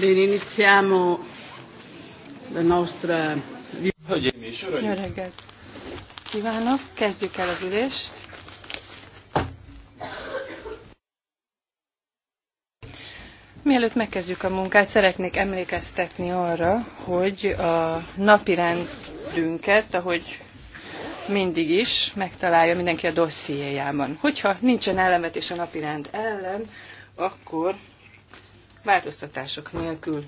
Bene, iniziamo la nostra... Hölgyeim uraim! Jó reggelt! Kívánok! Kezdjük el az ülést. Mielőtt megkezdjük a munkát, szeretnék emlékeztetni arra, hogy a napi rendünket, ahogy mindig is, megtalálja mindenki a dossziéjában. Hogyha nincsen ellenvetés a napirend ellen, akkor változtatások nélkül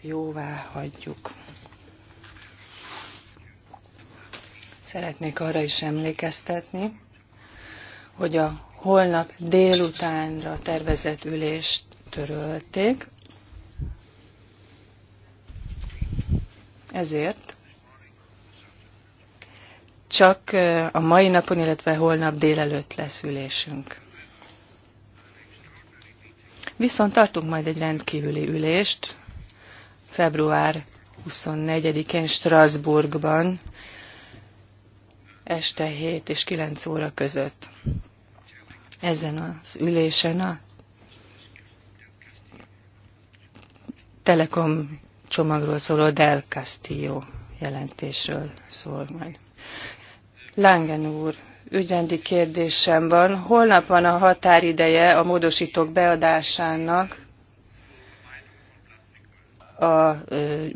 jóvá hagyjuk. Szeretnék arra is emlékeztetni, hogy a holnap délutánra tervezett ülést törölték, ezért csak a mai napon, illetve holnap délelőtt lesz ülésünk. Viszont tartunk majd egy rendkívüli ülést február 24-én Strasbourgban este 7 és 9 óra között. Ezen az ülésen a Telekom csomagról szóló Del Castillo jelentésről szól majd. Langen úr ügyrendi kérdésem van. Holnap van a határideje a módosítók beadásának a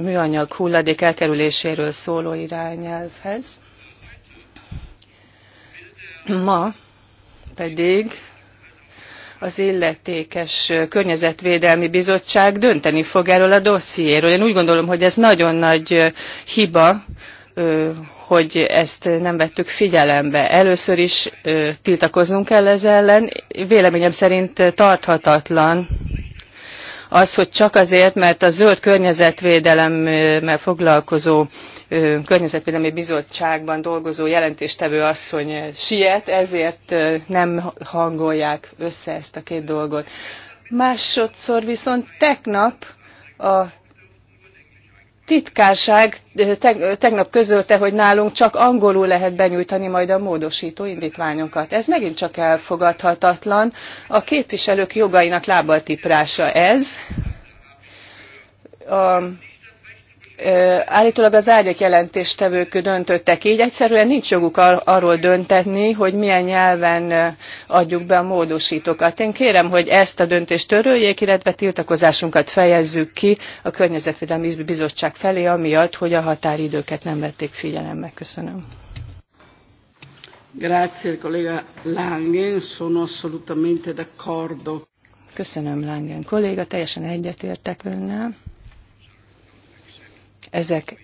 műanyag hulladék elkerüléséről szóló irányelvhez. Ma pedig az illetékes környezetvédelmi bizottság dönteni fog erről a dossziéről. Én úgy gondolom, hogy ez nagyon nagy hiba, hogy ezt nem vettük figyelembe. Először is tiltakoznunk kell ez ellen. Véleményem szerint tarthatatlan az, hogy csak azért, mert a zöld környezetvédelemmel foglalkozó környezetvédelmi bizottságban dolgozó jelentéstevő asszony siet, ezért nem hangolják össze ezt a két dolgot. Másodszor viszont tegnap a titkárság tegnap közölte, hogy nálunk csak angolul lehet benyújtani majd a módosító indítványokat. Ez megint csak elfogadhatatlan. A képviselők jogainak lábaltiprása ez. A állítólag az árnyék jelentéstevők döntöttek így, egyszerűen nincs joguk ar arról döntetni, hogy milyen nyelven adjuk be a módosítókat. Én kérem, hogy ezt a döntést töröljék, illetve tiltakozásunkat fejezzük ki a Környezetvédelmi Bizottság felé, amiatt, hogy a határidőket nem vették figyelembe. Köszönöm. Grazie, kollega Langen, sono assolutamente d'accordo. Köszönöm, Langen kolléga, teljesen egyetértek önnel. Ezek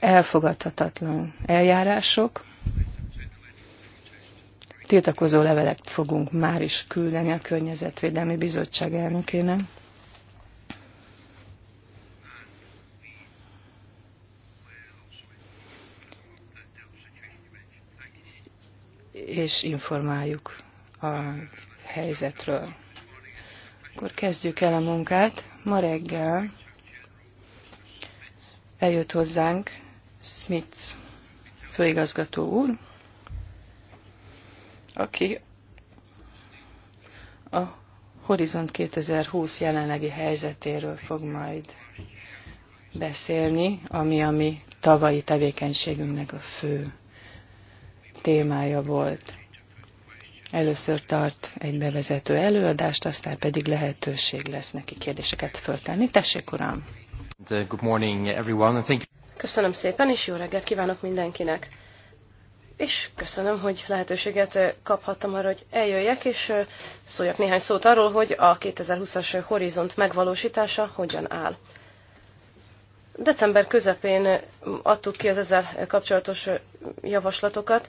elfogadhatatlan eljárások. Tiltakozó levelek fogunk már is küldeni a Környezetvédelmi Bizottság elnökének. és informáljuk a helyzetről. Akkor kezdjük el a munkát. Ma reggel Eljött hozzánk Smith főigazgató úr, aki a Horizont 2020 jelenlegi helyzetéről fog majd beszélni, ami a mi tavalyi tevékenységünknek a fő témája volt. Először tart egy bevezető előadást, aztán pedig lehetőség lesz neki kérdéseket föltenni. Tessék, uram! Uh, good morning everyone, and thank Köszönöm szépen, és jó reggelt kívánok mindenkinek. És köszönöm, hogy lehetőséget uh, kaphattam arra, hogy eljöjjek, és uh, szóljak néhány szót arról, hogy a 2020-as horizont megvalósítása hogyan áll. December közepén adtuk ki az ezzel kapcsolatos javaslatokat,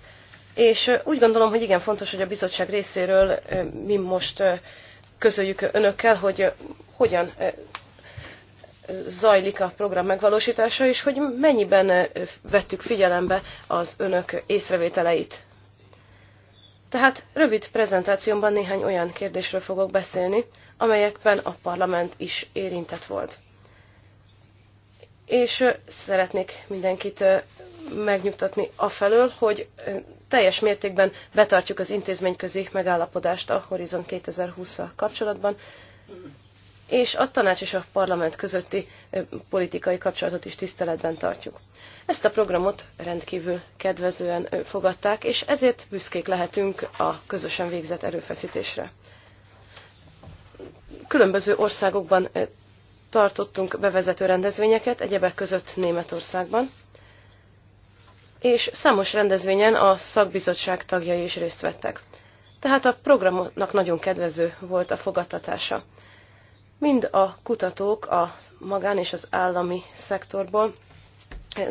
és úgy gondolom, hogy igen fontos, hogy a bizottság részéről mi most közöljük önökkel, hogy hogyan zajlik a program megvalósítása, és hogy mennyiben vettük figyelembe az önök észrevételeit. Tehát rövid prezentációmban néhány olyan kérdésről fogok beszélni, amelyekben a parlament is érintett volt. És szeretnék mindenkit megnyugtatni afelől, hogy teljes mértékben betartjuk az intézményközi megállapodást a Horizon 2020-szal kapcsolatban, és a tanács és a parlament közötti politikai kapcsolatot is tiszteletben tartjuk. Ezt a programot rendkívül kedvezően fogadták, és ezért büszkék lehetünk a közösen végzett erőfeszítésre. Különböző országokban tartottunk bevezető rendezvényeket, egyebek között Németországban, és számos rendezvényen a szakbizottság tagjai is részt vettek. Tehát a programnak nagyon kedvező volt a fogadtatása mind a kutatók a magán és az állami szektorból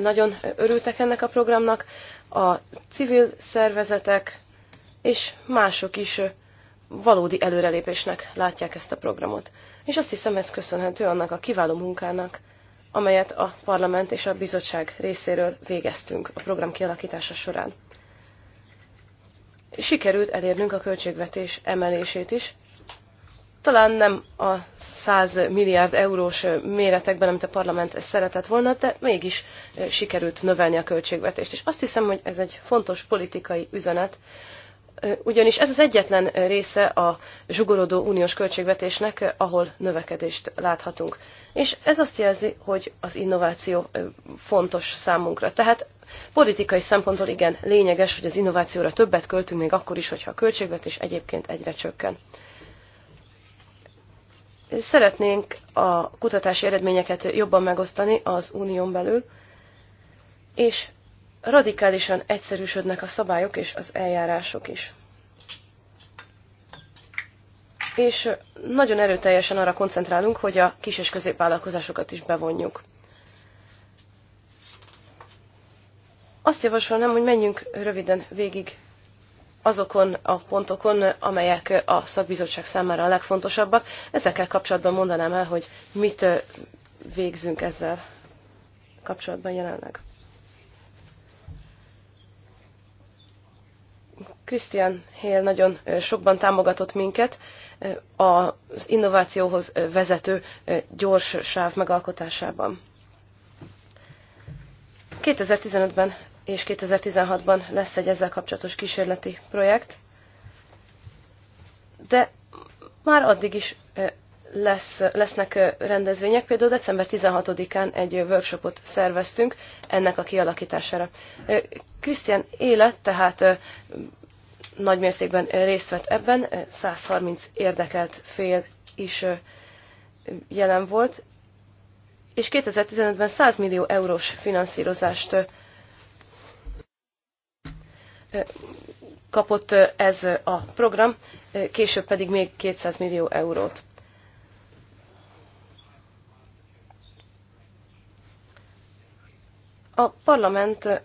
nagyon örültek ennek a programnak, a civil szervezetek és mások is valódi előrelépésnek látják ezt a programot. És azt hiszem, ez köszönhető annak a kiváló munkának, amelyet a parlament és a bizottság részéről végeztünk a program kialakítása során. Sikerült elérnünk a költségvetés emelését is, talán nem a 100 milliárd eurós méretekben, amit a parlament szeretett volna, de mégis eh, sikerült növelni a költségvetést. És azt hiszem, hogy ez egy fontos politikai üzenet, eh, ugyanis ez az egyetlen része a zsugorodó uniós költségvetésnek, eh, ahol növekedést láthatunk. És ez azt jelzi, hogy az innováció fontos számunkra. Tehát politikai szempontból igen lényeges, hogy az innovációra többet költünk még akkor is, hogyha a költségvetés egyébként egyre csökken. Szeretnénk a kutatási eredményeket jobban megosztani az unión belül, és radikálisan egyszerűsödnek a szabályok és az eljárások is. És nagyon erőteljesen arra koncentrálunk, hogy a kis- és középvállalkozásokat is bevonjuk. Azt javasolnám, hogy menjünk röviden végig azokon a pontokon, amelyek a szakbizottság számára a legfontosabbak. Ezekkel kapcsolatban mondanám el, hogy mit végzünk ezzel kapcsolatban jelenleg. Christian Hél nagyon sokban támogatott minket az innovációhoz vezető gyors sáv megalkotásában. 2015-ben és 2016-ban lesz egy ezzel kapcsolatos kísérleti projekt. De már addig is lesz, lesznek rendezvények, például december 16-án egy workshopot szerveztünk ennek a kialakítására. Krisztián élet, tehát nagymértékben részt vett ebben, 130 érdekelt fél is jelen volt, és 2015-ben 100 millió eurós finanszírozást kapott ez a program, később pedig még 200 millió eurót. A parlament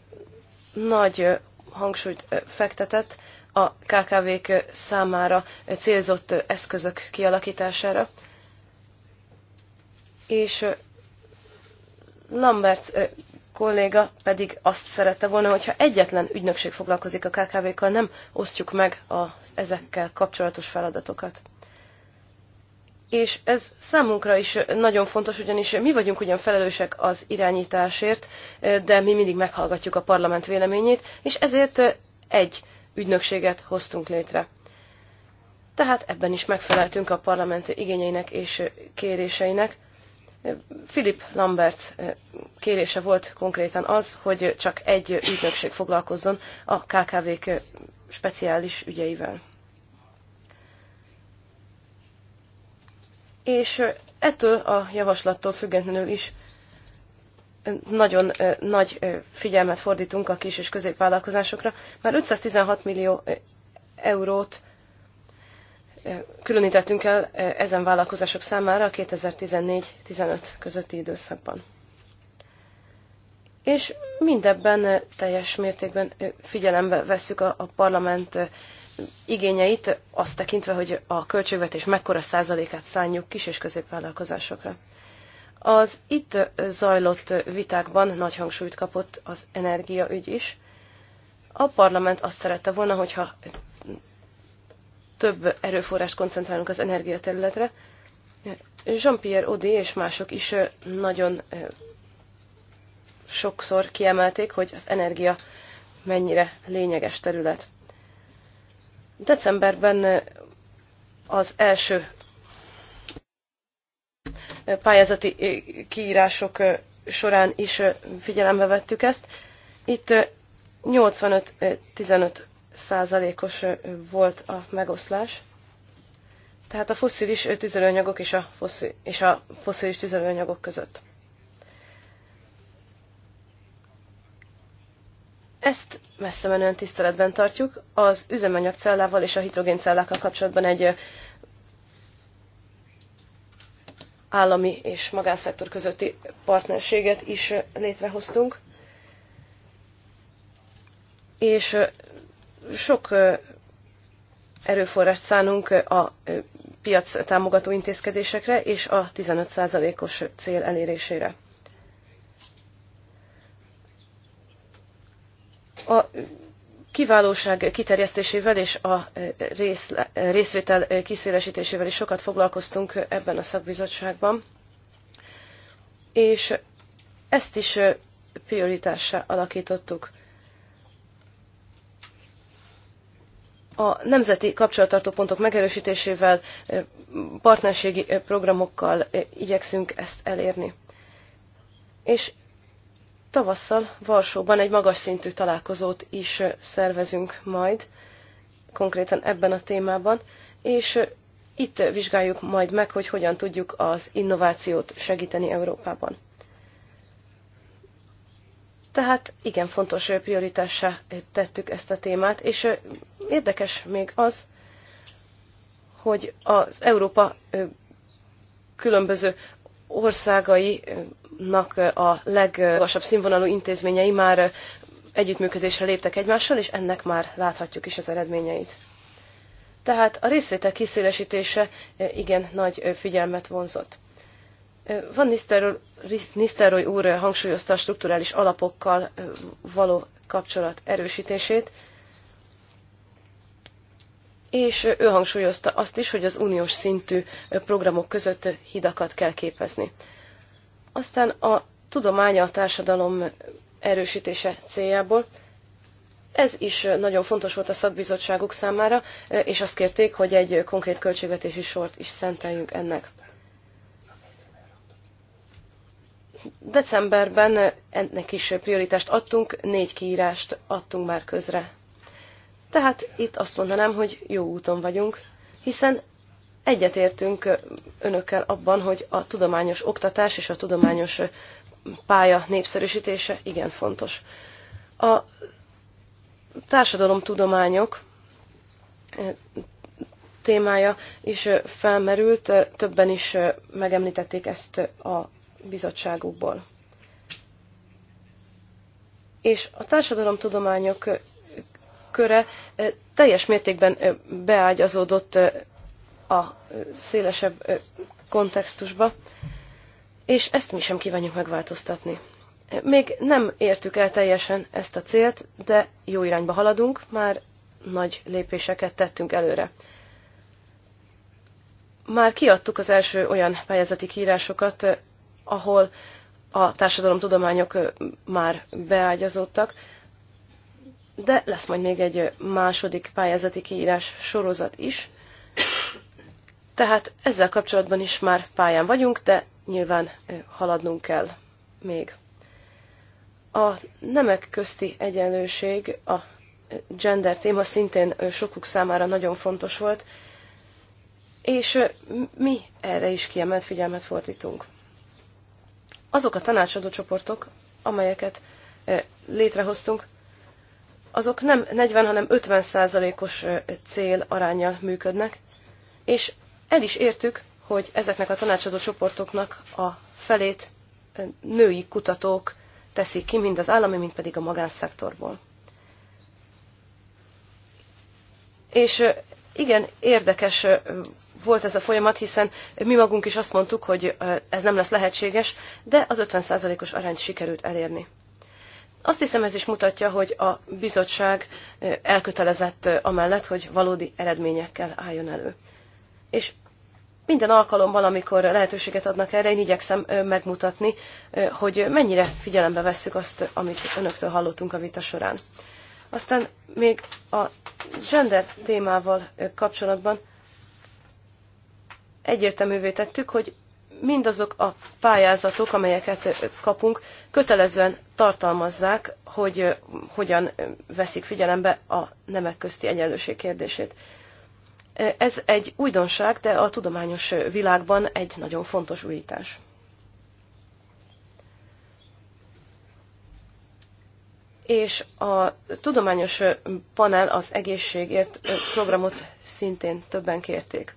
nagy hangsúlyt fektetett a KKV-k számára célzott eszközök kialakítására, és Lambert kolléga pedig azt szerette volna, hogyha egyetlen ügynökség foglalkozik a KKV-kkal, nem osztjuk meg az ezekkel kapcsolatos feladatokat. És ez számunkra is nagyon fontos, ugyanis mi vagyunk ugyan felelősek az irányításért, de mi mindig meghallgatjuk a parlament véleményét, és ezért egy ügynökséget hoztunk létre. Tehát ebben is megfeleltünk a parlament igényeinek és kéréseinek, Philip Lambert kérése volt konkrétan az, hogy csak egy ügynökség foglalkozzon a KKV-k speciális ügyeivel. És ettől a javaslattól függetlenül is nagyon nagy figyelmet fordítunk a kis és középvállalkozásokra. mert 516 millió eurót különítettünk el ezen vállalkozások számára a 2014-15 közötti időszakban. És mindebben teljes mértékben figyelembe vesszük a, parlament igényeit, azt tekintve, hogy a költségvetés mekkora százalékát szánjuk kis- és középvállalkozásokra. Az itt zajlott vitákban nagy hangsúlyt kapott az energiaügy is. A parlament azt szerette volna, hogyha több erőforrást koncentrálunk az energiaterületre. Jean-Pierre Odé és mások is nagyon sokszor kiemelték, hogy az energia mennyire lényeges terület. Decemberben az első pályázati kiírások során is figyelembe vettük ezt. Itt 85-15 százalékos volt a megoszlás. Tehát a fosszilis tüzelőanyagok és a, foszil, és a fosszilis tüzelőanyagok között. Ezt messze menően tiszteletben tartjuk. Az üzemanyagcellával és a hidrogéncellákkal kapcsolatban egy állami és magánszektor közötti partnerséget is létrehoztunk. És sok erőforrás szánunk a piac támogató intézkedésekre és a 15%-os cél elérésére. A kiválóság kiterjesztésével és a részvétel kiszélesítésével is sokat foglalkoztunk ebben a szakbizottságban, és ezt is prioritássá alakítottuk. a nemzeti kapcsolattartó pontok megerősítésével, partnerségi programokkal igyekszünk ezt elérni. És tavasszal Varsóban egy magas szintű találkozót is szervezünk majd, konkrétan ebben a témában, és itt vizsgáljuk majd meg, hogy hogyan tudjuk az innovációt segíteni Európában. Tehát igen fontos prioritásra tettük ezt a témát, és érdekes még az, hogy az Európa különböző országainak a legmagasabb színvonalú intézményei már együttműködésre léptek egymással, és ennek már láthatjuk is az eredményeit. Tehát a részvétel kiszélesítése igen nagy figyelmet vonzott. Van Nisztároly úr hangsúlyozta a strukturális alapokkal való kapcsolat erősítését, és ő hangsúlyozta azt is, hogy az uniós szintű programok között hidakat kell képezni. Aztán a tudománya a társadalom erősítése céljából. Ez is nagyon fontos volt a szakbizottságuk számára, és azt kérték, hogy egy konkrét költségvetési sort is szenteljünk ennek. Decemberben ennek is prioritást adtunk, négy kiírást adtunk már közre. Tehát itt azt mondanám, hogy jó úton vagyunk, hiszen egyetértünk önökkel abban, hogy a tudományos oktatás és a tudományos pálya népszerűsítése igen fontos. A társadalomtudományok témája is felmerült, többen is megemlítették ezt a bizottságukból. És a társadalomtudományok köre teljes mértékben beágyazódott a szélesebb kontextusba, és ezt mi sem kívánjuk megváltoztatni. Még nem értük el teljesen ezt a célt, de jó irányba haladunk, már nagy lépéseket tettünk előre. Már kiadtuk az első olyan pályázati kiírásokat, ahol a társadalomtudományok már beágyazódtak, de lesz majd még egy második pályázati kiírás sorozat is. Tehát ezzel kapcsolatban is már pályán vagyunk, de nyilván haladnunk kell még. A nemek közti egyenlőség, a gender téma szintén sokuk számára nagyon fontos volt, és mi erre is kiemelt figyelmet fordítunk azok a tanácsadó csoportok, amelyeket létrehoztunk, azok nem 40, hanem 50 százalékos cél arányjal működnek, és el is értük, hogy ezeknek a tanácsadó csoportoknak a felét női kutatók teszik ki, mind az állami, mind pedig a magánszektorból. És igen, érdekes volt ez a folyamat, hiszen mi magunk is azt mondtuk, hogy ez nem lesz lehetséges, de az 50%-os arányt sikerült elérni. Azt hiszem ez is mutatja, hogy a bizottság elkötelezett amellett, hogy valódi eredményekkel álljon elő. És minden alkalommal, amikor lehetőséget adnak erre, én igyekszem megmutatni, hogy mennyire figyelembe vesszük azt, amit önöktől hallottunk a vita során. Aztán még a gender témával kapcsolatban egyértelművé tettük, hogy mindazok a pályázatok, amelyeket kapunk, kötelezően tartalmazzák, hogy hogyan veszik figyelembe a nemek közti egyenlőség kérdését. Ez egy újdonság, de a tudományos világban egy nagyon fontos újítás. És a tudományos panel az egészségért programot szintén többen kérték.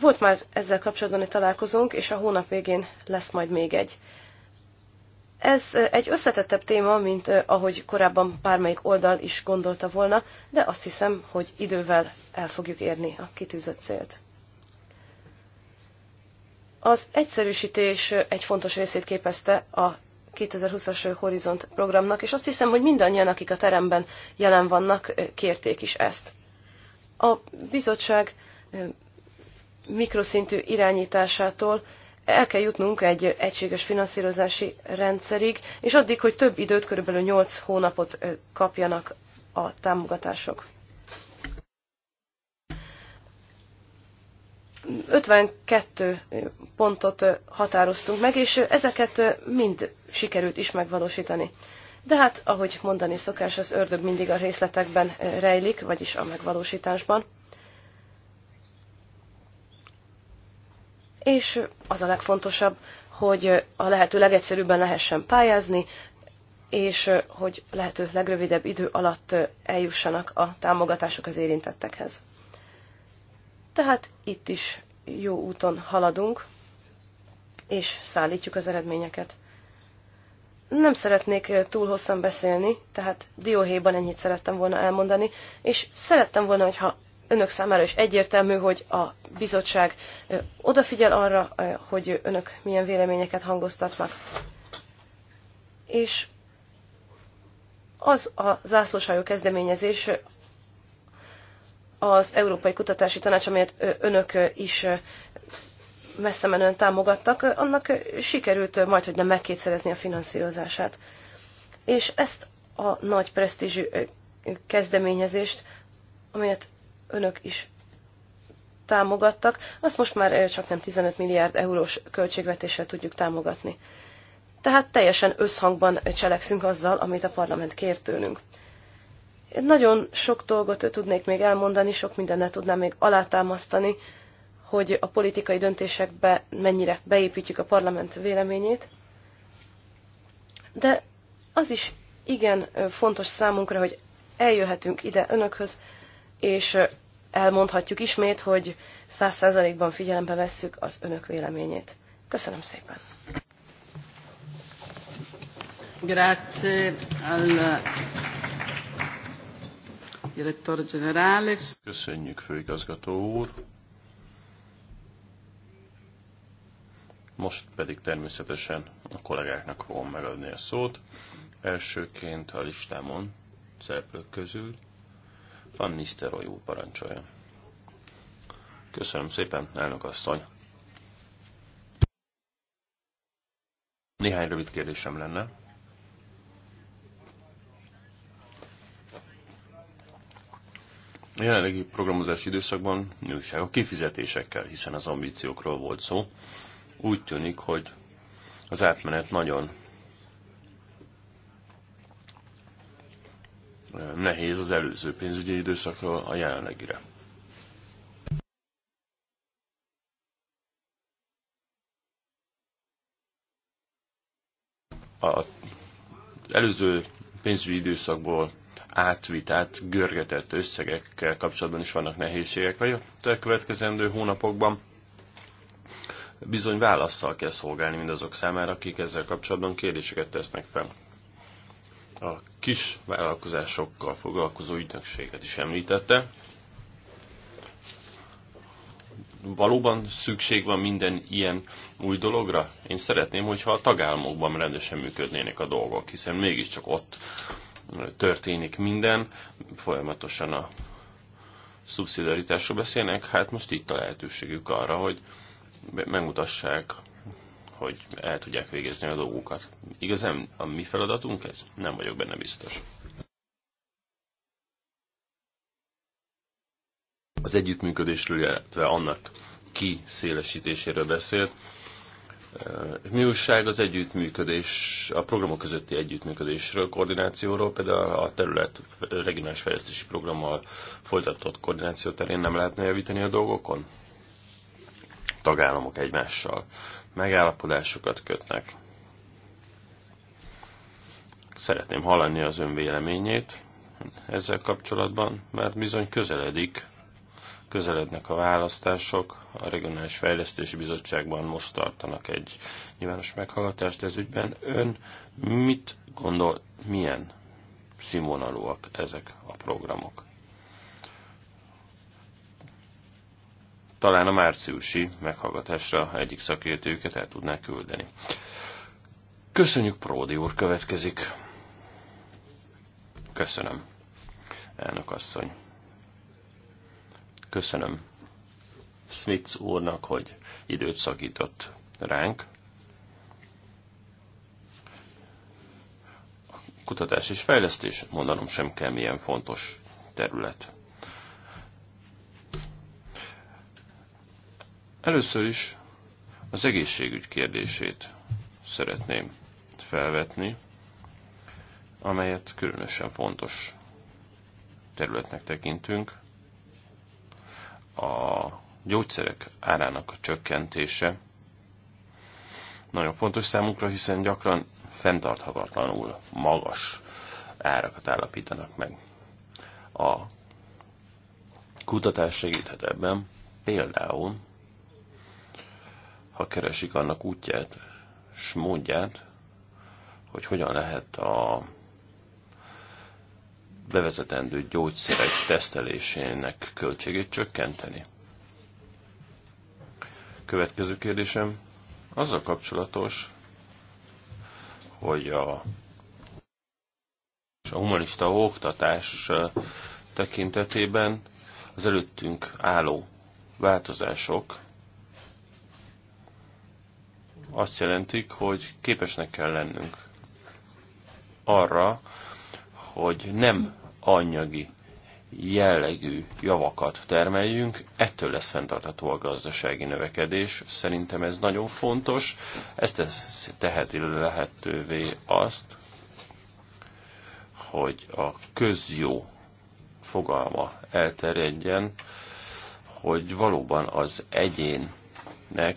Volt már ezzel kapcsolatban egy találkozónk, és a hónap végén lesz majd még egy. Ez egy összetettebb téma, mint ahogy korábban bármelyik oldal is gondolta volna, de azt hiszem, hogy idővel el fogjuk érni a kitűzött célt. Az egyszerűsítés egy fontos részét képezte a 2020-as Horizont programnak, és azt hiszem, hogy mindannyian, akik a teremben jelen vannak, kérték is ezt. A bizottság mikroszintű irányításától el kell jutnunk egy egységes finanszírozási rendszerig, és addig, hogy több időt, körülbelül 8 hónapot kapjanak a támogatások. 52 pontot határoztunk meg, és ezeket mind sikerült is megvalósítani. De hát, ahogy mondani szokás, az ördög mindig a részletekben rejlik, vagyis a megvalósításban. és az a legfontosabb, hogy a lehető legegyszerűbben lehessen pályázni, és hogy lehető legrövidebb idő alatt eljussanak a támogatások az érintettekhez. Tehát itt is jó úton haladunk, és szállítjuk az eredményeket. Nem szeretnék túl hosszan beszélni, tehát dióhéjban ennyit szerettem volna elmondani, és szerettem volna, hogyha önök számára is egyértelmű, hogy a bizottság odafigyel arra, hogy önök milyen véleményeket hangoztatnak. És az a zászlóshajó kezdeményezés, az Európai Kutatási Tanács, amelyet önök is messze menően támogattak, annak sikerült majd, hogy nem megkétszerezni a finanszírozását. És ezt a nagy presztízsű kezdeményezést, amelyet önök is támogattak, azt most már csak nem 15 milliárd eurós költségvetéssel tudjuk támogatni. Tehát teljesen összhangban cselekszünk azzal, amit a parlament kért tőlünk. Én nagyon sok dolgot tudnék még elmondani, sok mindennel tudnám még alátámasztani, hogy a politikai döntésekbe mennyire beépítjük a parlament véleményét. De az is igen fontos számunkra, hogy eljöhetünk ide önökhöz, és elmondhatjuk ismét, hogy száz százalékban figyelembe vesszük az önök véleményét. Köszönöm szépen! Grazie al direttore generale. Köszönjük, főigazgató úr! Most pedig természetesen a kollégáknak fogom megadni a szót. Elsőként a listámon szereplők közül van Nisztelrooy úr parancsolja. Köszönöm szépen, elnök asszony. Néhány rövid kérdésem lenne. A jelenlegi programozási időszakban mi a kifizetésekkel, hiszen az ambíciókról volt szó. Úgy tűnik, hogy az átmenet nagyon nehéz az előző pénzügyi időszakról a jelenlegire. A előző pénzügyi időszakból átvitát, görgetett összegekkel kapcsolatban is vannak nehézségek, vagy a következendő hónapokban bizony válaszsal kell szolgálni mindazok számára, akik ezzel kapcsolatban kérdéseket tesznek fel a kis vállalkozásokkal foglalkozó ügynökséget is említette. Valóban szükség van minden ilyen új dologra? Én szeretném, hogyha a tagállamokban rendesen működnének a dolgok, hiszen mégiscsak ott történik minden, folyamatosan a szubszidaritásról beszélnek, hát most itt a lehetőségük arra, hogy megmutassák hogy el tudják végezni a dolgukat. Igazán a mi feladatunk ez? Nem vagyok benne biztos. Az együttműködésről, illetve annak kiszélesítéséről beszélt. Uh, mi újság az együttműködés, a programok közötti együttműködésről, koordinációról, például a terület regionális fejlesztési programmal folytatott koordináció terén nem lehetne javítani a dolgokon? Tagállamok egymással megállapodásokat kötnek. Szeretném hallani az ön véleményét ezzel kapcsolatban, mert bizony közeledik, közelednek a választások, a Regionális Fejlesztési Bizottságban most tartanak egy nyilvános meghallgatást ez ügyben. Ön mit gondol, milyen színvonalúak ezek a programok? talán a márciusi meghallgatásra egyik szakértőjüket el tudnák küldeni. Köszönjük, Pródi úr következik. Köszönöm, elnök asszony. Köszönöm Smith úrnak, hogy időt szakított ránk. A kutatás és fejlesztés mondanom sem kell, milyen fontos terület. Először is az egészségügy kérdését szeretném felvetni, amelyet különösen fontos területnek tekintünk. A gyógyszerek árának a csökkentése nagyon fontos számunkra, hiszen gyakran fenntarthatatlanul magas árakat állapítanak meg. A kutatás segíthet ebben, például ha keresik annak útját és módját, hogy hogyan lehet a bevezetendő gyógyszerek tesztelésének költségét csökkenteni. Következő kérdésem azzal kapcsolatos, hogy a, a humanista oktatás tekintetében az előttünk álló változások azt jelentik, hogy képesnek kell lennünk arra, hogy nem anyagi jellegű javakat termeljünk, ettől lesz fenntartható a gazdasági növekedés. Szerintem ez nagyon fontos, ezt ez teheti lehetővé azt, hogy a közjó fogalma elterjedjen, hogy valóban az egyénnek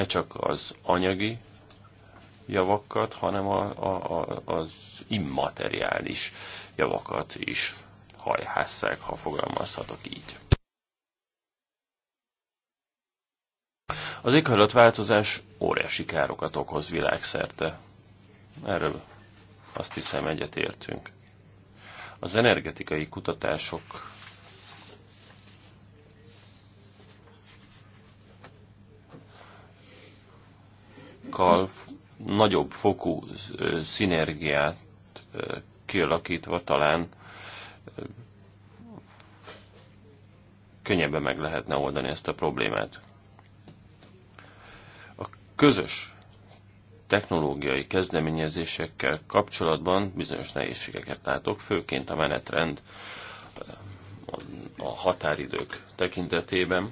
ne csak az anyagi javakat, hanem a, a, a, az immateriális javakat is hajhásszák, ha fogalmazhatok így. Az éghajlatváltozás óriási károkat okoz világszerte. Erről azt hiszem egyetértünk. Az energetikai kutatások tagállamokkal nagyobb fokú szinergiát kialakítva talán könnyebben meg lehetne oldani ezt a problémát. A közös technológiai kezdeményezésekkel kapcsolatban bizonyos nehézségeket látok, főként a menetrend a határidők tekintetében.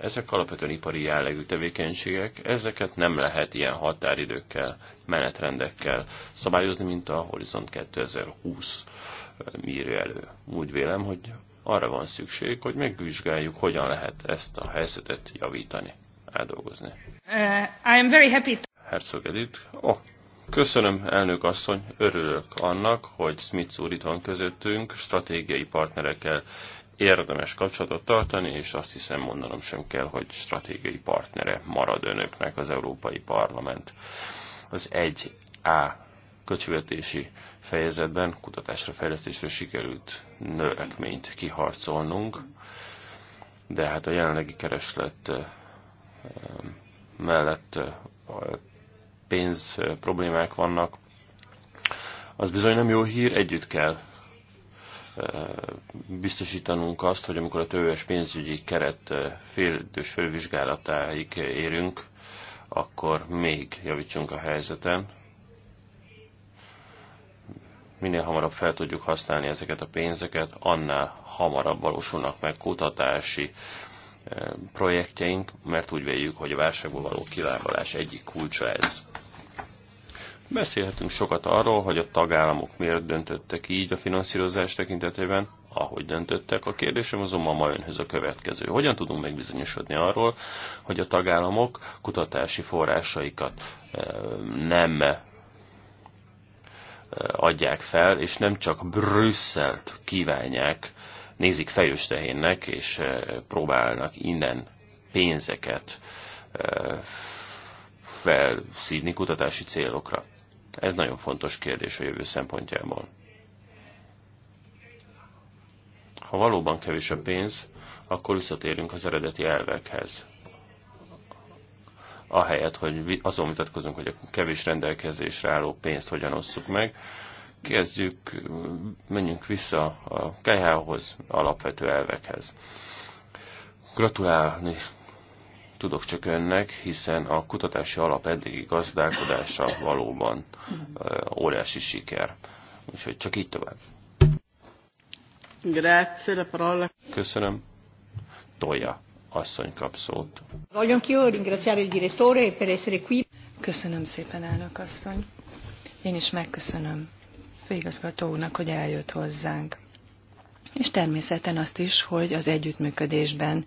Ezek alapvetően ipari jellegű tevékenységek, ezeket nem lehet ilyen határidőkkel, menetrendekkel szabályozni, mint a Horizont 2020 mírő eh, elő. Úgy vélem, hogy arra van szükség, hogy megvizsgáljuk, hogyan lehet ezt a helyzetet javítani, eldolgozni. Uh, I am very happy to... Herzog Edith. Oh, Köszönöm, elnök asszony, örülök annak, hogy Smith úr itt van közöttünk, stratégiai partnerekkel érdemes kapcsolatot tartani, és azt hiszem mondanom sem kell, hogy stratégiai partnere marad önöknek az Európai Parlament. Az 1A köcsövetési fejezetben kutatásra, fejlesztésre sikerült növekményt kiharcolnunk, de hát a jelenlegi kereslet mellett pénz problémák vannak. Az bizony nem jó hír, együtt kell biztosítanunk azt, hogy amikor a tőves pénzügyi keret eh, félidős fölvizsgálatáig érünk, akkor még javítsunk a helyzeten. Minél hamarabb fel tudjuk használni ezeket a pénzeket, annál hamarabb valósulnak meg kutatási eh, projektjeink, mert úgy véljük, hogy a válságból való kilábalás egyik kulcsa ez. Beszélhetünk sokat arról, hogy a tagállamok miért döntöttek így a finanszírozás tekintetében, ahogy döntöttek. A kérdésem azonban ma önhöz a következő. Hogyan tudunk megbizonyosodni arról, hogy a tagállamok kutatási forrásaikat eh, nem eh, adják fel, és nem csak Brüsszelt kívánják, nézik fejőstehénnek, és eh, próbálnak innen pénzeket felszívni kutatási célokra. Ez nagyon fontos kérdés a jövő szempontjából. Ha valóban kevés a pénz, akkor visszatérünk az eredeti elvekhez. Ahelyett, hogy azon vitatkozunk, hogy a kevés rendelkezésre álló pénzt hogyan osszuk meg, kezdjük, menjünk vissza a KH-hoz, alapvető elvekhez. Gratulálni tudok csak önnek, hiszen a kutatási alap eddigi gazdálkodása valóban óriási siker. Úgyhogy csak így tovább. Grazie, la parola. Köszönöm. Toja, asszony kap szót. Köszönöm szépen, elnök asszony. Én is megköszönöm főigazgató úrnak, hogy eljött hozzánk. És természeten azt is, hogy az együttműködésben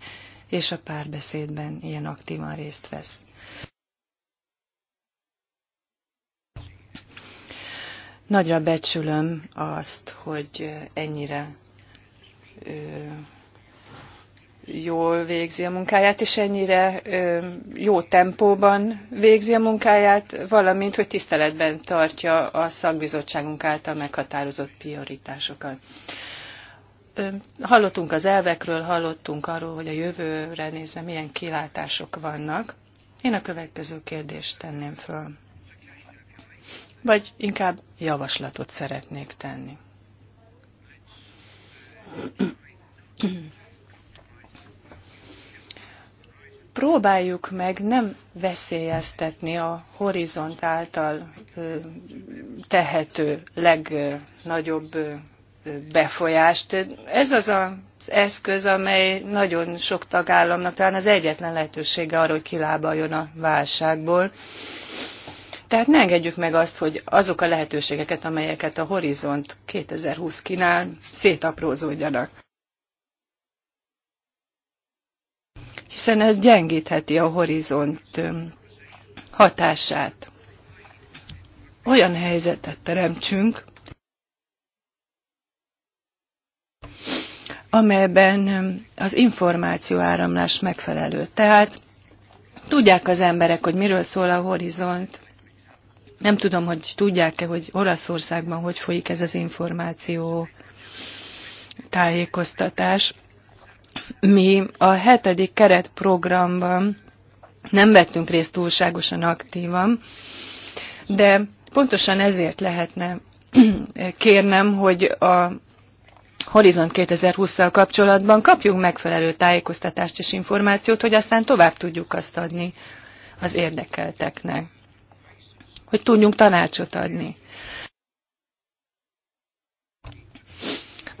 és a párbeszédben ilyen aktívan részt vesz. Nagyra becsülöm azt, hogy ennyire jól végzi a munkáját, és ennyire jó tempóban végzi a munkáját, valamint, hogy tiszteletben tartja a szakbizottságunk által meghatározott prioritásokat hallottunk az elvekről, hallottunk arról, hogy a jövőre nézve milyen kilátások vannak. Én a következő kérdést tenném föl. Vagy inkább javaslatot szeretnék tenni. Próbáljuk meg nem veszélyeztetni a horizont által tehető legnagyobb befolyást. Ez az az eszköz, amely nagyon sok tagállamnak talán az egyetlen lehetősége arra, hogy kilábaljon a válságból. Tehát ne engedjük meg azt, hogy azok a lehetőségeket, amelyeket a Horizont 2020 kínál, szétaprózódjanak. Hiszen ez gyengítheti a Horizont hatását. Olyan helyzetet teremtsünk, amelyben az információ áramlás megfelelő. Tehát tudják az emberek, hogy miről szól a horizont. Nem tudom, hogy tudják-e, hogy Olaszországban hogy folyik ez az információ tájékoztatás. Mi a hetedik keretprogramban nem vettünk részt túlságosan aktívan, de pontosan ezért lehetne kérnem, hogy a Horizont 2020-szal kapcsolatban kapjunk megfelelő tájékoztatást és információt, hogy aztán tovább tudjuk azt adni az érdekelteknek, hogy tudjunk tanácsot adni.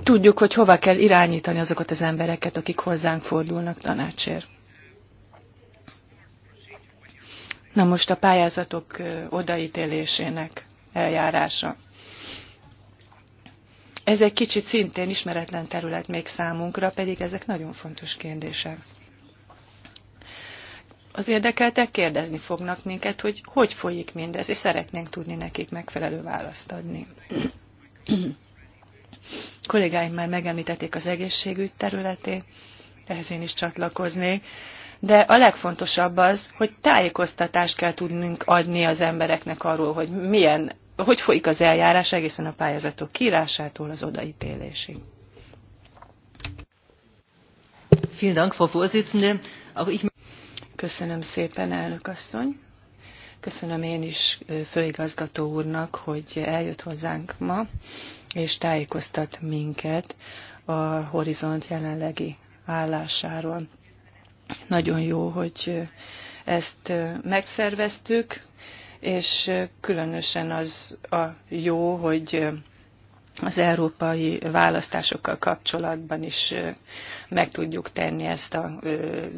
Tudjuk, hogy hova kell irányítani azokat az embereket, akik hozzánk fordulnak tanácsért. Na most a pályázatok odaítélésének eljárása. Ez egy kicsit szintén ismeretlen terület még számunkra, pedig ezek nagyon fontos kérdések. Az érdekeltek kérdezni fognak minket, hogy hogy folyik mindez, és szeretnénk tudni nekik megfelelő választ adni. Kollégáim már megemlítették az egészségügy területét, ehhez én is csatlakoznék de a legfontosabb az, hogy tájékoztatást kell tudnunk adni az embereknek arról, hogy milyen hogy folyik az eljárás egészen a pályázatok kírásától az odaítélésig. Vielen Dank, Frau Vorsitzende. Auch ich Köszönöm szépen, elnök asszony. Köszönöm én is főigazgató úrnak, hogy eljött hozzánk ma, és tájékoztat minket a Horizont jelenlegi állásáról. Nagyon jó, hogy ezt megszerveztük, és különösen az a jó, hogy az európai választásokkal kapcsolatban is meg tudjuk tenni ezt a,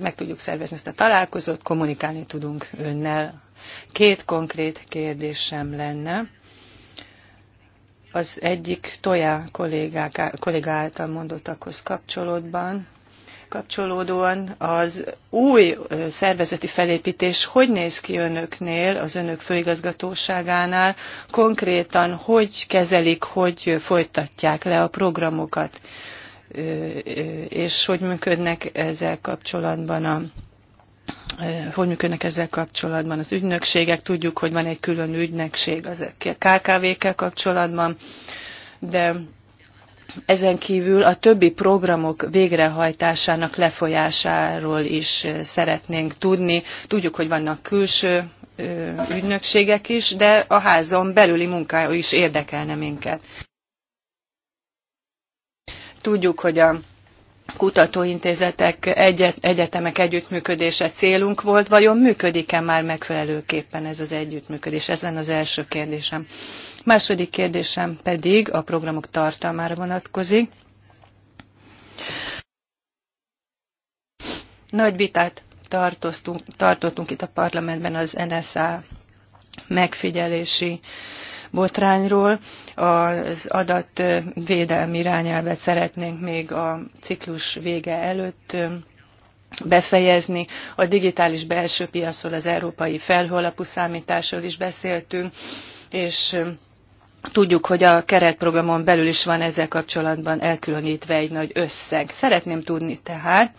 meg tudjuk szervezni ezt a találkozót, kommunikálni tudunk önnel. Két konkrét kérdésem lenne. Az egyik Tojá kollégák, kollégá által mondottakhoz kapcsolódban, kapcsolódóan az új szervezeti felépítés hogy néz ki önöknél, az önök főigazgatóságánál, konkrétan hogy kezelik, hogy folytatják le a programokat, és hogy működnek ezzel kapcsolatban a hogy működnek ezzel kapcsolatban az ügynökségek. Tudjuk, hogy van egy külön ügynökség az KKV-kkel kapcsolatban, de ezen kívül a többi programok végrehajtásának lefolyásáról is szeretnénk tudni. Tudjuk, hogy vannak külső ügynökségek is, de a házon belüli munkája is érdekelne minket. Tudjuk, hogy a kutatóintézetek, egyet, egyetemek együttműködése célunk volt, vajon működik-e már megfelelőképpen ez az együttműködés? Ez lenne az első kérdésem. Második kérdésem pedig a programok tartalmára vonatkozik. Nagy vitát tartottunk itt a parlamentben az NSA megfigyelési botrányról. Az adatvédelmi irányelvet szeretnénk még a ciklus vége előtt befejezni. A digitális belső piacról, az európai felhőalapú számításról is beszéltünk, és Tudjuk, hogy a keretprogramon belül is van ezzel kapcsolatban elkülönítve egy nagy összeg. Szeretném tudni tehát,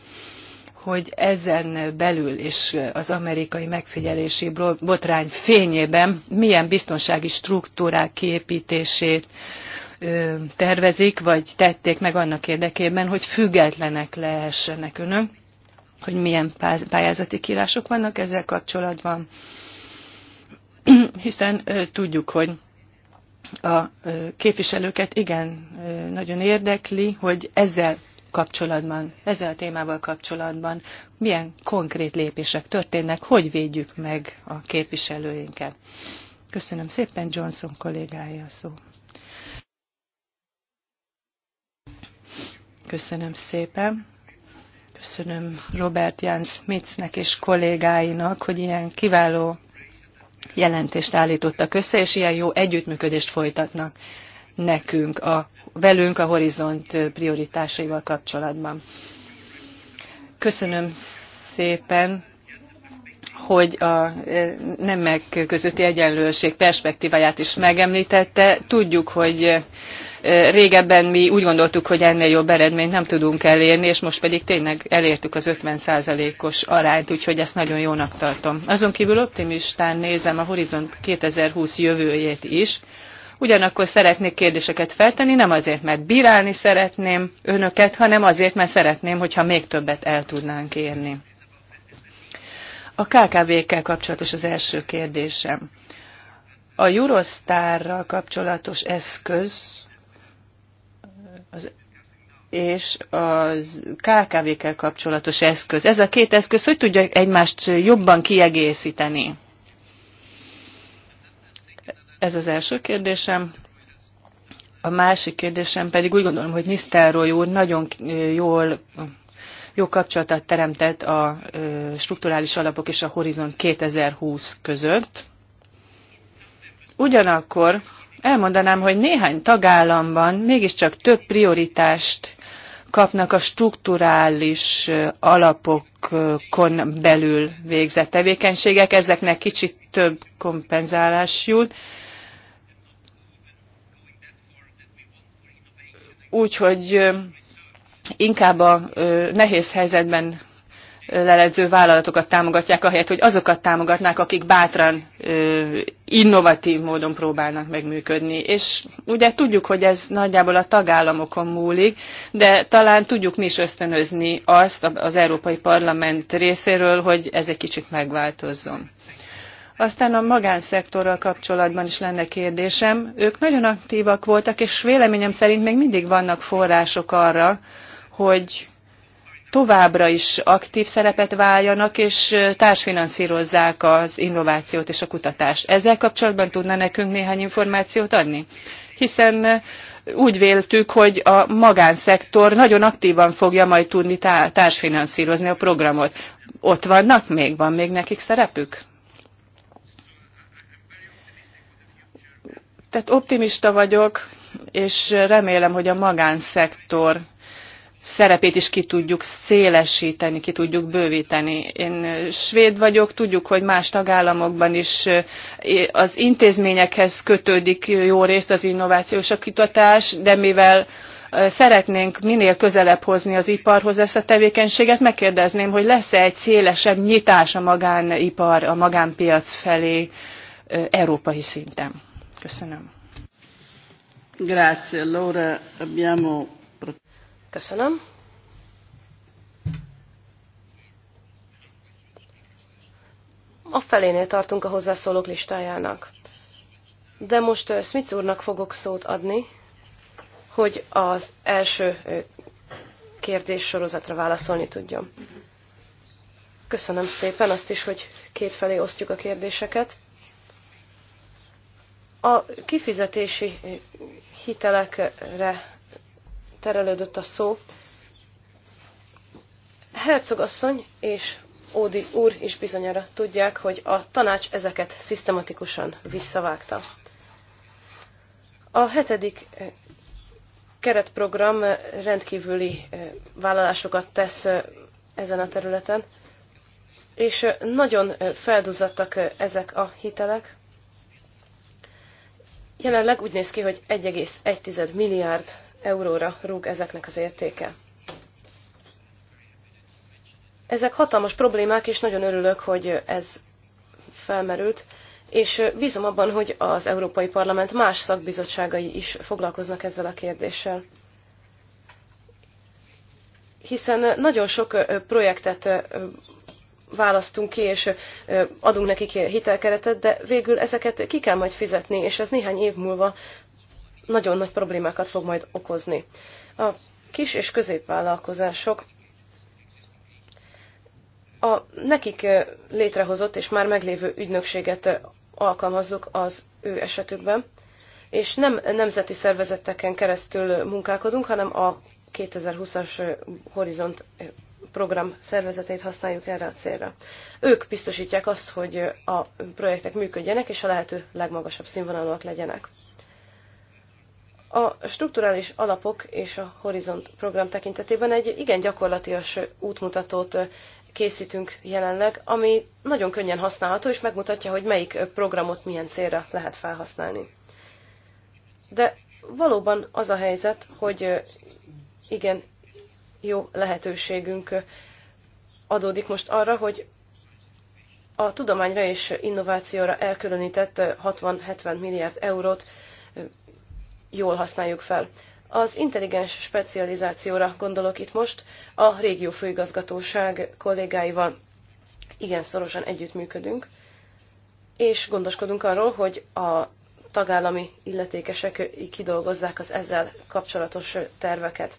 hogy ezen belül és az amerikai megfigyelési botrány fényében milyen biztonsági struktúrák kiépítését tervezik, vagy tették meg annak érdekében, hogy függetlenek lehessenek önök, hogy milyen pályázati kírások vannak ezzel kapcsolatban, hiszen tudjuk, hogy a képviselőket igen nagyon érdekli, hogy ezzel kapcsolatban, ezzel a témával kapcsolatban milyen konkrét lépések történnek, hogy védjük meg a képviselőinket. Köszönöm szépen, Johnson kollégája a szó. Köszönöm szépen. Köszönöm Robert Jans Mitznek és kollégáinak, hogy ilyen kiváló jelentést állítottak össze, és ilyen jó együttműködést folytatnak nekünk, a, velünk a horizont prioritásaival kapcsolatban. Köszönöm szépen hogy a e, nemek közötti egyenlőség perspektíváját is megemlítette. Tudjuk, hogy Régebben mi úgy gondoltuk, hogy ennél jobb eredményt nem tudunk elérni, és most pedig tényleg elértük az 50%-os arányt, úgyhogy ezt nagyon jónak tartom. Azon kívül optimistán nézem a Horizont 2020 jövőjét is, Ugyanakkor szeretnék kérdéseket feltenni, nem azért, mert bírálni szeretném önöket, hanem azért, mert szeretném, hogyha még többet el tudnánk érni. A KKV-kkel kapcsolatos az első kérdésem. A Eurostarral kapcsolatos eszköz az és a KKV-kkel kapcsolatos eszköz. Ez a két eszköz hogy tudja egymást jobban kiegészíteni? Ez az első kérdésem. A másik kérdésem pedig úgy gondolom, hogy Nisztelroy úr nagyon jól jó kapcsolatot teremtett a strukturális alapok és a Horizon 2020 között. Ugyanakkor elmondanám, hogy néhány tagállamban mégiscsak több prioritást kapnak a strukturális alapokon belül végzett tevékenységek, ezeknek kicsit több kompenzálás jut. Úgyhogy inkább a nehéz helyzetben leledző vállalatokat támogatják, ahelyett, hogy azokat támogatnák, akik bátran, innovatív módon próbálnak megműködni. És ugye tudjuk, hogy ez nagyjából a tagállamokon múlik, de talán tudjuk mi is ösztönözni azt az Európai Parlament részéről, hogy ez egy kicsit megváltozzon. Aztán a magánszektorral kapcsolatban is lenne kérdésem. Ők nagyon aktívak voltak, és véleményem szerint még mindig vannak források arra, hogy továbbra is aktív szerepet váljanak, és társfinanszírozzák az innovációt és a kutatást. Ezzel kapcsolatban tudna nekünk néhány információt adni? Hiszen úgy véltük, hogy a magánszektor nagyon aktívan fogja majd tudni társfinanszírozni a programot. Ott vannak még? Van még nekik szerepük? Tehát optimista vagyok, és remélem, hogy a magánszektor szerepét is ki tudjuk szélesíteni, ki tudjuk bővíteni. Én svéd vagyok, tudjuk, hogy más tagállamokban is az intézményekhez kötődik jó részt az innovációs akitatás, de mivel szeretnénk minél közelebb hozni az iparhoz ezt a tevékenységet, megkérdezném, hogy lesz-e egy szélesebb nyitás a magánipar, a magánpiac felé európai szinten. Köszönöm. Grazie. Allora abbiamo Köszönöm. A felénél tartunk a hozzászólók listájának. De most Smith úrnak fogok szót adni, hogy az első kérdés sorozatra válaszolni tudjon. Köszönöm szépen azt is, hogy kétfelé osztjuk a kérdéseket. A kifizetési hitelekre terelődött a szó. asszony és Ódi úr is bizonyára tudják, hogy a tanács ezeket szisztematikusan visszavágta. A hetedik eh, keretprogram eh, rendkívüli eh, vállalásokat tesz ezen a területen, és nagyon felduzzadtak ezek a hitelek. Jelenleg úgy néz ki, hogy 1,1 milliárd euróra rúg ezeknek az értéke. Ezek hatalmas problémák, és nagyon örülök, hogy ez felmerült, és bízom abban, hogy az Európai Parlament más szakbizottságai is foglalkoznak ezzel a kérdéssel. Hiszen nagyon sok projektet választunk ki, és adunk nekik hitelkeretet, de végül ezeket ki kell majd fizetni, és ez néhány év múlva nagyon nagy problémákat fog majd okozni. A kis és középvállalkozások a nekik létrehozott és már meglévő ügynökséget alkalmazzuk az ő esetükben, és nem nemzeti szervezeteken keresztül munkálkodunk, hanem a 2020-as Horizont program szervezetét használjuk erre a célra. Ők biztosítják azt, hogy a projektek működjenek, és a lehető legmagasabb színvonalúak legyenek a strukturális alapok és a Horizont program tekintetében egy igen gyakorlatias útmutatót készítünk jelenleg, ami nagyon könnyen használható, és megmutatja, hogy melyik programot milyen célra lehet felhasználni. De valóban az a helyzet, hogy igen, jó lehetőségünk adódik most arra, hogy a tudományra és innovációra elkülönített 60-70 milliárd eurót jól használjuk fel. Az intelligens specializációra gondolok itt most a régió főigazgatóság kollégáival. Igen szorosan együttműködünk, és gondoskodunk arról, hogy a tagállami illetékesek kidolgozzák az ezzel kapcsolatos terveket.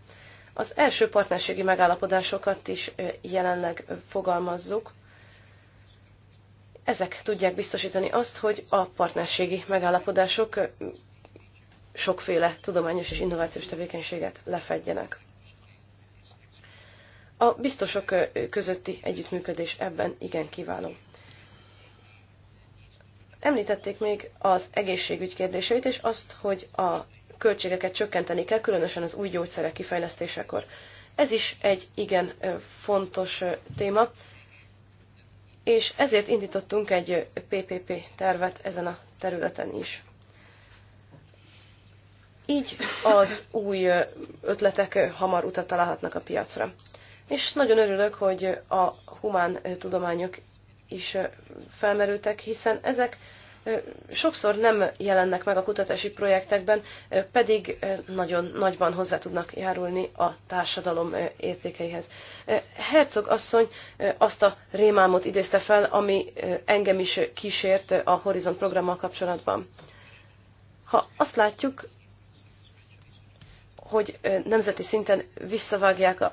Az első partnerségi megállapodásokat is jelenleg fogalmazzuk. Ezek tudják biztosítani azt, hogy a partnerségi megállapodások sokféle tudományos és innovációs tevékenységet lefedjenek. A biztosok közötti együttműködés ebben igen kiváló. Említették még az egészségügy kérdéseit, és azt, hogy a költségeket csökkenteni kell, különösen az új gyógyszerek kifejlesztésekor. Ez is egy igen fontos téma, és ezért indítottunk egy PPP tervet ezen a területen is. Így az új ötletek hamar utat találhatnak a piacra. És nagyon örülök, hogy a humán tudományok is felmerültek, hiszen ezek sokszor nem jelennek meg a kutatási projektekben, pedig nagyon nagyban hozzá tudnak járulni a társadalom értékeihez. Herzog asszony azt a rémálmot idézte fel, ami engem is kísért a Horizon programmal kapcsolatban. Ha azt látjuk, hogy nemzeti szinten visszavágják a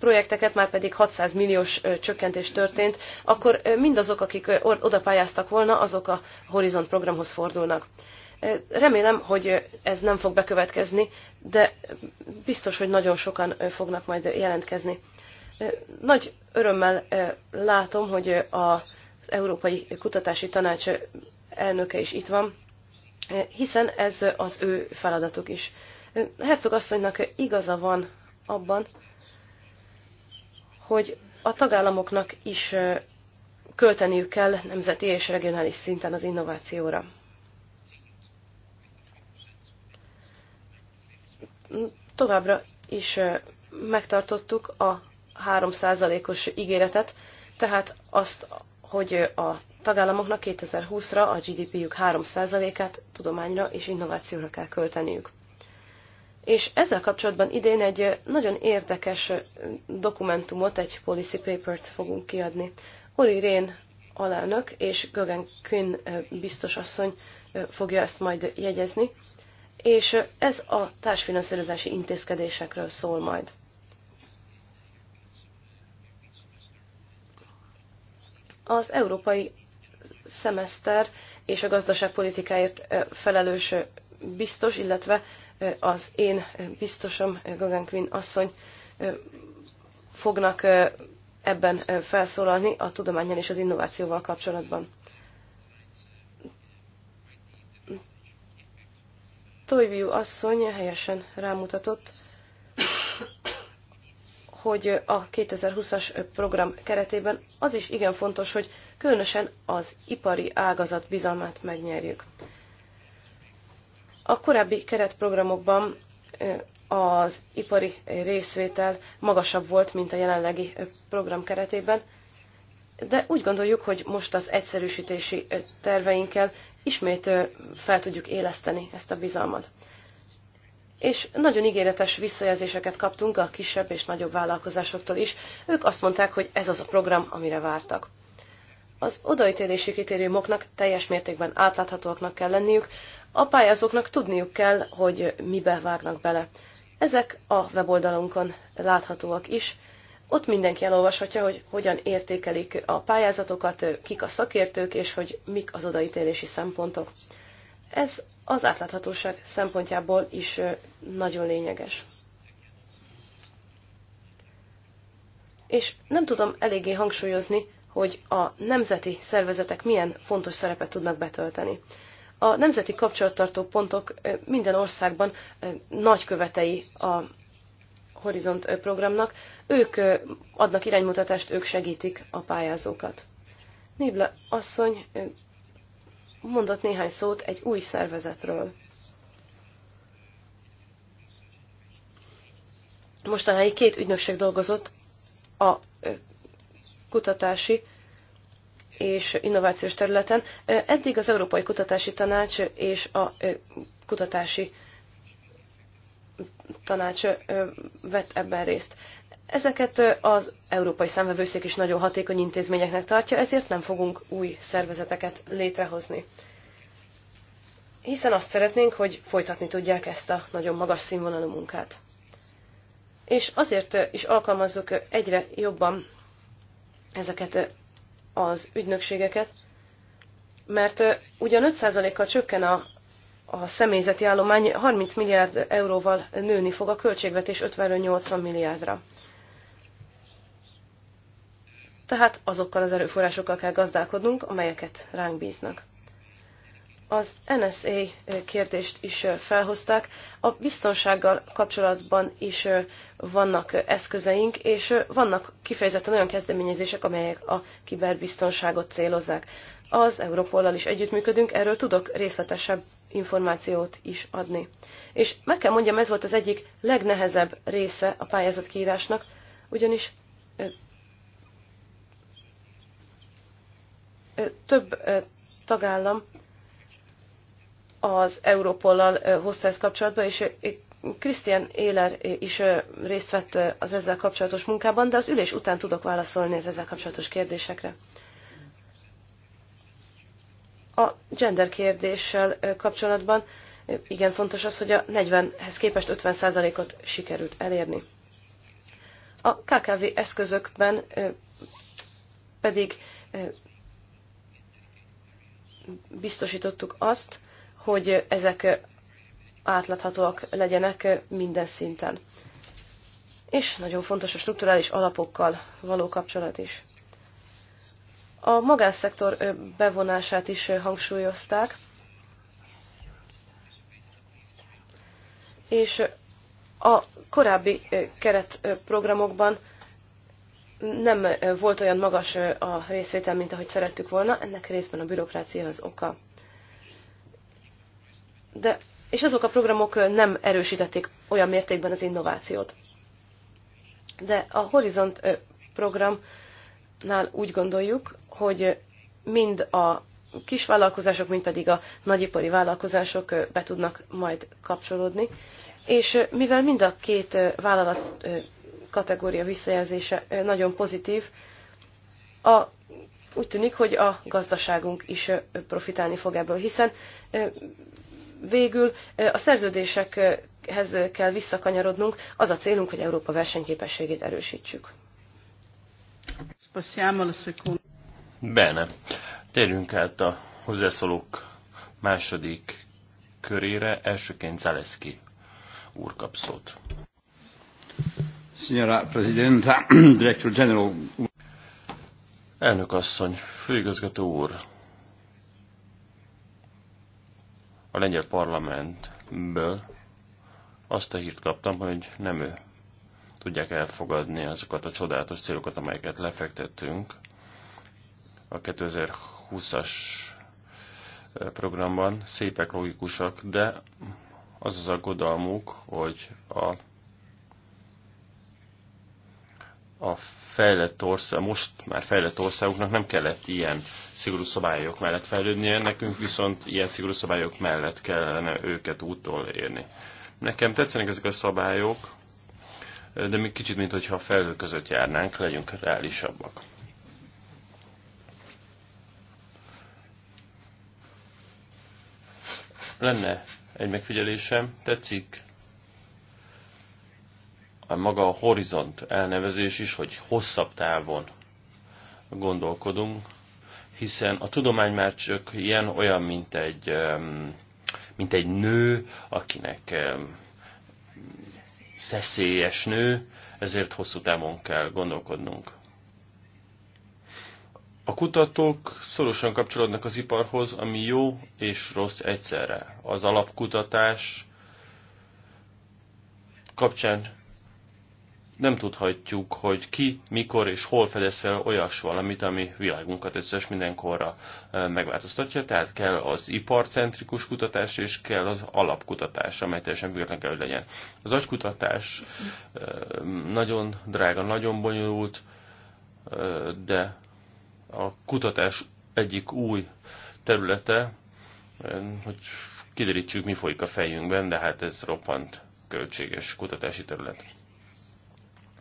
projekteket, már pedig 600 milliós csökkentés történt, akkor mindazok, akik oda pályáztak volna, azok a Horizont programhoz fordulnak. Remélem, hogy ez nem fog bekövetkezni, de biztos, hogy nagyon sokan fognak majd jelentkezni. Nagy örömmel látom, hogy az Európai Kutatási Tanács elnöke is itt van, hiszen ez az ő feladatuk is. Herzog asszonynak igaza van abban, hogy a tagállamoknak is költeniük kell nemzeti és regionális szinten az innovációra. Továbbra is megtartottuk a 3%-os ígéretet, tehát azt, hogy a tagállamoknak 2020-ra a GDP-jük 3%-át tudományra és innovációra kell költeniük. És ezzel kapcsolatban idén egy nagyon érdekes dokumentumot, egy policy papert fogunk kiadni. Uri Rén alelnök és Gögen Kün biztosasszony fogja ezt majd jegyezni, és ez a társfinanszírozási intézkedésekről szól majd. Az európai szemeszter és a gazdaságpolitikáért felelős biztos, illetve az én biztosom, Gagan Quinn asszony fognak ebben felszólalni a tudományjal és az innovációval kapcsolatban. Toyview asszony helyesen rámutatott, hogy a 2020-as program keretében az is igen fontos, hogy különösen az ipari ágazat bizalmát megnyerjük. A korábbi keretprogramokban az ipari részvétel magasabb volt, mint a jelenlegi program keretében, de úgy gondoljuk, hogy most az egyszerűsítési terveinkkel ismét fel tudjuk éleszteni ezt a bizalmat. És nagyon ígéretes visszajelzéseket kaptunk a kisebb és nagyobb vállalkozásoktól is. Ők azt mondták, hogy ez az a program, amire vártak. Az odaítélési kritériumoknak teljes mértékben átláthatóaknak kell lenniük, a pályázóknak tudniuk kell, hogy mibe vágnak bele. Ezek a weboldalunkon láthatóak is. Ott mindenki elolvashatja, hogy hogyan értékelik a pályázatokat, kik a szakértők, és hogy mik az odaítélési szempontok. Ez az átláthatóság szempontjából is nagyon lényeges. És nem tudom eléggé hangsúlyozni, hogy a nemzeti szervezetek milyen fontos szerepet tudnak betölteni. A nemzeti kapcsolattartó pontok minden országban nagykövetei a Horizont programnak, ők adnak iránymutatást, ők segítik a pályázókat. Nébla asszony mondott néhány szót egy új szervezetről. Mostanáig két ügynökség dolgozott a kutatási és innovációs területen. Eddig az Európai Kutatási Tanács és a Kutatási Tanács vett ebben részt. Ezeket az Európai Számvevőszék is nagyon hatékony intézményeknek tartja, ezért nem fogunk új szervezeteket létrehozni. Hiszen azt szeretnénk, hogy folytatni tudják ezt a nagyon magas színvonalú munkát. És azért is alkalmazzuk egyre jobban ezeket az ügynökségeket, mert ugyan 5%-kal csökken a, a személyzeti állomány, 30 milliárd euróval nőni fog a költségvetés 50-80 milliárdra. Tehát azokkal az erőforrásokkal kell gazdálkodnunk, amelyeket ránk bíznak az NSA kérdést is felhozták. A biztonsággal kapcsolatban is vannak eszközeink, és vannak kifejezetten olyan kezdeményezések, amelyek a kiberbiztonságot célozzák. Az Europollal is együttműködünk, erről tudok részletesebb információt is adni. És meg kell mondjam, ez volt az egyik legnehezebb része a pályázat kiírásnak, ugyanis több tagállam az Európollal hozta ezt kapcsolatba, és Krisztián Éler is részt vett az ezzel kapcsolatos munkában, de az ülés után tudok válaszolni az ezzel kapcsolatos kérdésekre. A gender kérdéssel kapcsolatban igen fontos az, hogy a 40-hez képest 50%-ot sikerült elérni. A KKV eszközökben pedig biztosítottuk azt, hogy ezek átláthatóak legyenek minden szinten. És nagyon fontos a strukturális alapokkal való kapcsolat is. A magánszektor bevonását is hangsúlyozták, és a korábbi keretprogramokban nem volt olyan magas a részvétel, mint ahogy szerettük volna, ennek részben a bürokrácia az oka de, és azok a programok nem erősítették olyan mértékben az innovációt. De a Horizont programnál úgy gondoljuk, hogy mind a kisvállalkozások, mind pedig a nagyipari vállalkozások be tudnak majd kapcsolódni. És mivel mind a két vállalat kategória visszajelzése nagyon pozitív, a, úgy tűnik, hogy a gazdaságunk is profitálni fog ebből, hiszen végül a szerződésekhez kell visszakanyarodnunk, az a célunk, hogy Európa versenyképességét erősítsük. Bene. Térjünk át a hozzászólók második körére. Elsőként Zaleszki úr kap szót. Signora Presidenta, Director General. Elnök asszony, főigazgató úr, a lengyel parlamentből azt a hírt kaptam, hogy nem ő tudják elfogadni azokat a csodálatos célokat, amelyeket lefektettünk a 2020-as programban. Szépek, logikusak, de az az aggodalmuk, hogy a a fejlett ország, most már fejlett országoknak nem kellett ilyen szigorú szabályok mellett fejlődnie, nekünk viszont ilyen szigorú szabályok mellett kellene őket úttól érni. Nekem tetszenek ezek a szabályok, de még kicsit, mintha a felhő között járnánk, legyünk reálisabbak. Lenne egy megfigyelésem, tetszik a maga a horizont elnevezés is, hogy hosszabb távon gondolkodunk, hiszen a tudomány már csak ilyen olyan, mint egy, mint egy nő, akinek szeszélyes nő, ezért hosszú távon kell gondolkodnunk. A kutatók szorosan kapcsolódnak az iparhoz, ami jó és rossz egyszerre. Az alapkutatás kapcsán nem tudhatjuk, hogy ki, mikor és hol fedez fel olyas valamit, ami világunkat összes mindenkorra megváltoztatja, tehát kell az iparcentrikus kutatás és kell az alapkutatás, amely teljesen bőrnek kell, legyen. Az agykutatás nagyon drága, nagyon bonyolult, de a kutatás egyik új területe, hogy kiderítsük, mi folyik a fejünkben, de hát ez roppant költséges kutatási terület.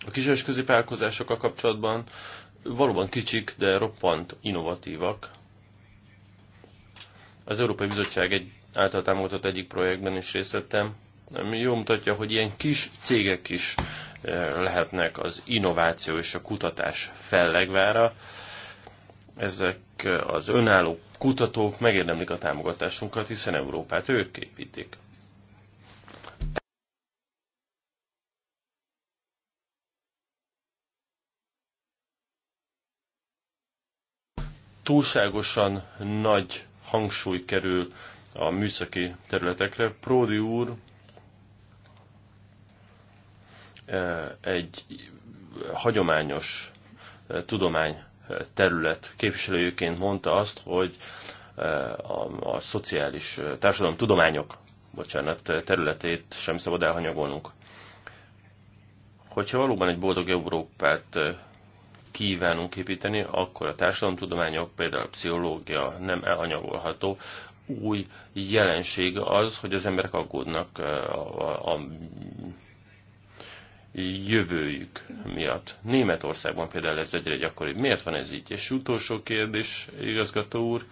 A kis és középvállalkozásokkal kapcsolatban valóban kicsik, de roppant innovatívak. Az Európai Bizottság egy által támogatott egyik projektben is részt vettem, ami jól mutatja, hogy ilyen kis cégek is eh, lehetnek az innováció és a kutatás fellegvára. Ezek eh, az önálló kutatók megérdemlik a támogatásunkat, hiszen Európát ők építik. túlságosan nagy hangsúly kerül a műszaki területekre. Pródi úr e, egy hagyományos e, tudomány e, terület képviselőjéként mondta azt, hogy a, a szociális társadalom tudományok bocsánat, területét sem szabad elhanyagolnunk. Hogyha valóban egy boldog Európát kívánunk építeni, akkor a társadalomtudományok, például a pszichológia nem elanyagolható. új jelenség az, hogy az emberek aggódnak a, a, a jövőjük miatt. Németországban például ez egyre gyakoribb. Miért van ez így? És utolsó kérdés, igazgató úr,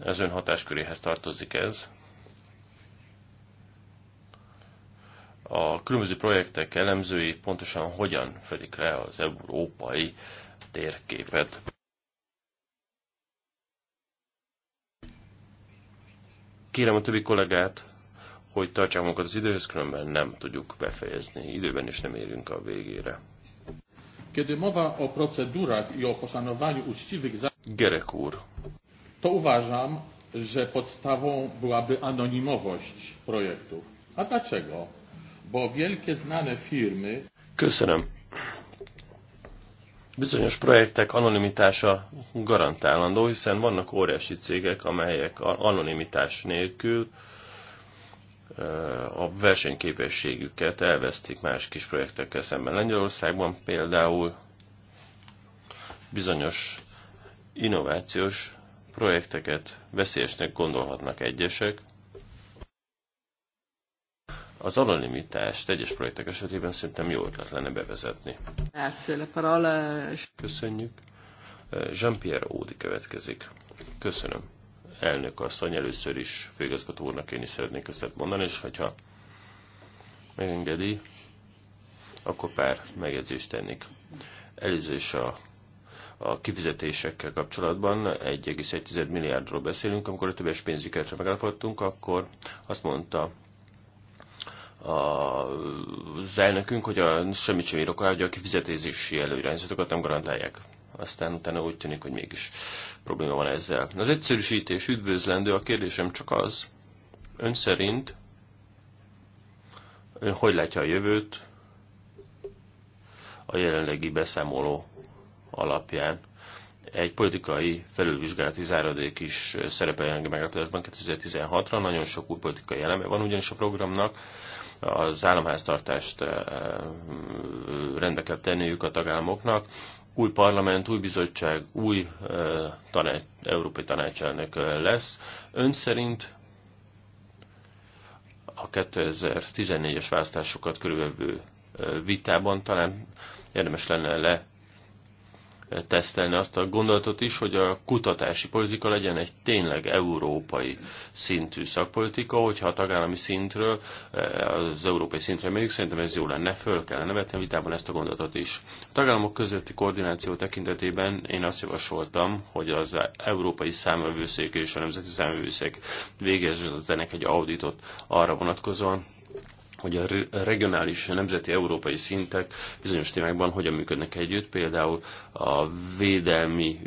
az ön hatásköréhez tartozik ez. a különböző projektek elemzői pontosan hogyan fedik le az európai térképet. Kérem a többi kollégát, hogy tartsák magukat az időhöz, különben nem tudjuk befejezni. Időben is nem érünk a végére. Kiedy mowa o procedurach i o poszanowaniu uczciwych za... Gerek úr. To uważam, że podstawą byłaby anonimowość projektów. A dlaczego? bo wielkie znane firmy... Köszönöm. Bizonyos projektek anonimitása garantálandó, hiszen vannak óriási cégek, amelyek anonimitás nélkül a versenyképességüket elvesztik más kis projektekkel szemben. Lengyelországban például bizonyos innovációs projekteket veszélyesnek gondolhatnak egyesek, az anonimitást egyes projektek esetében szerintem jó ötlet lenne bevezetni. Köszönjük. Jean-Pierre Ódi következik. Köszönöm. Elnök asszony, először is főigazgató úrnak én is szeretnék köszönet mondani, és hogyha megengedi, akkor pár megjegyzést tennék. Előző is a a kifizetésekkel kapcsolatban 1,1 milliárdról beszélünk, amikor a többes pénzügyi keretre megállapodtunk, akkor azt mondta az elnökünk, hogy a, semmit sem írok hogy a kifizetési előirányzatokat nem garantálják. Aztán utána úgy tűnik, hogy mégis probléma van ezzel. Az egyszerűsítés üdvözlendő, a kérdésem csak az, ön szerint ön hogy látja a jövőt a jelenlegi beszámoló alapján? Egy politikai felülvizsgálati záradék is szerepel jelenlegi meglepetésben 2016-ra, nagyon sok új politikai eleme van ugyanis a programnak, az államháztartást rendbe kell tenniük a tagállamoknak. Új parlament, új bizottság, új tanács, európai tanácselnök lesz. Ön szerint a 2014-es választásokat körülvevő vitában talán érdemes lenne le tesztelni azt a gondolatot is, hogy a kutatási politika legyen egy tényleg európai szintű szakpolitika, hogyha a tagállami szintről, az európai szintre megyünk, szerintem ez jó lenne, föl kellene vetni a vitában ezt a gondolatot is. A tagállamok közötti koordináció tekintetében én azt javasoltam, hogy az európai számövőszék és a nemzeti az végezzenek egy auditot arra vonatkozóan, hogy a regionális, nemzeti, európai szintek bizonyos témákban hogyan működnek együtt, például a védelmi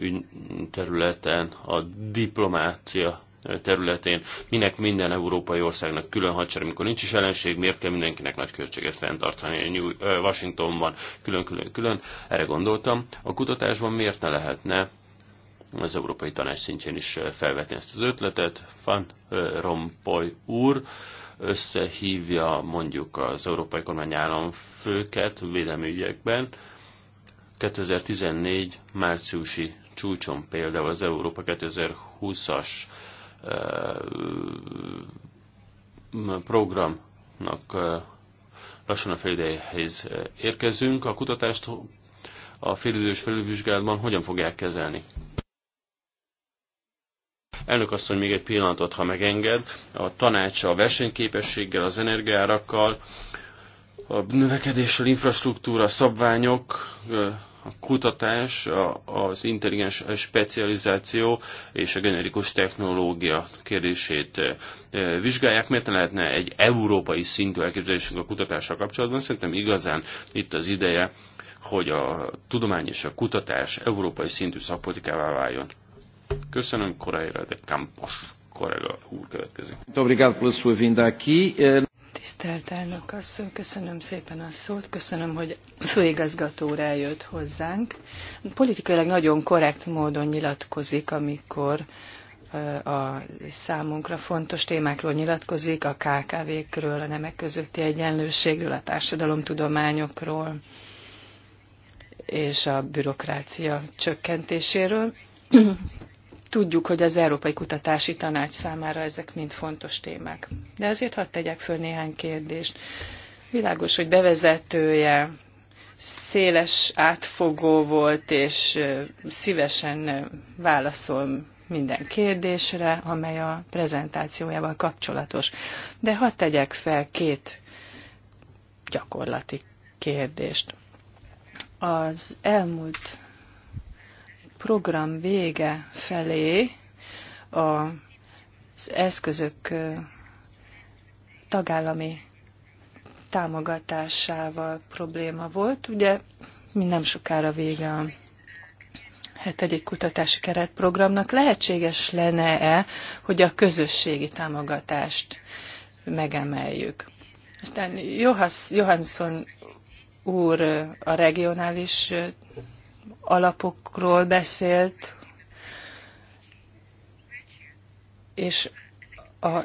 területen, a diplomácia területén, minek minden európai országnak külön hadsereg, amikor nincs is ellenség, miért kell mindenkinek nagy költséget fenntartani New, Washingtonban külön-külön-külön, erre gondoltam. A kutatásban miért ne lehetne az Európai Tanács szintjén is felvetni ezt az ötletet. Van Rompoy úr összehívja mondjuk az európai kormány államfőket védelmi ügyekben. 2014 márciusi csúcson például az Európa 2020-as eh, programnak eh, lassan a félidejéhez érkezünk. A kutatást a félidős felülvizsgálatban hogyan fogják kezelni? Elnök asszony, még egy pillanatot, ha megenged. A tanácsa a versenyképességgel, az energiárakkal, a növekedéssel, infrastruktúra, szabványok, a kutatás, az intelligens specializáció és a generikus technológia kérdését vizsgálják. Miért ne lehetne egy európai szintű elképzelésünk a kutatással kapcsolatban? Szerintem igazán itt az ideje, hogy a tudomány és a kutatás európai szintű szakpolitikává váljon. Köszönöm, Koreira de Campos. Koreira úr következik. Obrigado pela sua vinda aqui. Eh, Tisztelt elnök asszony, köszönöm szépen a szót, köszönöm, hogy főigazgató úr eljött hozzánk. Politikailag nagyon korrekt módon nyilatkozik, amikor eh, a számunkra fontos témákról nyilatkozik, a KKV-kről, a nemek közötti egyenlőségről, a társadalomtudományokról és a bürokrácia csökkentéséről. Tudjuk, hogy az Európai Kutatási Tanács számára ezek mind fontos témák. De azért hadd tegyek föl néhány kérdést. Világos, hogy bevezetője széles, átfogó volt, és szívesen válaszol minden kérdésre, amely a prezentációjával kapcsolatos. De hadd tegyek fel két gyakorlati kérdést. Az elmúlt program vége felé az eszközök tagállami támogatásával probléma volt. Ugye mi nem sokára vége a hetedik kutatási keretprogramnak. Lehetséges lenne-e, hogy a közösségi támogatást megemeljük? Aztán Johansson úr a regionális alapokról beszélt, és a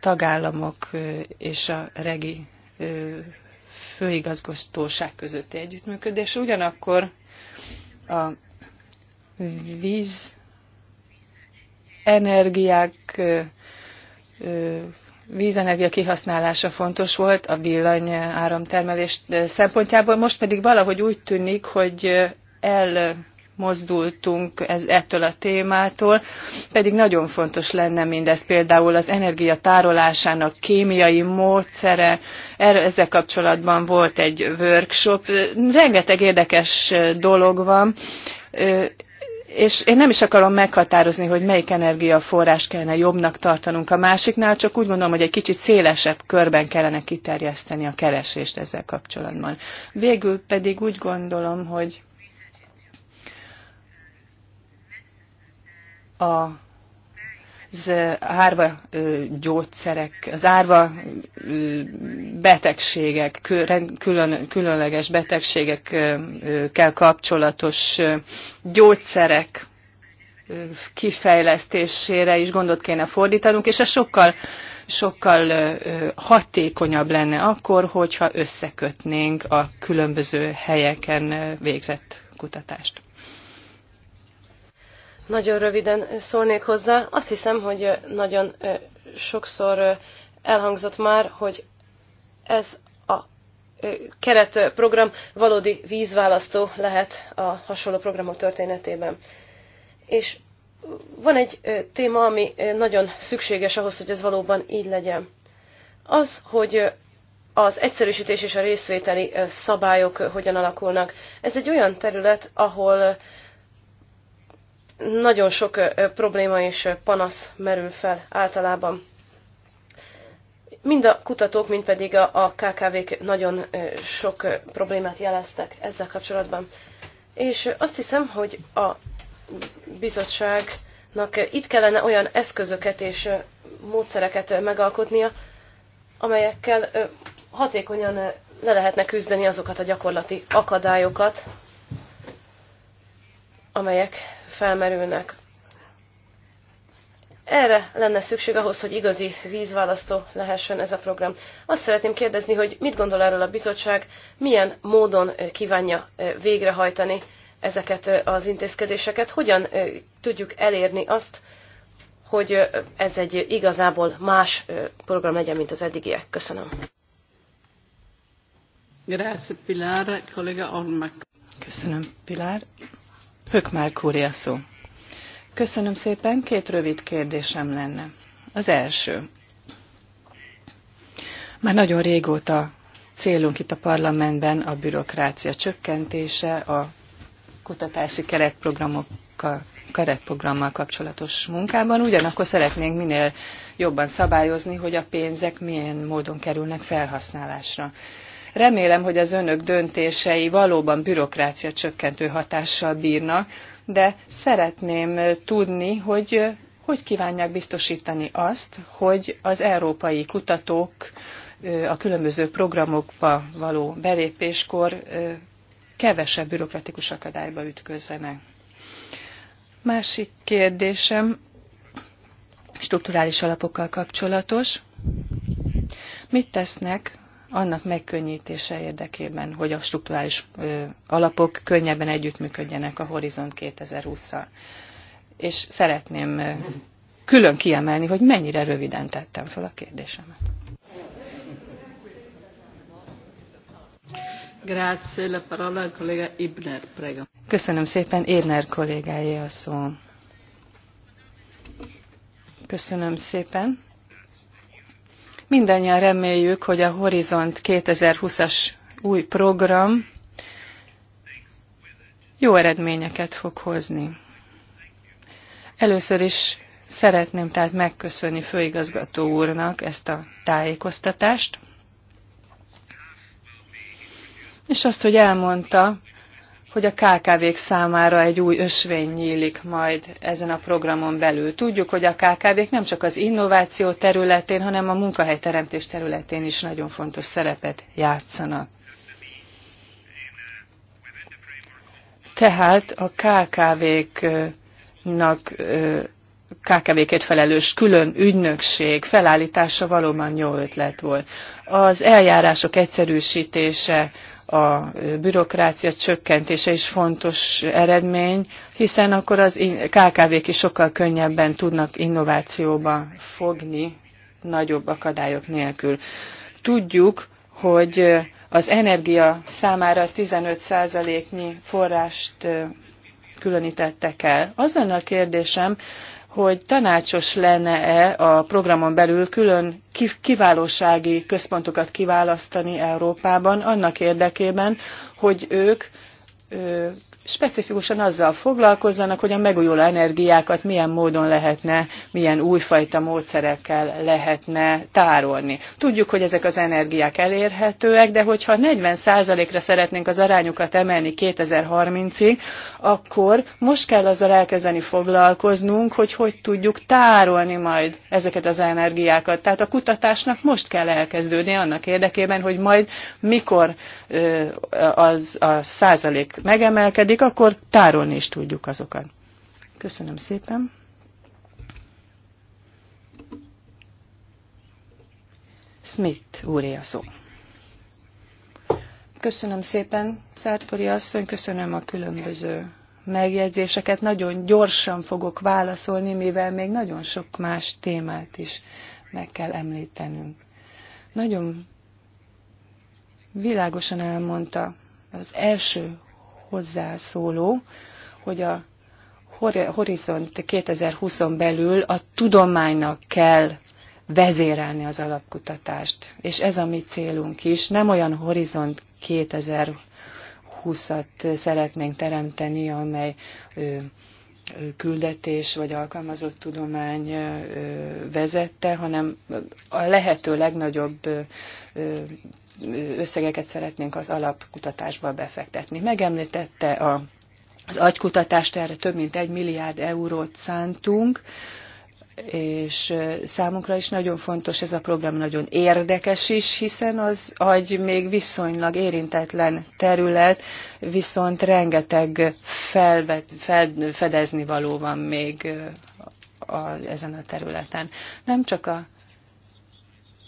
tagállamok és a regi főigazgatóság közötti együttműködés. Ugyanakkor a víz energiák, vízenergia kihasználása fontos volt a villany áramtermelés szempontjából, most pedig valahogy úgy tűnik, hogy elmozdultunk ez, ettől a témától, pedig nagyon fontos lenne mindez, például az energia tárolásának kémiai módszere, erre, ezzel kapcsolatban volt egy workshop, rengeteg érdekes dolog van, és én nem is akarom meghatározni, hogy melyik energiaforrás kellene jobbnak tartanunk a másiknál, csak úgy gondolom, hogy egy kicsit szélesebb körben kellene kiterjeszteni a keresést ezzel kapcsolatban. Végül pedig úgy gondolom, hogy a az árva gyógyszerek, az árva betegségek, külön, különleges betegségekkel kapcsolatos gyógyszerek kifejlesztésére is gondot kéne fordítanunk, és ez sokkal, sokkal hatékonyabb lenne akkor, hogyha összekötnénk a különböző helyeken végzett kutatást. Nagyon röviden szólnék hozzá. Azt hiszem, hogy nagyon sokszor elhangzott már, hogy ez a keretprogram valódi vízválasztó lehet a hasonló programok történetében. És van egy téma, ami nagyon szükséges ahhoz, hogy ez valóban így legyen. Az, hogy az egyszerűsítés és a részvételi szabályok hogyan alakulnak. Ez egy olyan terület, ahol nagyon sok probléma és panasz merül fel általában. Mind a kutatók, mind pedig a KKV-k nagyon sok problémát jeleztek ezzel kapcsolatban. És azt hiszem, hogy a bizottságnak itt kellene olyan eszközöket és módszereket megalkotnia, amelyekkel hatékonyan le lehetne küzdeni azokat a gyakorlati akadályokat, amelyek felmerülnek. Erre lenne szükség ahhoz, hogy igazi vízválasztó lehessen ez a program. Azt szeretném kérdezni, hogy mit gondol erről a bizottság, milyen módon kívánja végrehajtani ezeket az intézkedéseket, hogyan tudjuk elérni azt, hogy ez egy igazából más program legyen, mint az eddigiek. Köszönöm. Grazie, Pilar, kollega Ormak. Köszönöm, Pilar. Hökmárk úr szó. Köszönöm szépen, két rövid kérdésem lenne. Az első. Már nagyon régóta célunk itt a parlamentben a bürokrácia csökkentése, a kutatási keretprogramokkal keretprogrammal kapcsolatos munkában. Ugyanakkor szeretnénk minél jobban szabályozni, hogy a pénzek milyen módon kerülnek felhasználásra. Remélem, hogy az önök döntései valóban bürokrácia csökkentő hatással bírnak, de szeretném tudni, hogy hogy kívánják biztosítani azt, hogy az európai kutatók a különböző programokba való belépéskor kevesebb bürokratikus akadályba ütközzenek. Másik kérdésem strukturális alapokkal kapcsolatos. Mit tesznek annak megkönnyítése érdekében, hogy a strukturális alapok könnyebben együttműködjenek a Horizont 2020-szal. És szeretném külön kiemelni, hogy mennyire röviden tettem fel a kérdésemet. Grazie, la parola al collega Ibner, prego. Köszönöm szépen, Ibner kollégájé a szó. Köszönöm szépen. Mindannyian reméljük, hogy a Horizont 2020-as új program jó eredményeket fog hozni. Először is szeretném tehát megköszönni főigazgató úrnak ezt a tájékoztatást, és azt, hogy elmondta, hogy a KKV-k számára egy új ösvény nyílik majd ezen a programon belül. Tudjuk, hogy a KKV-k nem csak az innováció területén, hanem a munkahelyteremtés területén is nagyon fontos szerepet játszanak. Tehát a KKV-knak KKV-két felelős külön ügynökség felállítása valóban jó ötlet volt. Az eljárások egyszerűsítése, a bürokrácia csökkentése is fontos eredmény, hiszen akkor az KKV-k is sokkal könnyebben tudnak innovációba fogni nagyobb akadályok nélkül. Tudjuk, hogy az energia számára 15%-nyi forrást különítettek el. Az lenne a kérdésem, hogy tanácsos lenne-e a programon belül külön kiválósági központokat kiválasztani Európában annak érdekében, hogy ők specifikusan azzal foglalkozzanak, hogy a megújuló energiákat milyen módon lehetne, milyen újfajta módszerekkel lehetne tárolni. Tudjuk, hogy ezek az energiák elérhetőek, de hogyha 40%-ra szeretnénk az arányukat emelni 2030-ig, akkor most kell azzal elkezdeni foglalkoznunk, hogy hogy tudjuk tárolni majd ezeket az energiákat. Tehát a kutatásnak most kell elkezdődni annak érdekében, hogy majd mikor az a százalék megemelkedik, meg, akkor tárolni is tudjuk azokat. Köszönöm szépen. Smith úré a szó. Köszönöm szépen, Szártori asszony, köszönöm a különböző megjegyzéseket. Nagyon gyorsan fogok válaszolni, mivel még nagyon sok más témát is meg kell említenünk. Nagyon világosan elmondta az első hozzászóló, hogy a Horizont 2020-on belül a tudománynak kell vezérelni az alapkutatást. És ez a mi célunk is. Nem olyan Horizont 2020-at szeretnénk teremteni, amely küldetés vagy alkalmazott tudomány vezette, hanem a lehető legnagyobb összegeket szeretnénk az alapkutatásba befektetni. Megemlítette a, az agykutatást, erre több mint egy milliárd eurót szántunk, és számunkra is nagyon fontos ez a program, nagyon érdekes is, hiszen az agy még viszonylag érintetlen terület, viszont rengeteg felbe, fed, fedezni való van még a, a, ezen a területen. Nem csak a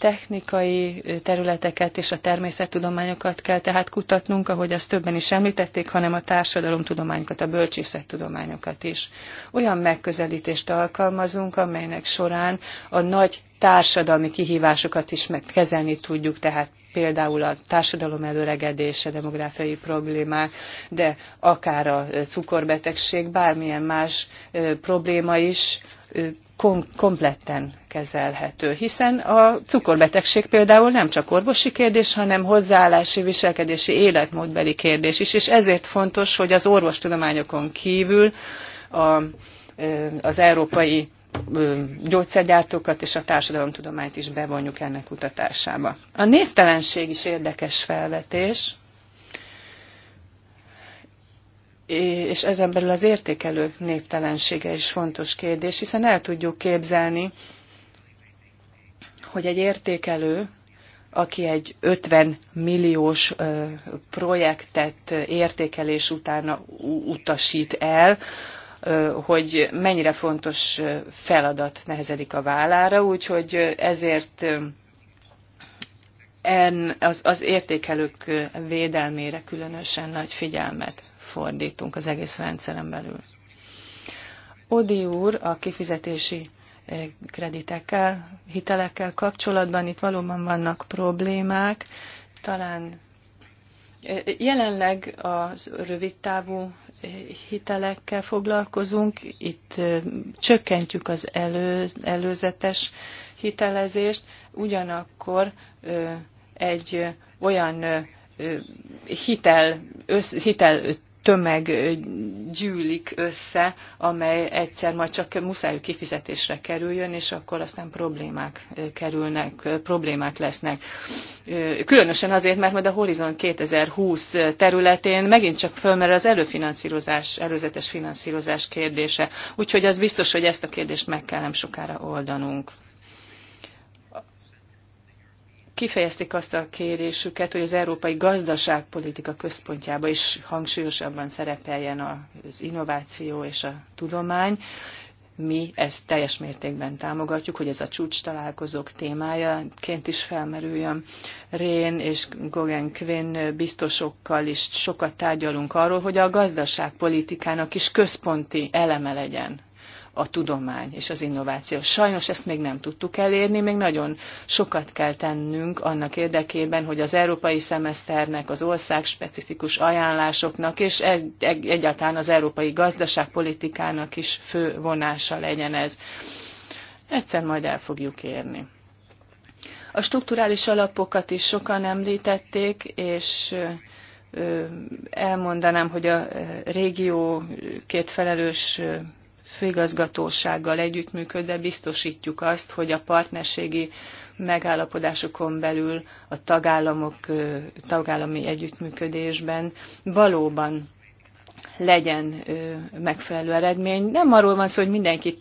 technikai területeket és a természettudományokat kell tehát kutatnunk, ahogy azt többen is említették, hanem a társadalomtudományokat, a bölcsészettudományokat is. Olyan megközelítést alkalmazunk, amelynek során a nagy társadalmi kihívásokat is megkezelni tudjuk, tehát például a társadalom előregedése, demográfiai problémák, de akár a cukorbetegség, bármilyen más probléma is kompletten kezelhető, hiszen a cukorbetegség például nem csak orvosi kérdés, hanem hozzáállási, viselkedési, életmódbeli kérdés is, és ezért fontos, hogy az orvostudományokon kívül a, az európai gyógyszergyártókat és a társadalomtudományt is bevonjuk ennek kutatásába. A névtelenség is érdekes felvetés, és ezen belül az értékelők néptelensége is fontos kérdés, hiszen el tudjuk képzelni, hogy egy értékelő, aki egy 50 milliós projektet értékelés után utasít el, hogy mennyire fontos feladat nehezedik a vállára, úgyhogy ezért en, az, az értékelők védelmére különösen nagy figyelmet fordítunk az egész rendszeren belül. Odi úr a kifizetési eh, kreditekkel, hitelekkel kapcsolatban itt valóban vannak problémák. Talán eh, jelenleg az rövidtávú eh, hitelekkel foglalkozunk, itt csökkentjük az elő, előzetes hitelezést, ugyanakkor egy olyan hitel, össz, hitel tömeg gyűlik össze, amely egyszer majd csak muszáj kifizetésre kerüljön, és akkor aztán problémák kerülnek, problémák lesznek. Különösen azért, mert majd a Horizon 2020 területén megint csak fölmerül az előfinanszírozás, előzetes finanszírozás kérdése. Úgyhogy az biztos, hogy ezt a kérdést meg kell nem sokára oldanunk kifejezték azt a kérésüket, hogy az európai gazdaságpolitika központjába is hangsúlyosabban szerepeljen az innováció és a tudomány. Mi ezt teljes mértékben támogatjuk, hogy ez a csúcs találkozók témájaként is felmerüljön. Rén és Gogen Quinn biztosokkal is sokat tárgyalunk arról, hogy a gazdaságpolitikának is központi eleme legyen a tudomány és az innováció. Sajnos ezt még nem tudtuk elérni, még nagyon sokat kell tennünk annak érdekében, hogy az európai szemeszternek, az ország specifikus ajánlásoknak és egy, egy, egyáltalán az európai gazdaságpolitikának is fő vonása legyen ez. Egyszer majd el fogjuk érni. A strukturális alapokat is sokan említették, és elmondanám, hogy a régió két felelős főigazgatósággal együttműködve biztosítjuk azt, hogy a partnerségi megállapodásokon belül a tagállamok, tagállami együttműködésben valóban legyen megfelelő eredmény. Nem arról van szó, hogy mindenki,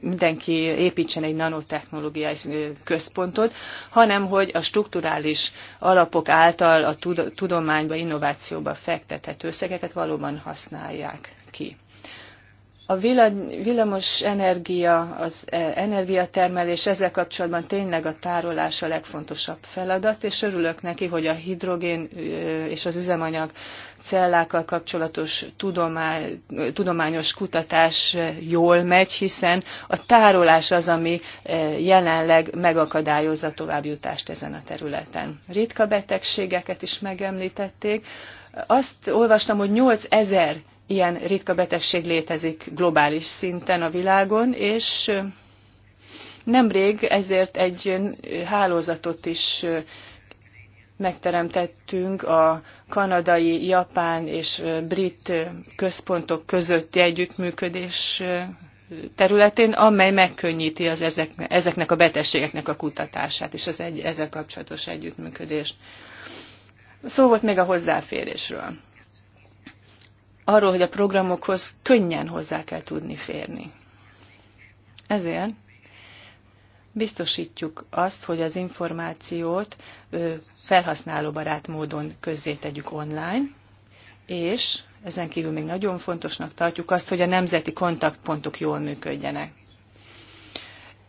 mindenki építsen egy nanotechnológiai központot, hanem hogy a strukturális alapok által a tudományba, innovációba fektethető összegeket valóban használják ki. A villamos energia, az e, energiatermelés ezzel kapcsolatban tényleg a tárolás a legfontosabb feladat, és örülök neki, hogy a hidrogén és az üzemanyag cellákkal kapcsolatos tudomány, tudományos kutatás jól megy, hiszen a tárolás az, ami e, jelenleg megakadályozza továbbjutást ezen a területen. Ritka betegségeket is megemlítették. Azt olvastam, hogy 8000 ilyen ritka betegség létezik globális szinten a világon, és nemrég ezért egy hálózatot is megteremtettünk a kanadai, japán és brit központok közötti együttműködés területén, amely megkönnyíti az ezek, ezeknek a betegségeknek a kutatását és az egy, ezzel kapcsolatos együttműködést. Szó volt még a hozzáférésről arról, hogy a programokhoz könnyen hozzá kell tudni férni. Ezért biztosítjuk azt, hogy az információt felhasználóbarát módon közzétegyük online, és ezen kívül még nagyon fontosnak tartjuk azt, hogy a nemzeti kontaktpontok jól működjenek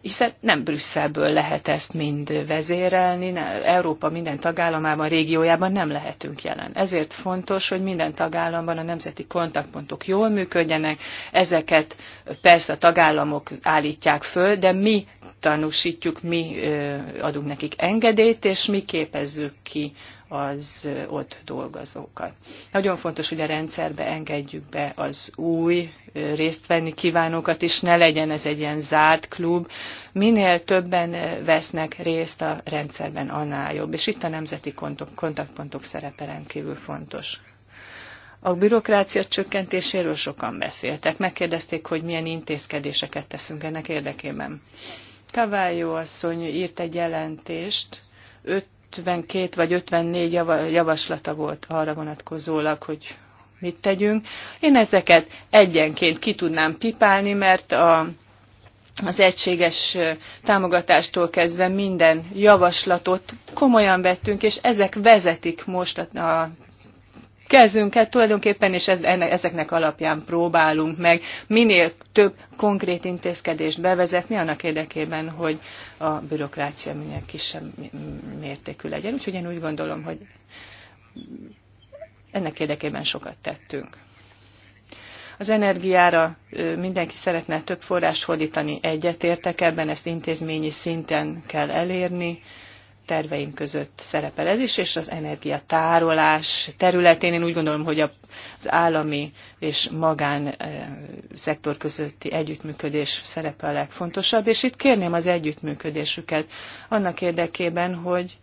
hiszen nem Brüsszelből lehet ezt mind vezérelni, Európa minden tagállamában, régiójában nem lehetünk jelen. Ezért fontos, hogy minden tagállamban a nemzeti kontaktpontok jól működjenek, ezeket persze a tagállamok állítják föl, de mi tanúsítjuk, mi adunk nekik engedélyt, és mi képezzük ki az ott dolgozókat. Nagyon fontos, hogy a rendszerbe engedjük be az új részt venni kívánókat is, ne legyen ez egy ilyen zárt klub. Minél többen vesznek részt a rendszerben, annál jobb. És itt a nemzeti kontaktpontok szerepe rendkívül fontos. A bürokrácia csökkentéséről sokan beszéltek. Megkérdezték, hogy milyen intézkedéseket teszünk ennek érdekében. Kavályó asszony írt egy jelentést, öt 52 vagy 54 javaslata volt arra vonatkozólag, hogy mit tegyünk. Én ezeket egyenként ki tudnám pipálni, mert a, az egységes támogatástól kezdve minden javaslatot komolyan vettünk, és ezek vezetik most a, a kezünket tulajdonképpen, és ezeknek alapján próbálunk meg minél több konkrét intézkedést bevezetni annak érdekében, hogy a bürokrácia minél kisebb mértékű legyen. Úgyhogy én úgy gondolom, hogy ennek érdekében sokat tettünk. Az energiára mindenki szeretne több forrást fordítani, egyetértek ebben, ezt intézményi szinten kell elérni terveim között szerepel ez is, és az energiatárolás területén én úgy gondolom, hogy az állami és magán eh, szektor közötti együttműködés szerepe a legfontosabb, és itt kérném az együttműködésüket annak érdekében, hogy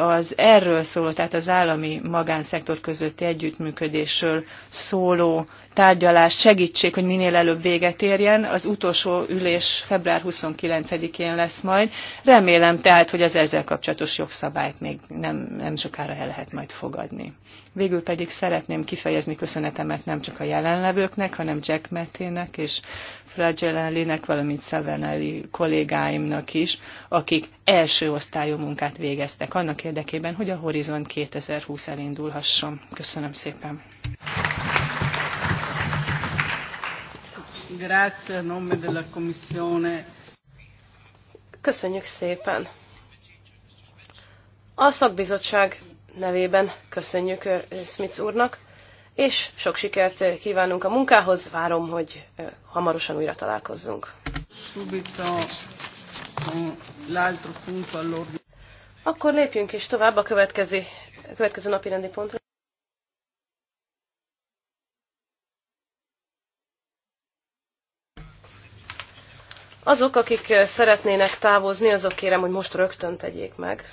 az erről szóló, tehát az állami magánszektor közötti együttműködésről szóló tárgyalás segítség, hogy minél előbb véget érjen. Az utolsó ülés február 29-én lesz majd. Remélem tehát, hogy az ezzel kapcsolatos jogszabályt még nem, nem sokára el lehet majd fogadni. Végül pedig szeretném kifejezni köszönetemet nem csak a jelenlevőknek, hanem Jack Metének és Flagellálinek, valamint Szavenelli kollégáimnak is, akik első osztályú munkát végeztek annak érdekében, hogy a Horizont 2020 elindulhasson. Köszönöm szépen! a Köszönjük szépen! A szakbizottság nevében köszönjük eh, Smith úrnak és sok sikert eh, kívánunk a munkához, várom, hogy eh, hamarosan újra találkozzunk. Akkor lépjünk is tovább a következő, a következő napi rendi pontra. Azok, akik eh, szeretnének távozni, azok kérem, hogy most rögtön tegyék meg.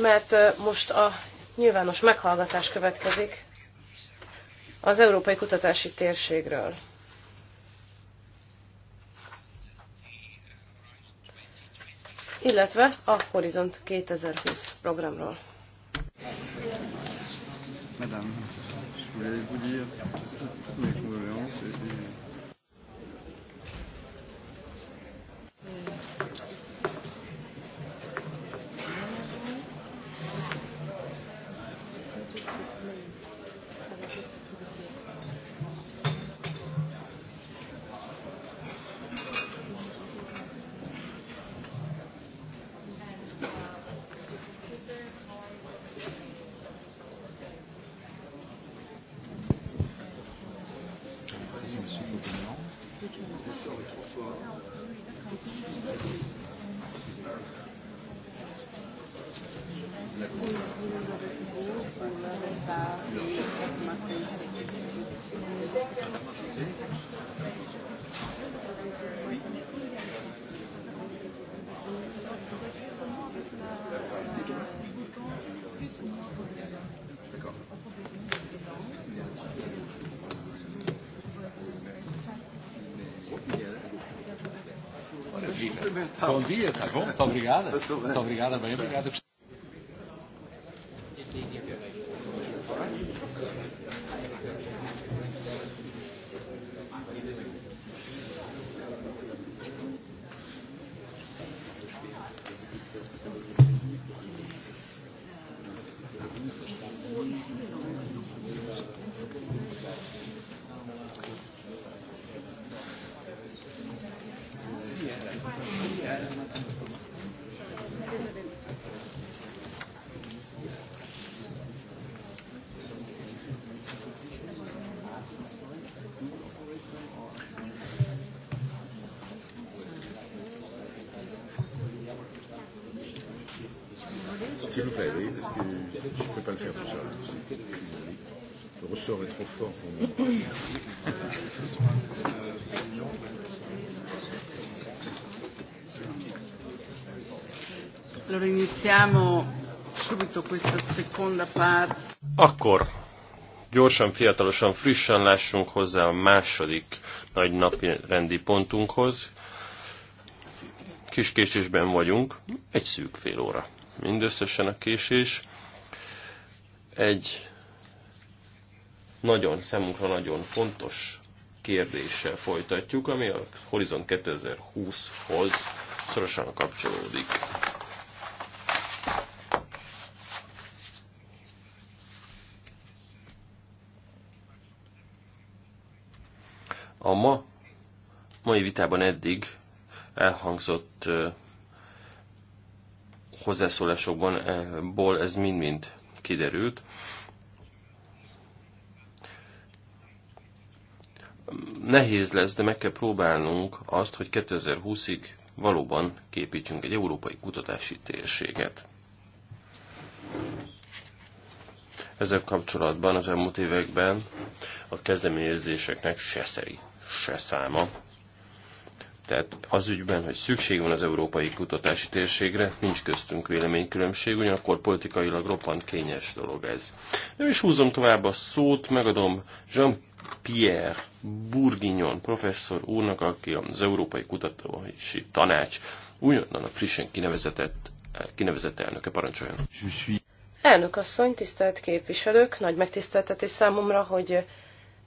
mert most a nyilvános meghallgatás következik az Európai Kutatási Térségről. illetve a Horizont 2020 programról. Madame, je voulais vous dire mes condoléances et bom dia, está bom? Muito obrigada. Muito obrigada, bem obrigado. Akkor gyorsan, fiatalosan, frissen lássunk hozzá a második nagy napi rendi pontunkhoz. Kis késésben vagyunk, egy szűk fél óra. Mindösszesen a késés. Egy nagyon, számunkra nagyon fontos kérdéssel folytatjuk, ami a Horizon 2020-hoz szorosan kapcsolódik. A ma, mai vitában eddig elhangzott hozzászólásokban ból ez mind-mind kiderült. Nehéz lesz, de meg kell próbálnunk azt, hogy 2020-ig valóban képítsünk egy európai kutatási térséget. Ezzel kapcsolatban az elmúlt években a kezdeményezéseknek se szerint se száma. Tehát az ügyben, hogy szükség van az európai kutatási térségre, nincs köztünk véleménykülönbség, ugyanakkor politikailag roppant kényes dolog ez. Nem is húzom tovább a szót, megadom Jean-Pierre Bourguignon professzor úrnak, aki az Európai Kutatási Tanács újonnan a frissen kinevezetett, kinevezett elnöke. Parancsoljon! Elnök asszony, tisztelt képviselők, nagy megtiszteltetés számomra, hogy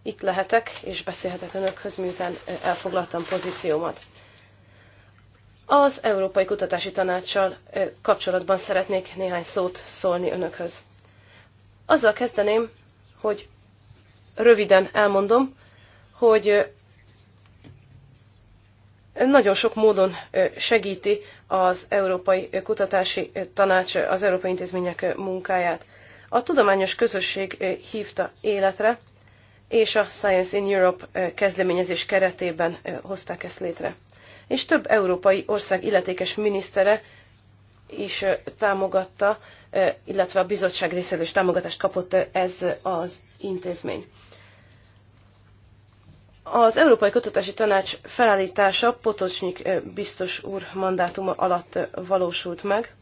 itt lehetek, és beszélhetek önökhöz, miután elfoglaltam pozíciómat. Az Európai Kutatási Tanácssal kapcsolatban szeretnék néhány szót szólni önökhöz. Azzal kezdeném, hogy röviden elmondom, hogy nagyon sok módon segíti az Európai Kutatási Tanács az Európai Intézmények munkáját. A tudományos közösség hívta életre és a Science in Europe kezdeményezés keretében hozták ezt létre. És több európai ország illetékes minisztere is támogatta, illetve a bizottság részéről is támogatást kapott ez az intézmény. Az Európai Kutatási Tanács felállítása Potocsnyik biztos úr mandátuma alatt valósult meg,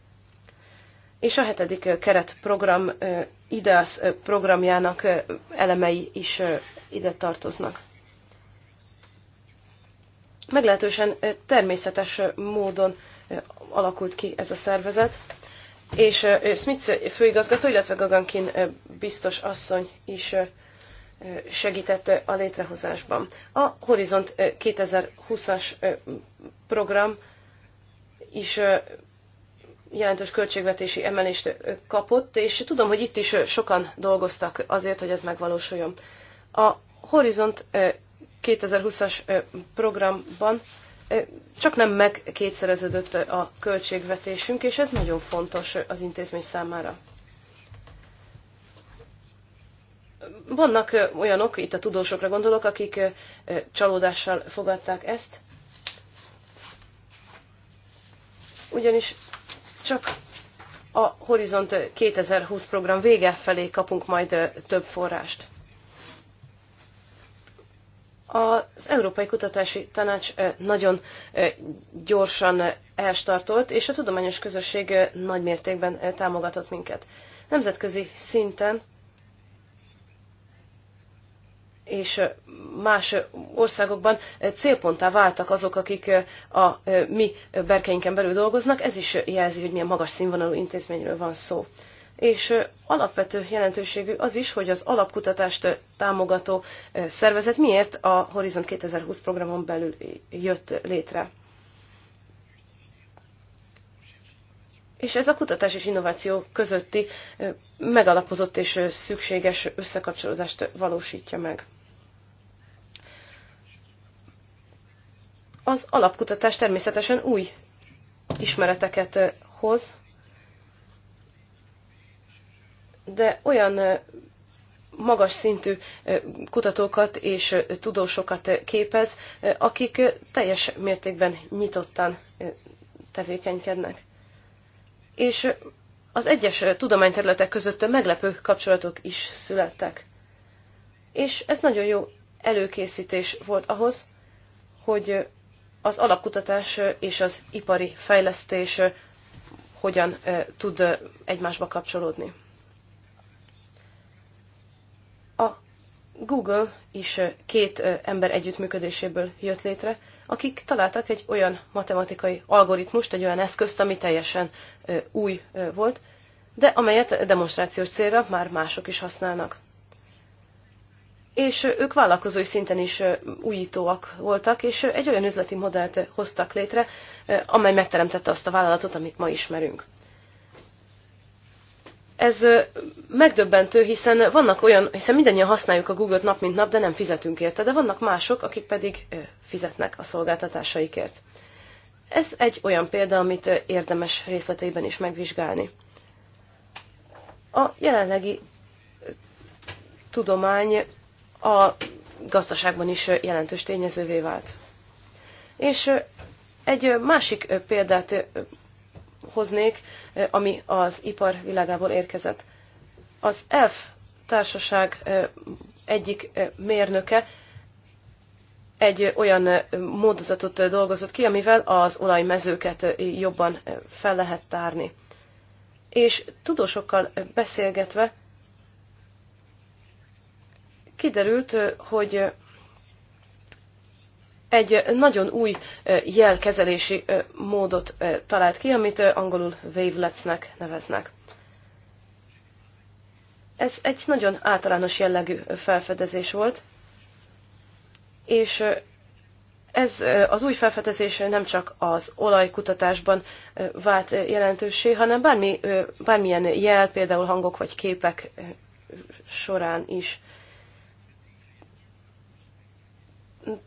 és a hetedik keretprogram IDEAS programjának elemei is ide tartoznak. Meglehetősen természetes módon alakult ki ez a szervezet, és Smith főigazgató, illetve Gagankin biztos asszony is segített a létrehozásban. A Horizont 2020-as program is jelentős költségvetési emelést kapott, és tudom, hogy itt is sokan dolgoztak azért, hogy ez megvalósuljon. A Horizont 2020-as programban csak nem megkétszereződött a költségvetésünk, és ez nagyon fontos az intézmény számára. Vannak olyanok, itt a tudósokra gondolok, akik csalódással fogadták ezt, ugyanis csak a Horizont 2020 program vége felé kapunk majd több forrást. Az Európai Kutatási Tanács nagyon gyorsan elstartolt, és a tudományos közösség nagy mértékben támogatott minket. Nemzetközi szinten és más országokban célponttá váltak azok, akik a mi berkeinken belül dolgoznak, ez is jelzi, hogy milyen magas színvonalú intézményről van szó. És alapvető jelentőségű az is, hogy az alapkutatást támogató szervezet miért a Horizont 2020 programon belül jött létre. és ez a kutatás és innováció közötti megalapozott és szükséges összekapcsolódást valósítja meg. Az alapkutatás természetesen új ismereteket hoz, de olyan magas szintű kutatókat és tudósokat képez, akik teljes mértékben nyitottan tevékenykednek és az egyes tudományterületek között meglepő kapcsolatok is születtek. És ez nagyon jó előkészítés volt ahhoz, hogy az alapkutatás és az ipari fejlesztés hogyan tud egymásba kapcsolódni. A Google is két ember együttműködéséből jött létre, akik találtak egy olyan matematikai algoritmust, egy olyan eszközt, ami teljesen új volt, de amelyet demonstrációs célra már mások is használnak. És ők vállalkozói szinten is újítóak voltak, és egy olyan üzleti modellt hoztak létre, amely megteremtette azt a vállalatot, amit ma ismerünk ez megdöbbentő, hiszen vannak olyan, hiszen mindannyian használjuk a Google-t nap mint nap, de nem fizetünk érte, de vannak mások, akik pedig fizetnek a szolgáltatásaikért. Ez egy olyan példa, amit érdemes részleteiben is megvizsgálni. A jelenlegi tudomány a gazdaságban is jelentős tényezővé vált. És egy másik példát hoznék, ami az ipar világából érkezett. Az F társaság egyik mérnöke egy olyan módozatot dolgozott ki, amivel az olajmezőket jobban fel lehet tárni. És tudósokkal beszélgetve kiderült, hogy egy nagyon új jelkezelési módot talált ki, amit angolul wavelets-nek neveznek. Ez egy nagyon általános jellegű felfedezés volt, és ez az új felfedezés nem csak az olajkutatásban vált jelentőssé, hanem bármi, bármilyen jel, például hangok vagy képek során is.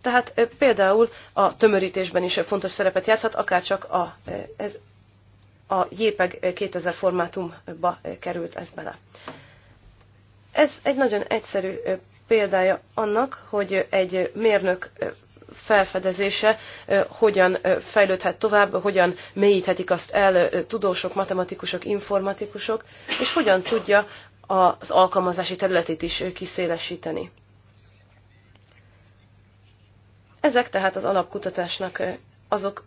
Tehát például a tömörítésben is fontos szerepet játszhat, akár csak a, ez, a JPEG 2000 formátumba került ez bele. Ez egy nagyon egyszerű példája annak, hogy egy mérnök felfedezése hogyan fejlődhet tovább, hogyan mélyíthetik azt el tudósok, matematikusok, informatikusok, és hogyan tudja az alkalmazási területét is kiszélesíteni. Ezek tehát az alapkutatásnak azok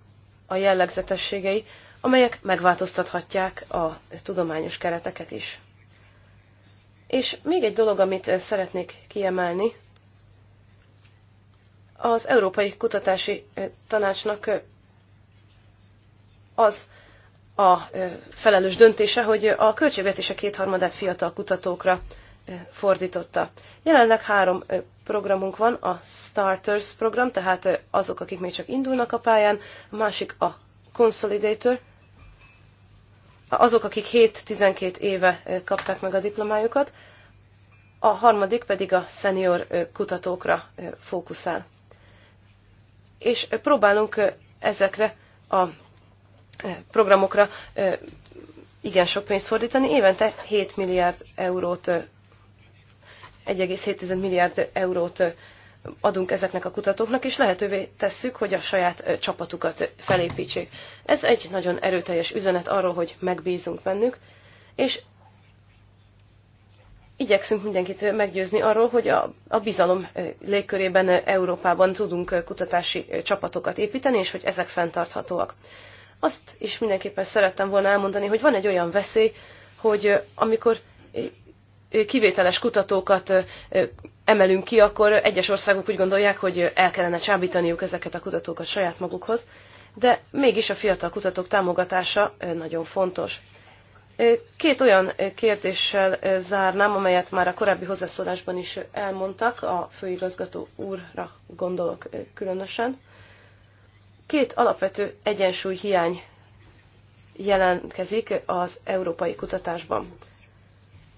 a jellegzetességei, amelyek megváltoztathatják a tudományos kereteket is. És még egy dolog, amit szeretnék kiemelni, az Európai Kutatási Tanácsnak az a felelős döntése, hogy a költségvetése kétharmadát fiatal kutatókra fordította. Jelenleg három programunk van, a Starters program, tehát azok, akik még csak indulnak a pályán, a másik a Consolidator, azok, akik 7-12 éve kapták meg a diplomájukat, a harmadik pedig a senior kutatókra fókuszál. És próbálunk ezekre a programokra igen sok pénzt fordítani, évente 7 milliárd eurót 1,7 milliárd eurót adunk ezeknek a kutatóknak, és lehetővé tesszük, hogy a saját csapatukat felépítsék. Ez egy nagyon erőteljes üzenet arról, hogy megbízunk bennük, és igyekszünk mindenkit meggyőzni arról, hogy a, a bizalom légkörében Európában tudunk kutatási csapatokat építeni, és hogy ezek fenntarthatóak. Azt is mindenképpen szerettem volna elmondani, hogy van egy olyan veszély, hogy amikor kivételes kutatókat emelünk ki, akkor egyes országok úgy gondolják, hogy el kellene csábítaniuk ezeket a kutatókat saját magukhoz, de mégis a fiatal kutatók támogatása nagyon fontos. Két olyan kérdéssel zárnám, amelyet már a korábbi hozzászólásban is elmondtak, a főigazgató úrra gondolok különösen. Két alapvető egyensúly hiány jelentkezik az európai kutatásban.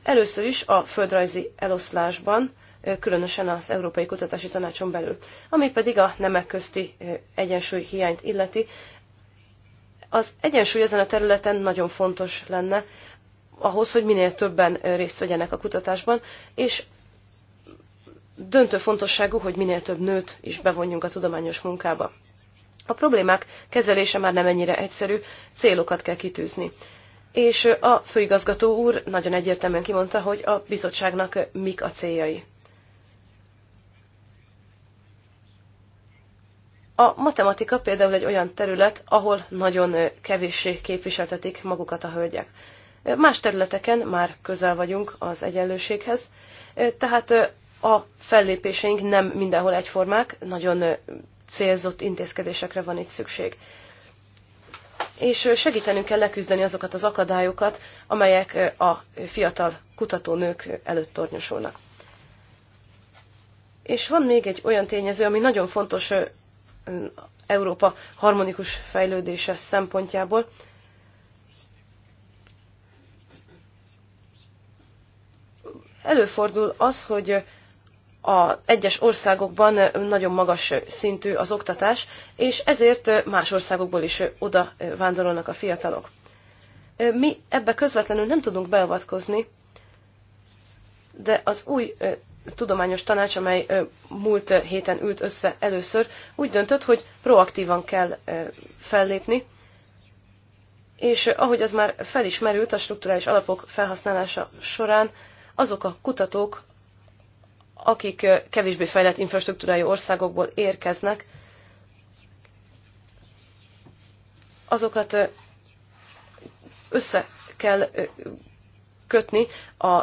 Először is a földrajzi eloszlásban, különösen az Európai Kutatási Tanácson belül, ami pedig a nemek közti egyensúly hiányt illeti. Az egyensúly ezen a területen nagyon fontos lenne, ahhoz, hogy minél többen részt vegyenek a kutatásban, és döntő fontosságú, hogy minél több nőt is bevonjunk a tudományos munkába. A problémák kezelése már nem ennyire egyszerű, célokat kell kitűzni és a főigazgató úr nagyon egyértelműen kimondta, hogy a bizottságnak mik a céljai. A matematika például egy olyan terület, ahol nagyon kevéssé képviseltetik magukat a hölgyek. Más területeken már közel vagyunk az egyenlőséghez, tehát a fellépéseink nem mindenhol egyformák, nagyon célzott intézkedésekre van itt szükség és segítenünk kell leküzdeni azokat az akadályokat, amelyek a fiatal kutatónők előtt tornyosulnak. És van még egy olyan tényező, ami nagyon fontos Európa harmonikus fejlődése szempontjából. Előfordul az, hogy a egyes országokban nagyon magas szintű az oktatás, és ezért más országokból is oda vándorolnak a fiatalok. Mi ebbe közvetlenül nem tudunk beavatkozni, de az új tudományos tanács, amely múlt héten ült össze először, úgy döntött, hogy proaktívan kell fellépni, és ahogy az már felismerült a strukturális alapok felhasználása során, azok a kutatók, akik kevésbé fejlett infrastruktúrájú országokból érkeznek, azokat össze kell kötni a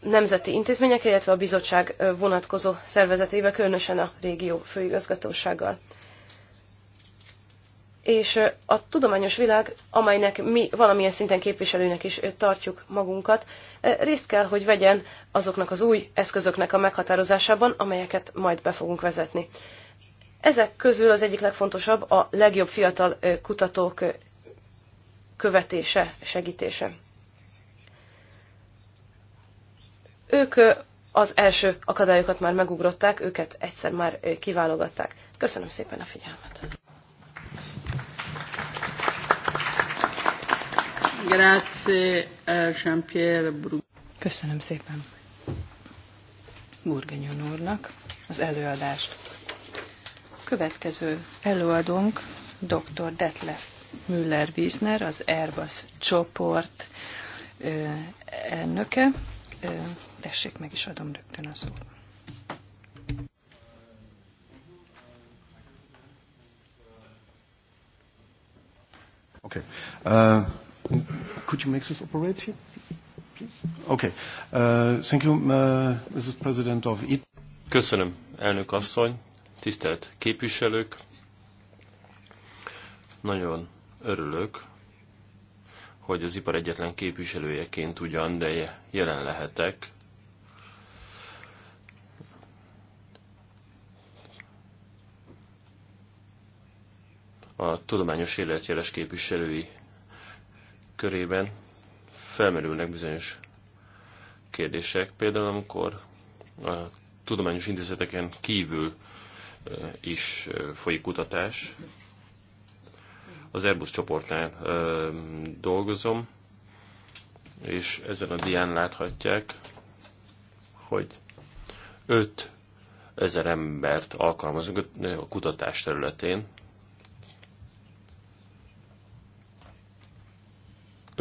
nemzeti intézmények, illetve a bizottság vonatkozó szervezetébe, különösen a régió főigazgatósággal és a tudományos világ, amelynek mi valamilyen szinten képviselőnek is tartjuk magunkat, részt kell, hogy vegyen azoknak az új eszközöknek a meghatározásában, amelyeket majd be fogunk vezetni. Ezek közül az egyik legfontosabb a legjobb fiatal kutatók követése, segítése. Ők az első akadályokat már megugrották, őket egyszer már kiválogatták. Köszönöm szépen a figyelmet! Eh, Köszönöm szépen Burgenyon úrnak az előadást. Következő előadónk dr. Detlef Müller-Wiesner, az Airbus csoport elnöke. Tessék, meg is adom rögtön a szót. Okay. Uh, Could you make this operate here, please? Okay. Uh, thank you, uh, Mrs. President of IT. Köszönöm, elnök asszony, tisztelt képviselők. Nagyon örülök, hogy az ipar egyetlen képviselőjeként ugyan, de jelen lehetek. A tudományos életjeles képviselői körében felmerülnek bizonyos kérdések, például amikor a tudományos intézeteken kívül is folyik kutatás. Az Airbus csoportnál dolgozom, és ezen a dián láthatják, hogy 5 ezer embert alkalmazunk a kutatás területén,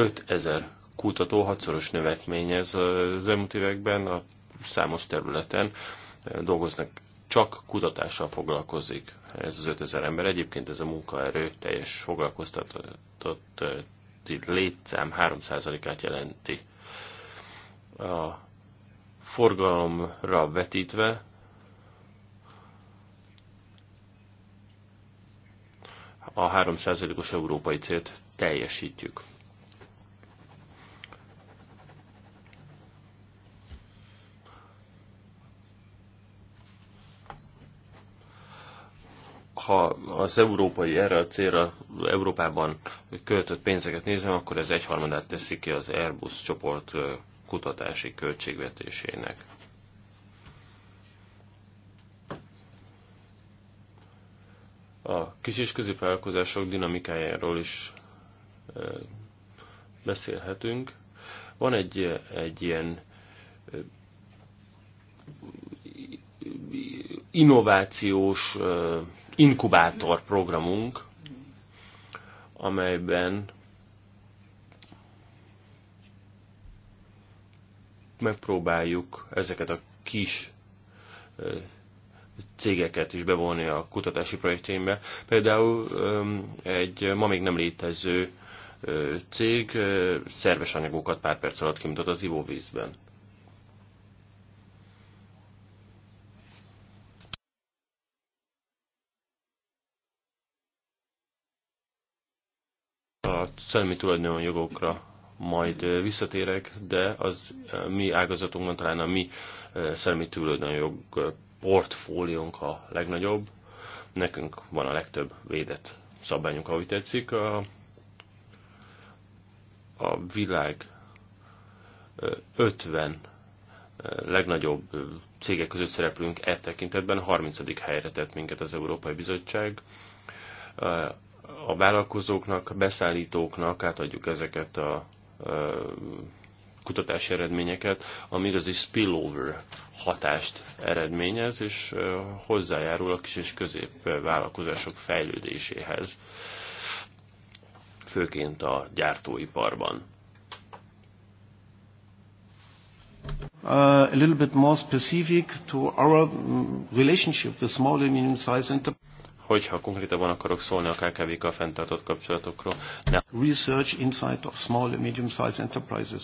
5000 kutató hatszoros növekmény ez az elmúlt években a számos területen dolgoznak, csak kutatással foglalkozik ez az 5000 ember. Egyébként ez a munkaerő teljes foglalkoztatott létszám 3%-át jelenti. A forgalomra vetítve a 3%-os európai célt teljesítjük. ha az európai erre a célra Európában költött pénzeket nézem, akkor ez egyharmadát teszi ki az Airbus csoport kutatási költségvetésének. A kis és középvállalkozások dinamikájáról is beszélhetünk. Van egy, egy ilyen innovációs inkubátor programunk, amelyben megpróbáljuk ezeket a kis cégeket is bevonni a kutatási projektjénbe. Például egy ma még nem létező cég szerves anyagokat pár perc alatt kimutat az ivóvízben. szellemi tulajdonjogokra majd visszatérek, de az mi ágazatunkban talán a mi szellemi tulajdonjog portfóliónk a legnagyobb. Nekünk van a legtöbb védett szabályunk ahogy tetszik. A, a világ 50 legnagyobb cégek között szereplünk e tekintetben, 30. helyre tett minket az Európai Bizottság a vállalkozóknak, a beszállítóknak átadjuk ezeket a kutatási eredményeket, ami igazi spillover hatást eredményez, és hozzájárul a kis és vállalkozások fejlődéséhez, főként a gyártóiparban. Uh, a little bit more specific to our mm, relationship with small and medium-sized enterprises. Hogyha konkrétabban akarok szólni a KKV-kkal fenntartott kapcsolatokról. Ne. Research insight of small and medium-sized enterprises.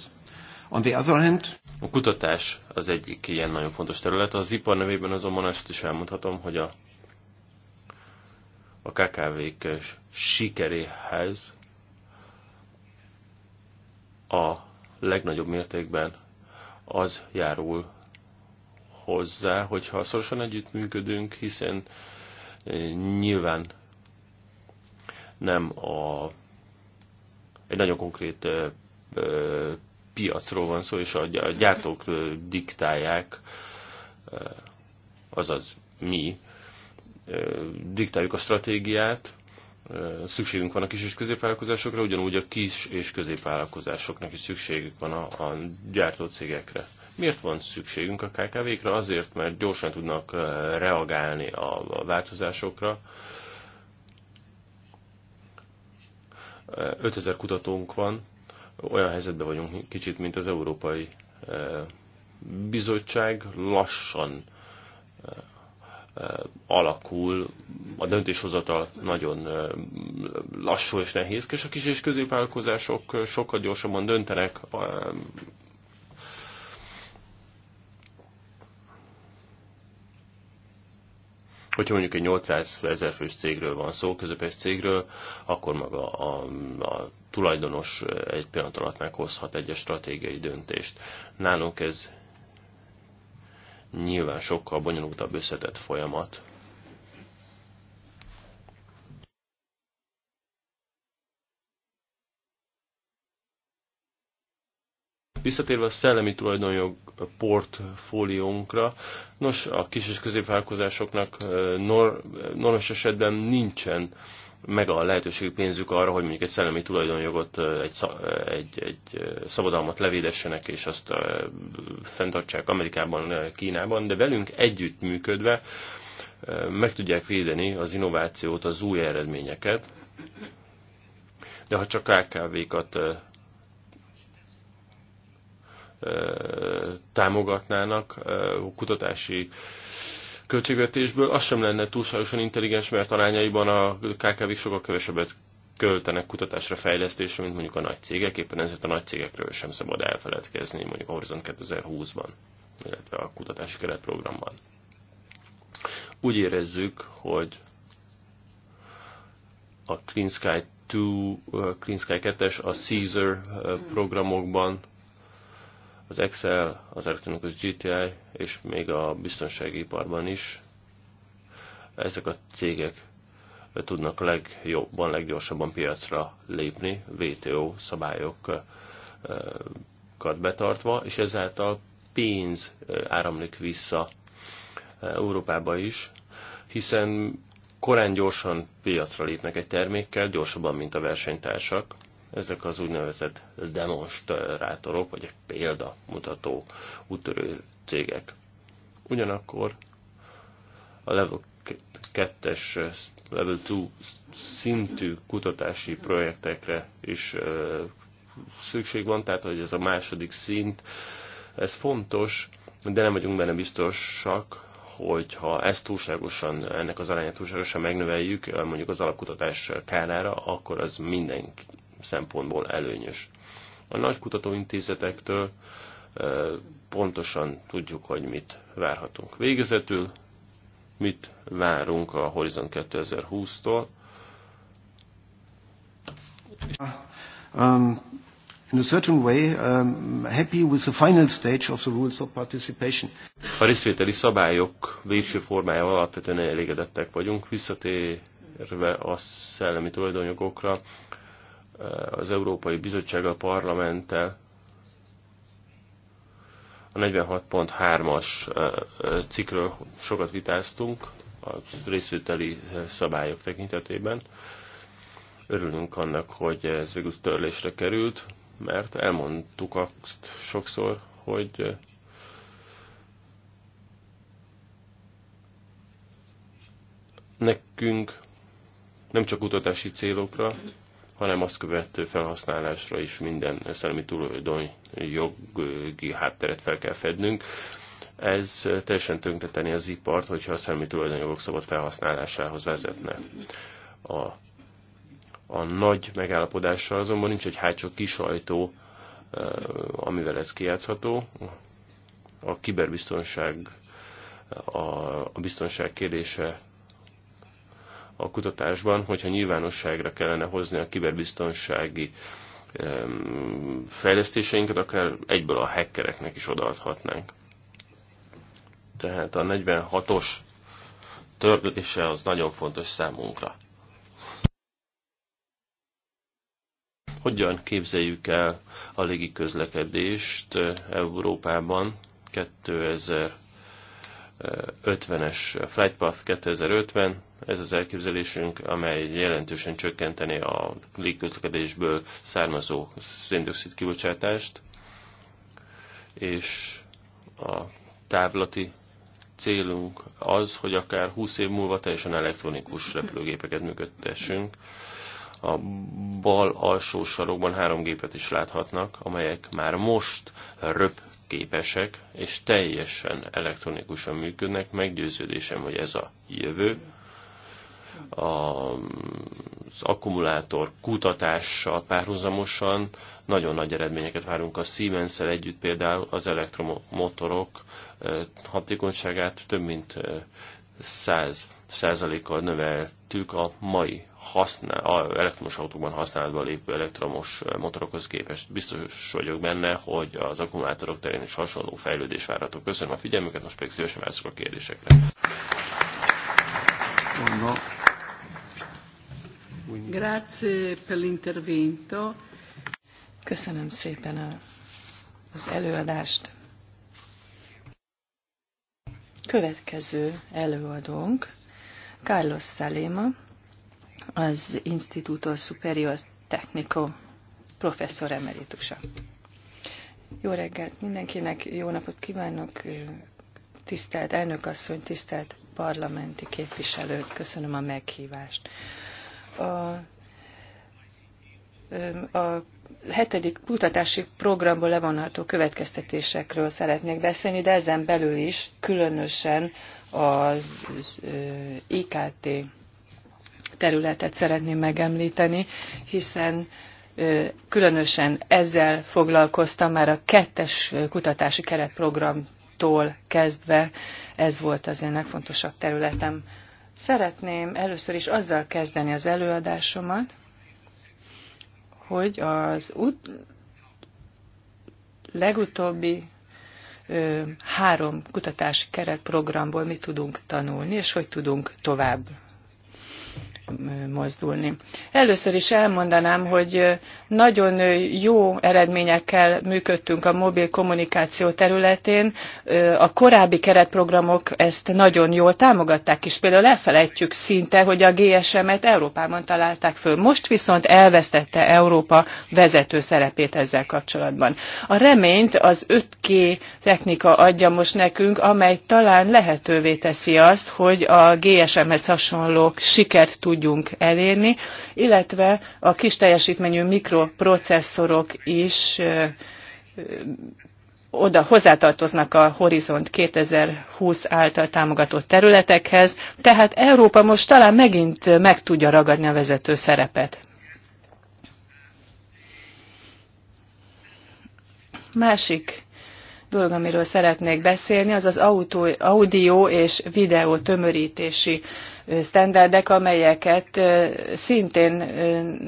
On the other hand, a kutatás az egyik ilyen nagyon fontos terület. Az ipar nevében azonban azt is elmondhatom, hogy a, a KKV-k sikeréhez a legnagyobb mértékben az járul hozzá, hogyha szorosan együttműködünk, hiszen nyilván nem a, egy nagyon konkrét ö, ö, piacról van szó, és a gyártók diktálják, azaz mi, diktáljuk a stratégiát, szükségünk van a kis és középvállalkozásokra, ugyanúgy a kis és középvállalkozásoknak is szükségük van a, a gyártócégekre. Miért van szükségünk a KKV-kra? Azért, mert gyorsan tudnak eh, reagálni a változásokra. 5000 eh, kutatónk van, olyan helyzetben vagyunk kicsit, mint az Európai eh, Bizottság, lassan alakul, a döntéshozatal nagyon lassú és nehézkes, a kis és középvállalkozások sokkal gyorsabban döntenek Hogyha mondjuk egy 800 ezer fős cégről van szó, közepes cégről, akkor maga a, a tulajdonos egy pillanat alatt meghozhat egy stratégiai döntést. Nálunk ez nyilván sokkal bonyolultabb összetett folyamat, Visszatérve a szellemi tulajdonjog portfóliónkra, nos, a kis és középvállalkozásoknak normális esetben nincsen meg a lehetőség pénzük arra, hogy mondjuk egy szellemi tulajdonjogot, egy, egy, egy szabadalmat levédessenek, és azt fenntartsák Amerikában, Kínában, de velünk működve meg tudják védeni az innovációt, az új eredményeket. De ha csak KKV-kat támogatnának kutatási költségvetésből, az sem lenne túlságosan intelligens, mert arányaiban a KKV-k sokkal kevesebbet költenek kutatásra, fejlesztésre, mint mondjuk a nagy cégek, éppen ezért a nagy cégekről sem szabad elfeledkezni, mondjuk a Horizon 2020-ban, illetve a kutatási keretprogramban. Úgy érezzük, hogy a Clean Sky 2, Clean Sky 2-es, a Caesar programokban az Excel, az elektronikus GTI és még a biztonsági iparban is ezek a cégek tudnak legjobban, leggyorsabban piacra lépni, WTO szabályokat betartva, és ezáltal pénz áramlik vissza Európába is, hiszen korán gyorsan piacra lépnek egy termékkel, gyorsabban, mint a versenytársak, ezek az úgynevezett demonstrátorok, vagy egy példamutató útörő cégek. Ugyanakkor a level 2-es, level 2 szintű kutatási projektekre is szükség van, tehát hogy ez a második szint, ez fontos, de nem vagyunk benne biztosak, hogy ha ezt túlságosan, ennek az arányát túlságosan megnöveljük, mondjuk az alapkutatás kárára, akkor az mindenki szempontból előnyös. A nagy kutatóintézetektől pontosan tudjuk, hogy mit várhatunk. Végezetül mit várunk a Horizon 2020-tól. Um, in a certain way, um, happy with the final stage of the rules of participation. A részvételi szabályok végső formájával alapvetően elégedettek vagyunk, visszatérve a szellemi tulajdonjogokra. Eh, az Európai Bizottsággal, Parlamenttel, a 46.3-as eh, eh, cikről sokat vitáztunk a részvételi szabályok tekintetében. Örülünk annak, hogy ez végül törlésre került, mert elmondtuk azt sokszor, hogy nekünk nem csak kutatási célokra, hanem azt követő felhasználásra is minden szellemi tulajdon jogi hátteret fel kell fednünk. Ez teljesen tönkreteni az ipart, hogyha a szellemi tulajdonjogok szabad felhasználásához vezetne. A, a nagy megállapodásra azonban nincs egy hátsó kisajtó, eh, amivel ez kijátszható. A kiberbiztonság, a, a biztonság kérdése a kutatásban, hogyha nyilvánosságra kellene hozni a kiberbiztonsági fejlesztéseinket, akár egyből a hackereknek is odaadhatnánk. Tehát a 46-os törlése az nagyon fontos számunkra. Hogyan képzeljük el a légiközlekedést eh, Európában 2050-es Flightpath 2050 ez az elképzelésünk, amely jelentősen csökkenteni a légközlekedésből származó széndiokszid kibocsátást, és a távlati célunk az, hogy akár 20 év múlva teljesen elektronikus repülőgépeket működtessünk. A bal alsó sarokban három gépet is láthatnak, amelyek már most röp képesek és teljesen elektronikusan működnek. Meggyőződésem, hogy ez a jövő az akkumulátor kutatással párhuzamosan nagyon nagy eredményeket várunk a siemens együtt például az elektromotorok hatékonyságát több mint 100 százalékkal növeltük a mai használ, a elektromos autókban használatban lépő elektromos motorokhoz képest. Biztos vagyok benne, hogy az akkumulátorok terén is hasonló fejlődés várható. Köszönöm a figyelmüket, most pedig szívesen a kérdésekre. Mondom. Köszönöm szépen az előadást. Következő előadónk Carlos Salema, az Instituto Superior Technico professzor emeritusa. Jó reggelt mindenkinek, jó napot kívánok, tisztelt elnökasszony, tisztelt parlamenti képviselők, köszönöm a meghívást a a hetedik kutatási programból levonható következtetésekről szeretnék beszélni, de ezen belül is különösen az IKT területet szeretném megemlíteni, hiszen különösen ezzel foglalkoztam már a kettes kutatási keretprogramtól kezdve, ez volt az én legfontosabb területem Szeretném először is azzal kezdeni az előadásomat, hogy az ut- legutóbbi ö, három kutatási keretprogramból mit tudunk tanulni, és hogy tudunk tovább mozdulni. Először is elmondanám, hogy nagyon jó eredményekkel működtünk a mobil kommunikáció területén. A korábbi keretprogramok ezt nagyon jól támogatták is. Például elfelejtjük szinte, hogy a GSM-et Európában találták föl. Most viszont elvesztette Európa vezető szerepét ezzel kapcsolatban. A reményt az 5G technika adja most nekünk, amely talán lehetővé teszi azt, hogy a GSM-hez hasonló sikert tudjuk tudjunk elérni, illetve a kis teljesítményű mikroprocesszorok is oda hozzátartoznak a Horizont 2020 által támogatott területekhez, tehát Európa most talán megint meg tudja ragadni a vezető szerepet. Másik dolog, amiről szeretnék beszélni, az az autó, audio és videó tömörítési sztenderdek, amelyeket szintén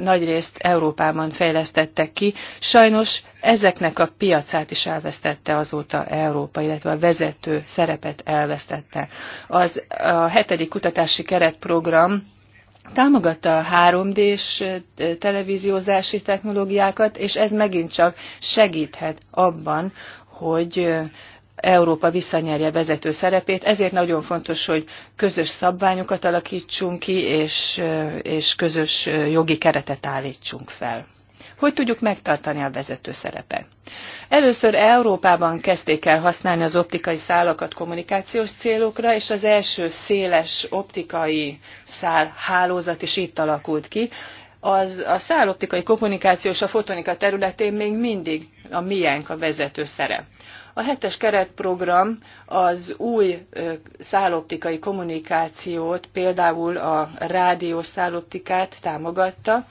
nagyrészt Európában fejlesztettek ki. Sajnos ezeknek a piacát is elvesztette azóta Európa, illetve a vezető szerepet elvesztette. Az a hetedik kutatási keretprogram támogatta a 3D-s televíziózási technológiákat, és ez megint csak segíthet abban, hogy Európa visszanyerje vezető szerepét, ezért nagyon fontos, hogy közös szabványokat alakítsunk ki, és, és közös jogi keretet állítsunk fel. Hogy tudjuk megtartani a vezető szerepet? Először Európában kezdték el használni az optikai szálakat kommunikációs célokra, és az első széles optikai szál hálózat is itt alakult ki. Az, a kommunikáció kommunikációs a fotonika területén még mindig a miénk a vezető szerep. A hetes keretprogram az új szálloptikai kommunikációt, például a rádiós szálloptikát támogatta,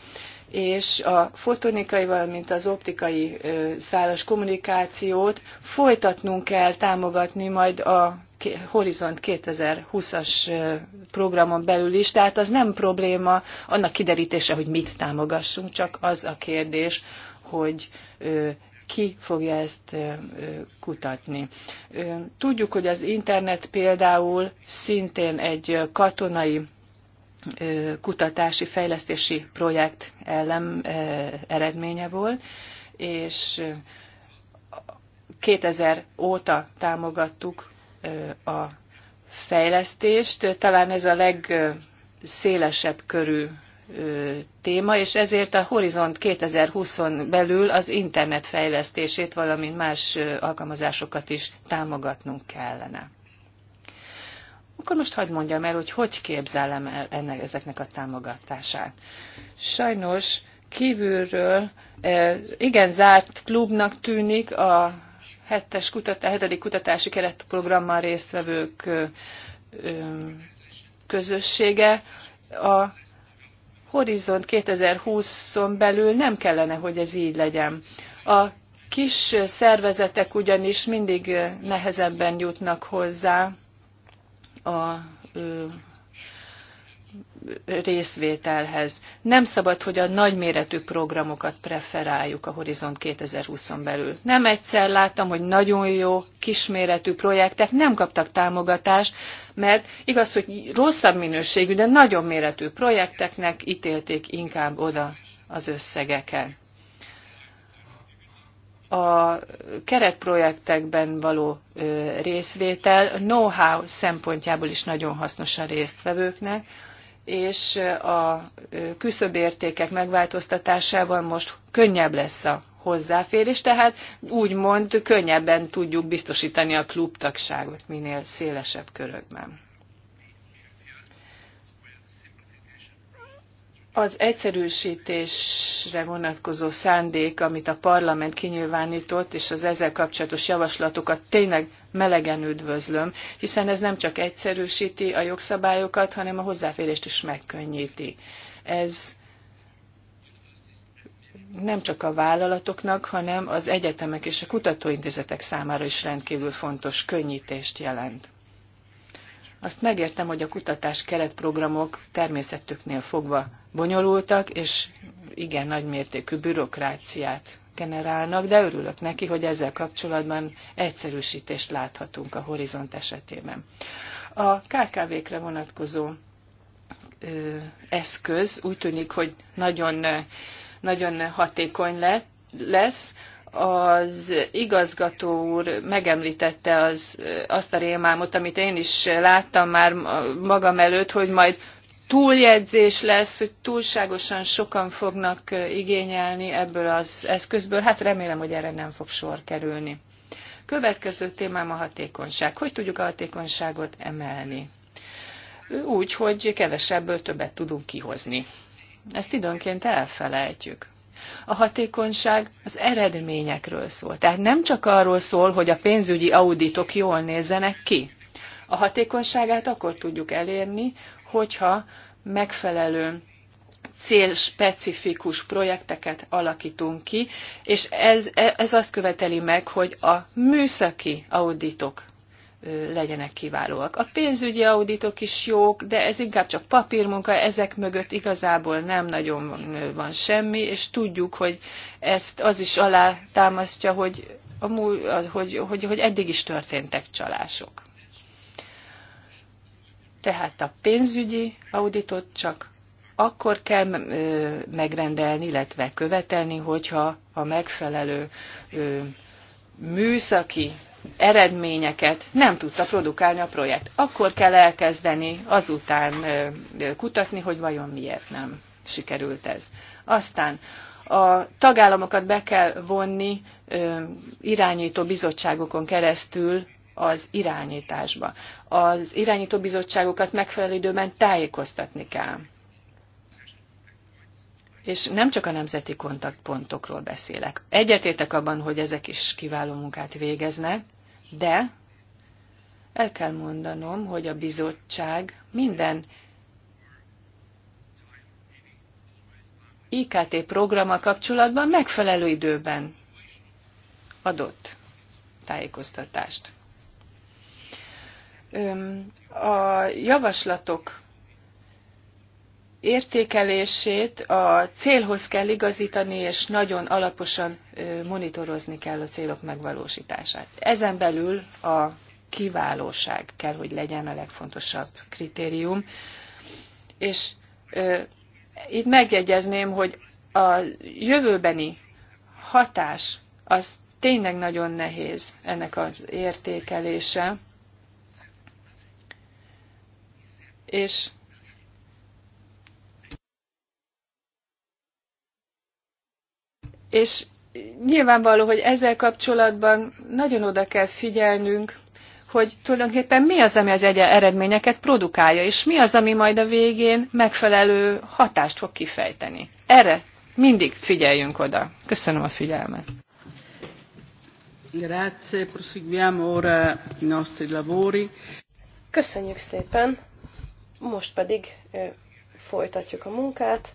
és a fotonikai, valamint az optikai szálas kommunikációt folytatnunk kell támogatni majd a Horizont 2020-as programon belül is, tehát az nem probléma annak kiderítése, hogy mit támogassunk, csak az a kérdés, hogy ki fogja ezt kutatni. Tudjuk, hogy az internet például szintén egy katonai kutatási, fejlesztési projekt ellen eredménye volt, és 2000 óta támogattuk a fejlesztést. Talán ez a legszélesebb körű téma, és ezért a Horizont 2020-on belül az internet fejlesztését, valamint más alkalmazásokat is támogatnunk kellene. Akkor most hagyd mondjam el, hogy hogy képzelem el ennek, ezeknek a támogatását. Sajnos kívülről igen zárt klubnak tűnik a hetes kutatá, hetedik kutatási keretprogrammal résztvevők közössége. A Horizont 2020-on belül nem kellene, hogy ez így legyen. A kis szervezetek ugyanis mindig nehezebben jutnak hozzá a részvételhez. Nem szabad, hogy a nagyméretű programokat preferáljuk a Horizont 2020-on belül. Nem egyszer láttam, hogy nagyon jó kisméretű projektek nem kaptak támogatást, mert igaz, hogy rosszabb minőségű, de nagyobb méretű projekteknek ítélték inkább oda az összegeket. A keretprojektekben való részvétel know-how szempontjából is nagyon hasznos a résztvevőknek, és a küszöbértékek megváltoztatásával most könnyebb lesz a hozzáférés, tehát úgymond könnyebben tudjuk biztosítani a klubtagságot minél szélesebb körökben. az egyszerűsítésre vonatkozó szándék, amit a parlament kinyilvánított, és az ezzel kapcsolatos javaslatokat tényleg melegen üdvözlöm, hiszen ez nem csak egyszerűsíti a jogszabályokat, hanem a hozzáférést is megkönnyíti. Ez nem csak a vállalatoknak, hanem az egyetemek és a kutatóintézetek számára is rendkívül fontos könnyítést jelent. Azt megértem, hogy a kutatás keretprogramok természetüknél fogva bonyolultak, és igen nagy mértékű bürokráciát generálnak, de örülök neki, hogy ezzel kapcsolatban egyszerűsítést láthatunk a horizont esetében. A KKV-kre vonatkozó ö, eszköz úgy tűnik, hogy nagyon, nagyon hatékony lett, lesz az igazgató úr megemlítette az, azt a rémámot, amit én is láttam már magam előtt, hogy majd túljegyzés lesz, hogy túlságosan sokan fognak igényelni ebből az eszközből. Hát remélem, hogy erre nem fog sor kerülni. Következő témám a hatékonyság. Hogy tudjuk a hatékonyságot emelni? Úgy, hogy kevesebből többet tudunk kihozni. Ezt időnként elfelejtjük a hatékonyság az eredményekről szól. Tehát nem csak arról szól, hogy a pénzügyi auditok jól nézzenek ki. A hatékonyságát akkor tudjuk elérni, hogyha megfelelő célspecifikus projekteket alakítunk ki, és ez, e, ez azt követeli meg, hogy a műszaki auditok legyenek kiválóak. A pénzügyi auditok is jók, de ez inkább csak papírmunka, ezek mögött igazából nem nagyon van, van semmi, és tudjuk, hogy ezt az is alá támasztja, hogy, amúgy, hogy, hogy, hogy eddig is történtek csalások. Tehát a pénzügyi auditot csak akkor kell megrendelni, illetve követelni, hogyha a megfelelő műszaki eredményeket nem tudta produkálni a projekt. Akkor kell elkezdeni azután kutatni, hogy vajon miért nem sikerült ez. Aztán a tagállamokat be kell vonni irányító bizottságokon keresztül az irányításba. Az irányító bizottságokat megfelelő időben tájékoztatni kell és nem csak a nemzeti kontaktpontokról beszélek. Egyetértek abban, hogy ezek is kiváló munkát végeznek, de el kell mondanom, hogy a bizottság minden IKT programmal kapcsolatban megfelelő időben adott tájékoztatást. A javaslatok értékelését a célhoz kell igazítani, és nagyon alaposan monitorozni kell a célok megvalósítását. Ezen belül a kiválóság kell, hogy legyen a legfontosabb kritérium. És ö, itt megjegyezném, hogy a jövőbeni hatás az tényleg nagyon nehéz ennek az értékelése. És És nyilvánvaló, hogy ezzel kapcsolatban nagyon oda kell figyelnünk, hogy tulajdonképpen mi az, ami az egy eredményeket produkálja, és mi az, ami majd a végén megfelelő hatást fog kifejteni. Erre mindig figyeljünk oda. Köszönöm a figyelmet. Grazie, proseguiamo ora i nostri lavori. Köszönjük szépen. Most pedig folytatjuk a munkát.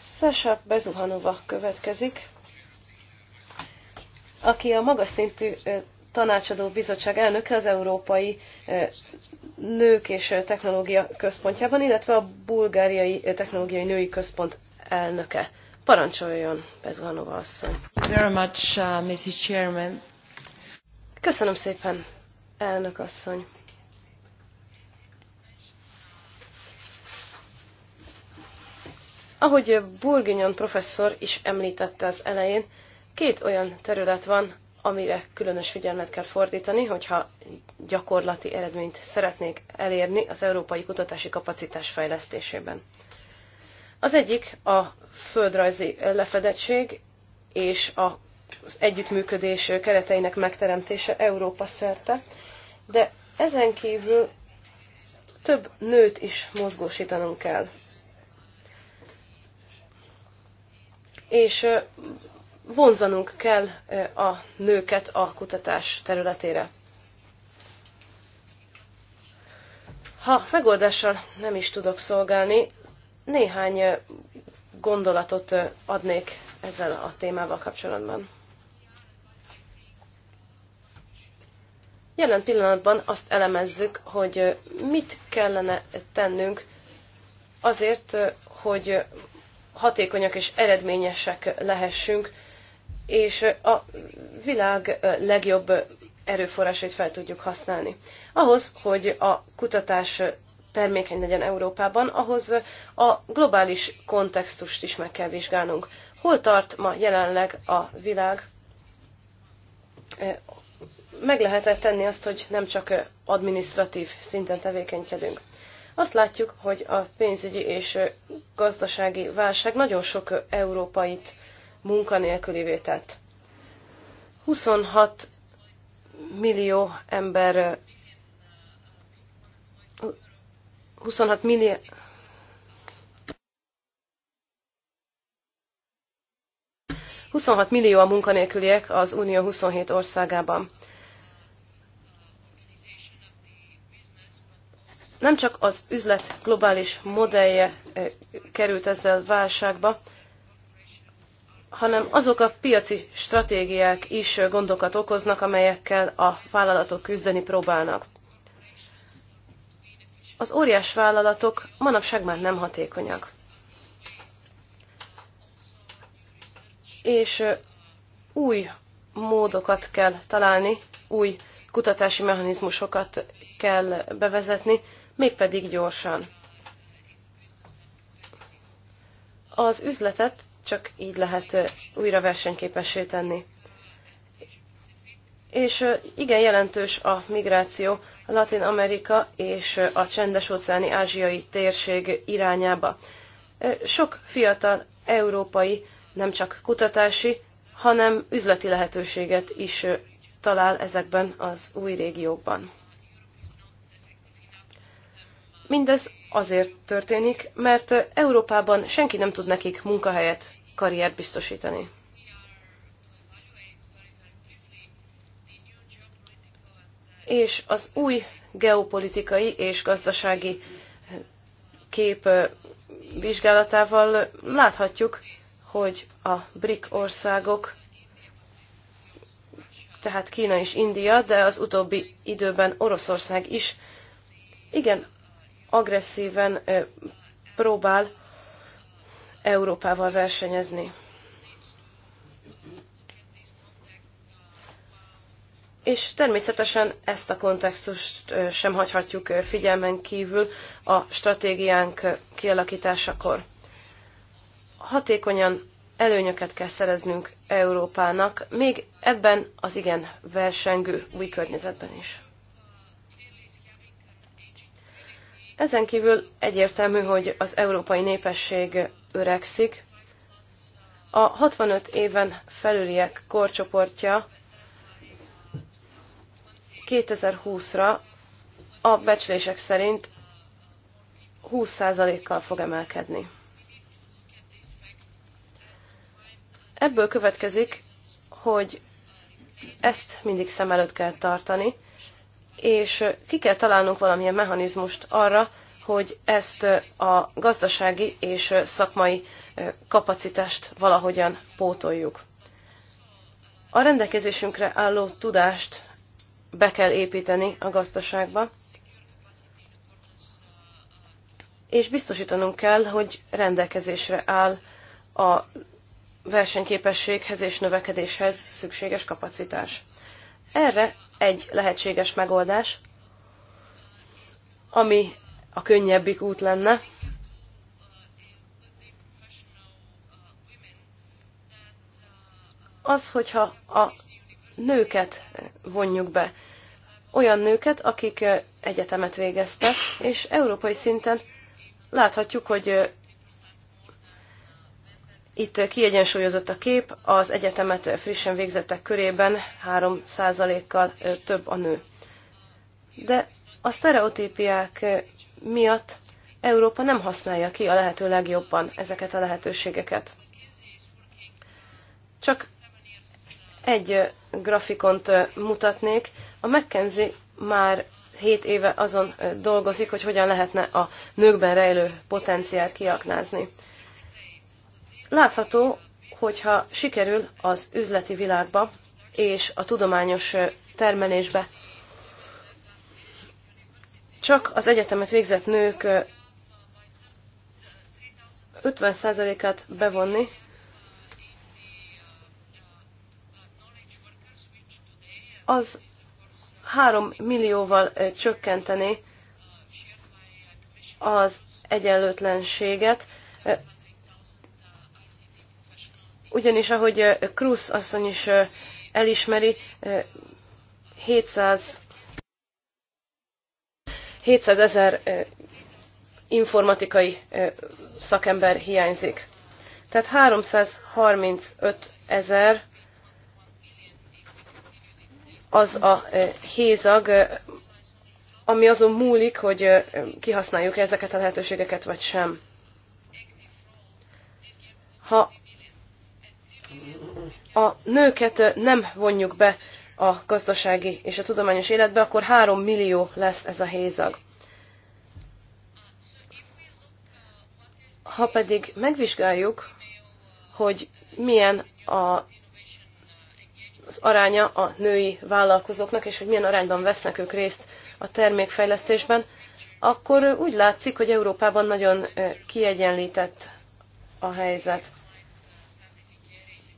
Sasa Bezuhanova következik, aki a magas szintű tanácsadó bizottság elnöke az Európai Nők és Technológia Központjában, illetve a Bulgáriai Technológiai Női Központ elnöke. Parancsoljon, Bezuhanova asszony. Very much, uh, Mrs. Chairman. Köszönöm szépen, elnök asszony. Ahogy Burginyon professzor is említette az elején, két olyan terület van, amire különös figyelmet kell fordítani, hogyha gyakorlati eredményt szeretnék elérni az európai kutatási kapacitás fejlesztésében. Az egyik a földrajzi lefedettség és az együttműködés kereteinek megteremtése Európa szerte, de ezen kívül több nőt is mozgósítanunk kell és vonzanunk kell a nőket a kutatás területére. Ha megoldással nem is tudok szolgálni, néhány gondolatot adnék ezzel a témával kapcsolatban. Jelen pillanatban azt elemezzük, hogy mit kellene tennünk azért, hogy hatékonyak és eredményesek lehessünk, és a világ legjobb erőforrásait fel tudjuk használni. Ahhoz, hogy a kutatás termékeny legyen Európában, ahhoz a globális kontextust is meg kell vizsgálnunk. Hol tart ma jelenleg a világ? Meg lehet -e tenni azt, hogy nem csak administratív szinten tevékenykedünk? Azt látjuk, hogy a pénzügyi és gazdasági válság nagyon sok európait munkanélkülivé tett. 26 millió ember 26 millió 26 millió a munkanélküliek az Unió 27 országában. nem csak az üzlet globális modellje eh, került ezzel válságba, hanem azok a piaci stratégiák is eh, gondokat okoznak, amelyekkel a vállalatok küzdeni próbálnak. Az óriás vállalatok manapság már nem hatékonyak. És eh, új módokat kell találni, új kutatási mechanizmusokat kell bevezetni, mégpedig gyorsan. Az üzletet csak így lehet újra versenyképessé tenni. És igen jelentős a migráció a Latin Amerika és a csendes-óceáni ázsiai térség irányába. Sok fiatal európai nem csak kutatási, hanem üzleti lehetőséget is talál ezekben az új régiókban. Mindez azért történik, mert Európában senki nem tud nekik munkahelyet, karriert biztosítani. És az új geopolitikai és gazdasági kép vizsgálatával láthatjuk, hogy a BRIC országok, tehát Kína és India, de az utóbbi időben Oroszország is, igen, agresszíven próbál Európával versenyezni. És természetesen ezt a kontextust sem hagyhatjuk figyelmen kívül a stratégiánk kialakításakor. Hatékonyan előnyöket kell szereznünk Európának, még ebben az igen versengő új környezetben is. Ezen kívül egyértelmű, hogy az európai népesség öregszik. A 65 éven felüliek korcsoportja 2020-ra a becslések szerint 20%-kal fog emelkedni. Ebből következik, hogy ezt mindig szem előtt kell tartani, és ki kell találnunk valamilyen mechanizmust arra, hogy ezt a gazdasági és szakmai kapacitást valahogyan pótoljuk. A rendelkezésünkre álló tudást be kell építeni a gazdaságba, és biztosítanunk kell, hogy rendelkezésre áll a versenyképességhez és növekedéshez szükséges kapacitás. Erre egy lehetséges megoldás, ami a könnyebbik út lenne. Az, hogyha a nőket vonjuk be, olyan nőket, akik egyetemet végeztek, és európai szinten láthatjuk, hogy itt kiegyensúlyozott a kép, az egyetemet frissen végzettek körében 3%-kal több a nő. De a sztereotípiák miatt Európa nem használja ki a lehető legjobban ezeket a lehetőségeket. Csak egy grafikont mutatnék. A McKenzie már 7 éve azon dolgozik, hogy hogyan lehetne a nőkben rejlő potenciált kiaknázni. Látható, hogyha sikerül az üzleti világba és a tudományos termelésbe csak az egyetemet végzett nők 50%-át bevonni, az 3 millióval csökkenteni az egyenlőtlenséget ugyanis ahogy Krusz asszony is elismeri, 700 700 ezer informatikai szakember hiányzik. Tehát 335 ezer az a hézag, ami azon múlik, hogy kihasználjuk ezeket a lehetőségeket, vagy sem. Ha a nőket nem vonjuk be a gazdasági és a tudományos életbe, akkor 3 millió lesz ez a hézag. Ha pedig megvizsgáljuk, hogy milyen a az aránya a női vállalkozóknak, és hogy milyen arányban vesznek ők részt a termékfejlesztésben, akkor úgy látszik, hogy Európában nagyon eh, kiegyenlített a helyzet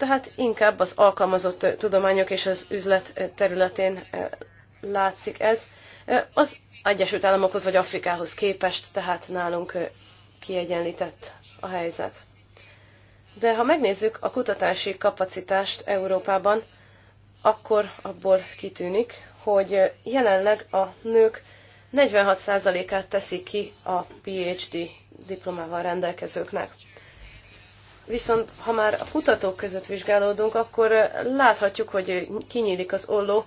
tehát inkább az alkalmazott tudományok és az üzlet területén eh, látszik ez. Eh, az Egyesült Államokhoz vagy Afrikához képest, tehát nálunk eh, kiegyenlített a helyzet. De ha megnézzük a kutatási kapacitást Európában, akkor abból kitűnik, hogy jelenleg a nők 46%-át teszik ki a PhD diplomával rendelkezőknek. Viszont ha már a kutatók között vizsgálódunk, akkor eh, láthatjuk, hogy kinyílik az olló,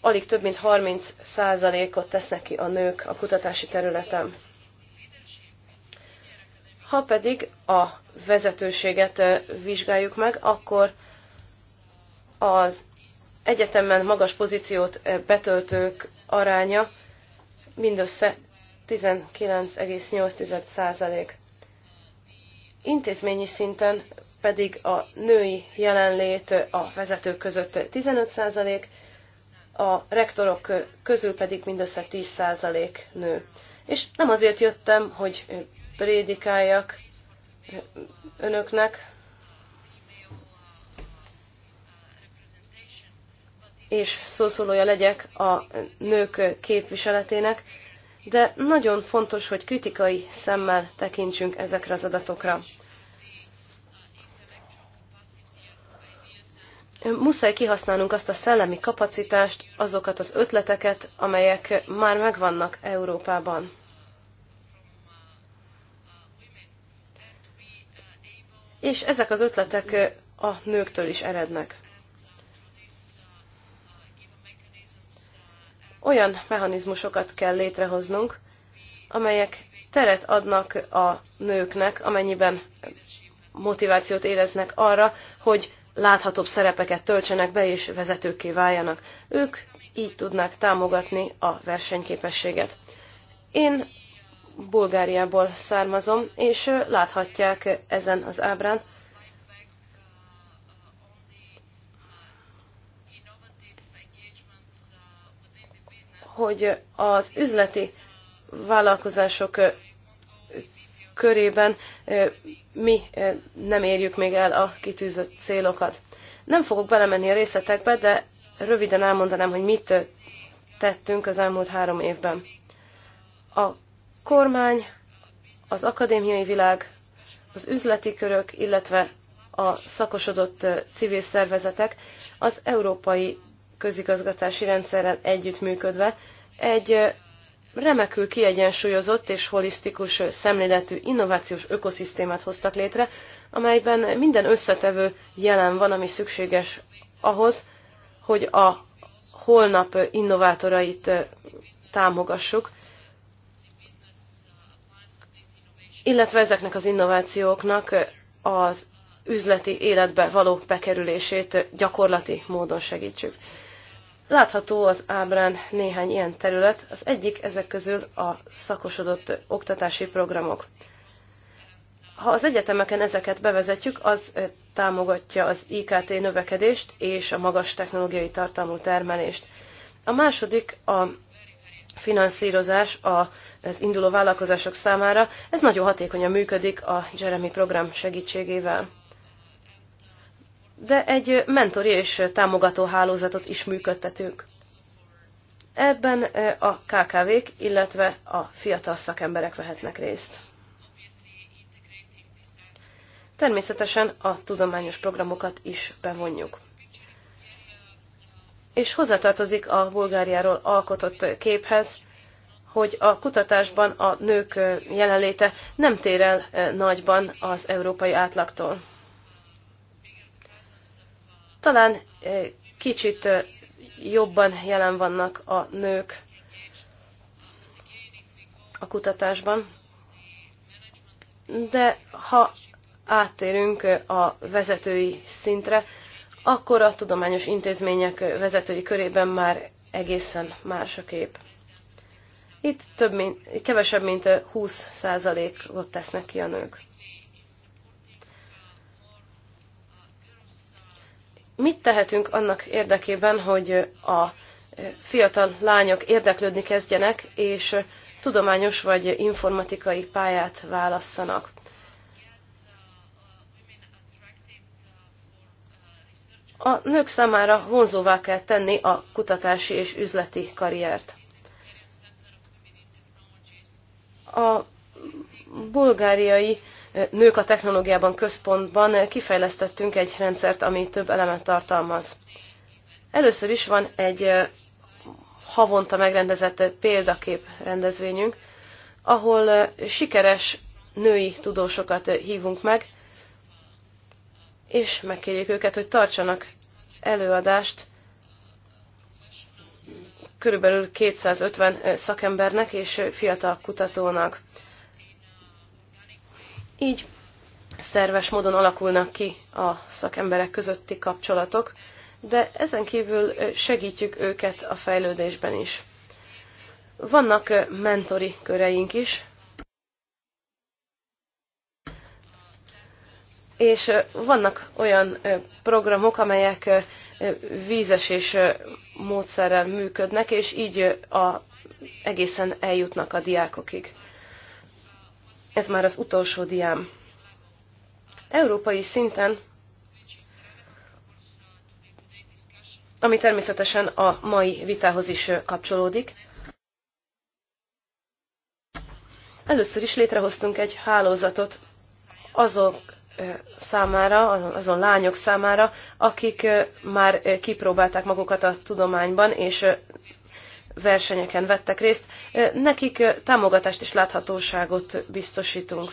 alig több mint 30 százalékot tesznek ki a nők a kutatási területen. Ha pedig a vezetőséget eh, vizsgáljuk meg, akkor az egyetemen magas pozíciót eh, betöltők aránya mindössze 19,8%. százalék intézményi szinten pedig a női jelenlét a vezetők között 15%, a rektorok közül pedig mindössze 10% nő. És nem azért jöttem, hogy prédikáljak önöknek, és szószólója legyek a nők képviseletének, de nagyon fontos, hogy kritikai szemmel tekintsünk ezekre az adatokra. Muszáj kihasználnunk azt a szellemi kapacitást, azokat az ötleteket, amelyek már megvannak Európában. És ezek az ötletek a nőktől is erednek. olyan mechanizmusokat kell létrehoznunk, amelyek teret adnak a nőknek, amennyiben motivációt éreznek arra, hogy láthatóbb szerepeket töltsenek be és vezetőkké váljanak. Ők így tudnák támogatni a versenyképességet. Én Bulgáriából származom, és láthatják ezen az ábrán, hogy az üzleti vállalkozások körében mi nem érjük még el a kitűzött célokat. Nem fogok belemenni a részletekbe, de röviden elmondanám, hogy mit tettünk az elmúlt három évben. A kormány, az akadémiai világ, az üzleti körök, illetve a szakosodott civil szervezetek az európai közigazgatási rendszerrel együttműködve egy remekül kiegyensúlyozott és holisztikus szemléletű innovációs ökoszisztémát hoztak létre, amelyben minden összetevő jelen van, ami szükséges ahhoz, hogy a holnap innovátorait támogassuk, illetve ezeknek az innovációknak az üzleti életbe való bekerülését gyakorlati módon segítsük. Látható az ábrán néhány ilyen terület, az egyik ezek közül a szakosodott oktatási programok. Ha az egyetemeken ezeket bevezetjük, az támogatja az IKT növekedést és a magas technológiai tartalmú termelést. A második a finanszírozás az induló vállalkozások számára. Ez nagyon hatékonyan működik a Jeremy program segítségével de egy mentori és támogató hálózatot is működtetünk. Ebben eh, a KKV-k, illetve a fiatal szakemberek vehetnek részt. Természetesen a tudományos programokat is bevonjuk. És hozzátartozik a Bulgáriáról alkotott képhez, hogy a kutatásban a nők eh, jelenléte nem tér el eh, nagyban az európai átlagtól. Talán kicsit jobban jelen vannak a nők a kutatásban, de ha áttérünk a vezetői szintre, akkor a tudományos intézmények vezetői körében már egészen más a kép. Itt több mint, kevesebb mint 20%-ot tesznek ki a nők. mit tehetünk annak érdekében, hogy a fiatal lányok érdeklődni kezdjenek, és tudományos vagy informatikai pályát válasszanak. A nők számára vonzóvá kell tenni a kutatási és üzleti karriert. A bulgáriai nők a technológiában központban kifejlesztettünk egy rendszert, ami több elemet tartalmaz. Először is van egy havonta megrendezett példakép rendezvényünk, ahol sikeres női tudósokat hívunk meg, és megkérjük őket, hogy tartsanak előadást körülbelül 250 szakembernek és fiatal kutatónak. Így szerves módon alakulnak ki a szakemberek közötti kapcsolatok, de ezen kívül segítjük őket a fejlődésben is. Vannak mentori köreink is, és vannak olyan programok, amelyek vízesés módszerrel működnek, és így a, egészen eljutnak a diákokig. Ez már az utolsó diám. Európai szinten, ami természetesen a mai vitához is kapcsolódik, először is létrehoztunk egy hálózatot azok számára, azon lányok számára, akik már kipróbálták magukat a tudományban, és versenyeken vettek részt, nekik támogatást és láthatóságot biztosítunk.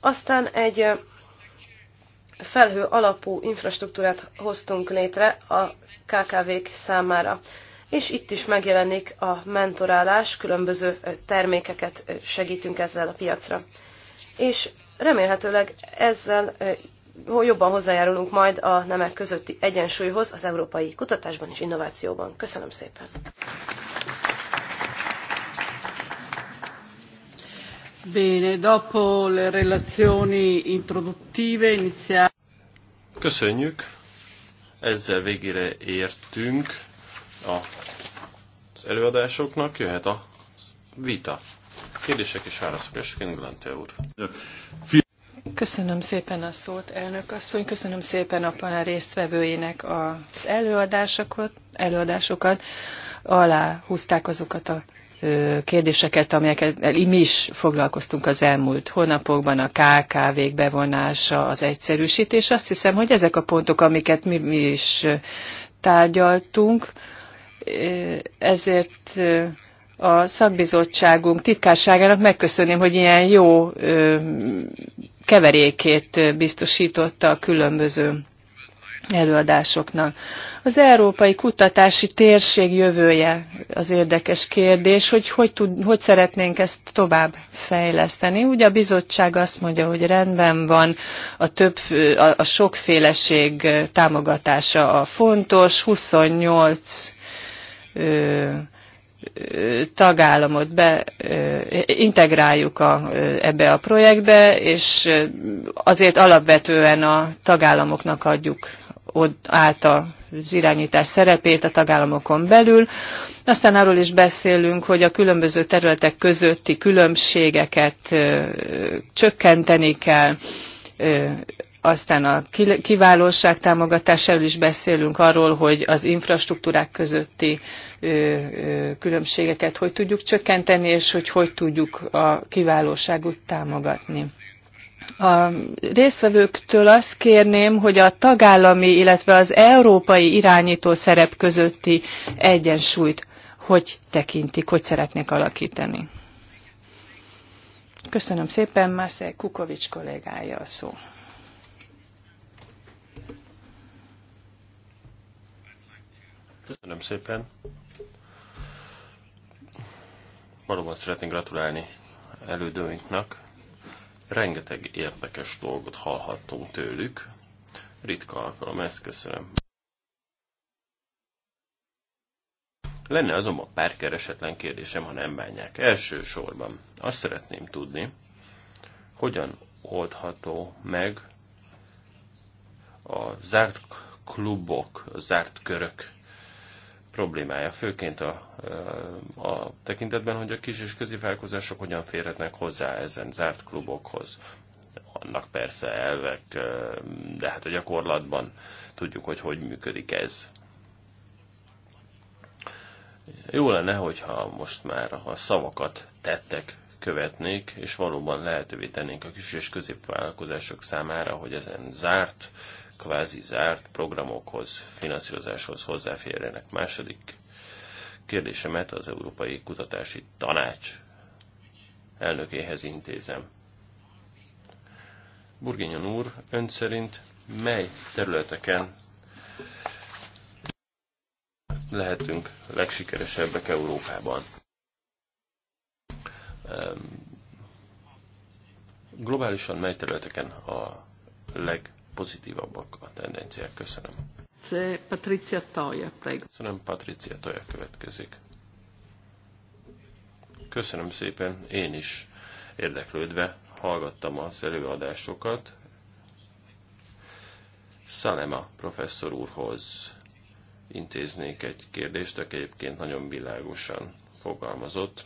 Aztán egy felhő alapú infrastruktúrát hoztunk létre a KKV-k számára, és itt is megjelenik a mentorálás, különböző termékeket segítünk ezzel a piacra. És remélhetőleg ezzel jobban hozzájárulunk majd a nemek közötti egyensúlyhoz az európai kutatásban és innovációban. Köszönöm szépen! Bene, dopo le relazioni introduttive iniziali. Köszönjük! Ezzel végére értünk az előadásoknak, jöhet a vita. Kérdések és válaszok, és Glente úr. Köszönöm szépen a szót, elnök asszony. Köszönöm szépen a panel résztvevőinek az előadásokat. előadásokat. Alá húzták azokat a kérdéseket, amelyeket mi is foglalkoztunk az elmúlt hónapokban, a kkv bevonása, az egyszerűsítés. Azt hiszem, hogy ezek a pontok, amiket mi, mi is tárgyaltunk, ezért a szakbizottságunk titkárságának megköszönném, hogy ilyen jó keverékét biztosította a különböző előadásoknak. Az európai kutatási térség jövője az érdekes kérdés, hogy hogy, tud, hogy szeretnénk ezt tovább fejleszteni. Ugye a bizottság azt mondja, hogy rendben van, a, több, a, a sokféleség támogatása a fontos, 28 ö, tagállamot be, integráljuk a, ebbe a projektbe, és azért alapvetően a tagállamoknak adjuk át az irányítás szerepét a tagállamokon belül. Aztán arról is beszélünk, hogy a különböző területek közötti különbségeket csökkenteni kell, aztán a kiválóság támogatásáról is beszélünk arról, hogy az infrastruktúrák közötti különbségeket hogy tudjuk csökkenteni, és hogy hogy tudjuk a kiválóságot támogatni. A résztvevőktől azt kérném, hogy a tagállami, illetve az európai irányító szerep közötti egyensúlyt hogy tekintik, hogy szeretnék alakítani. Köszönöm szépen, Mászé Kukovics kollégája a szó. Köszönöm szépen. Valóban szeretnék gratulálni elődőinknek. Rengeteg érdekes dolgot hallhattunk tőlük. Ritka alkalom, ezt köszönöm. Lenne azonban pár keresetlen kérdésem, ha nem bánják. Elsősorban azt szeretném tudni, hogyan oldható meg a zárt klubok, a zárt körök problémája, főként a, a tekintetben, hogy a kis és középvállalkozások hogyan férhetnek hozzá ezen zárt klubokhoz. Annak persze elvek, de hát a gyakorlatban tudjuk, hogy hogy működik ez. Jó lenne, hogyha most már a szavakat tettek követnék, és valóban lehetővé tennénk a kis és középvállalkozások számára, hogy ezen zárt uh, kvázi zárt programokhoz, finanszírozáshoz hozzáférjenek. Második kérdésemet az Európai Kutatási Tanács elnökéhez intézem. Burginyon úr, ön szerint mely területeken lehetünk legsikeresebbek Európában? Ehm, globálisan mely területeken a leg pozitívabbak a tendenciák. Köszönöm. Patricia Tolja, Köszönöm, Patricia Toja következik. Köszönöm szépen, én is érdeklődve hallgattam az előadásokat. Szalema professzor úrhoz intéznék egy kérdést, aki egyébként nagyon világosan fogalmazott.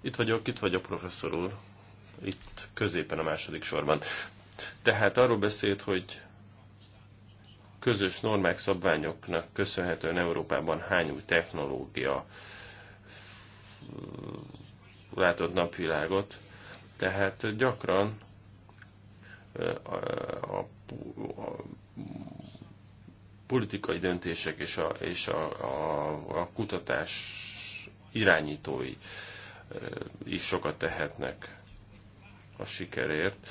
Itt vagyok, itt vagyok, professzor úr. Itt középen a második sorban. Tehát arról beszélt, hogy közös normák, szabványoknak köszönhetően Európában hány új technológia látott napvilágot. Tehát gyakran a, a, a politikai döntések és a, és a, a, a kutatás irányítói is sokat tehetnek a sikerért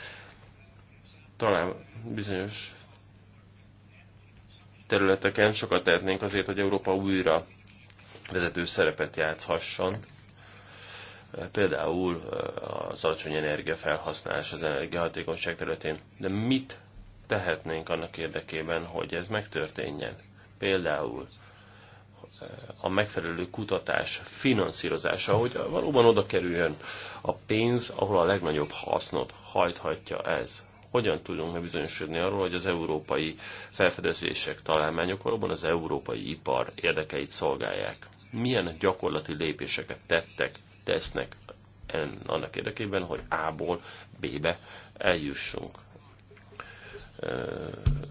talán bizonyos területeken sokat tehetnénk azért, hogy Európa újra vezető szerepet játszhasson. Például eh, az alacsony energiafelhasználás az energiahatékonyság területén. De mit tehetnénk annak érdekében, hogy ez megtörténjen? Például eh, a megfelelő kutatás finanszírozása, hogy valóban oda kerüljön a pénz, ahol a legnagyobb hasznot hajthatja ez hogyan tudunk megbizonyosodni arról, hogy az európai felfedezések, találmányok valóban az európai ipar érdekeit szolgálják. Milyen gyakorlati lépéseket tettek, tesznek en, annak érdekében, hogy A-ból B-be eljussunk.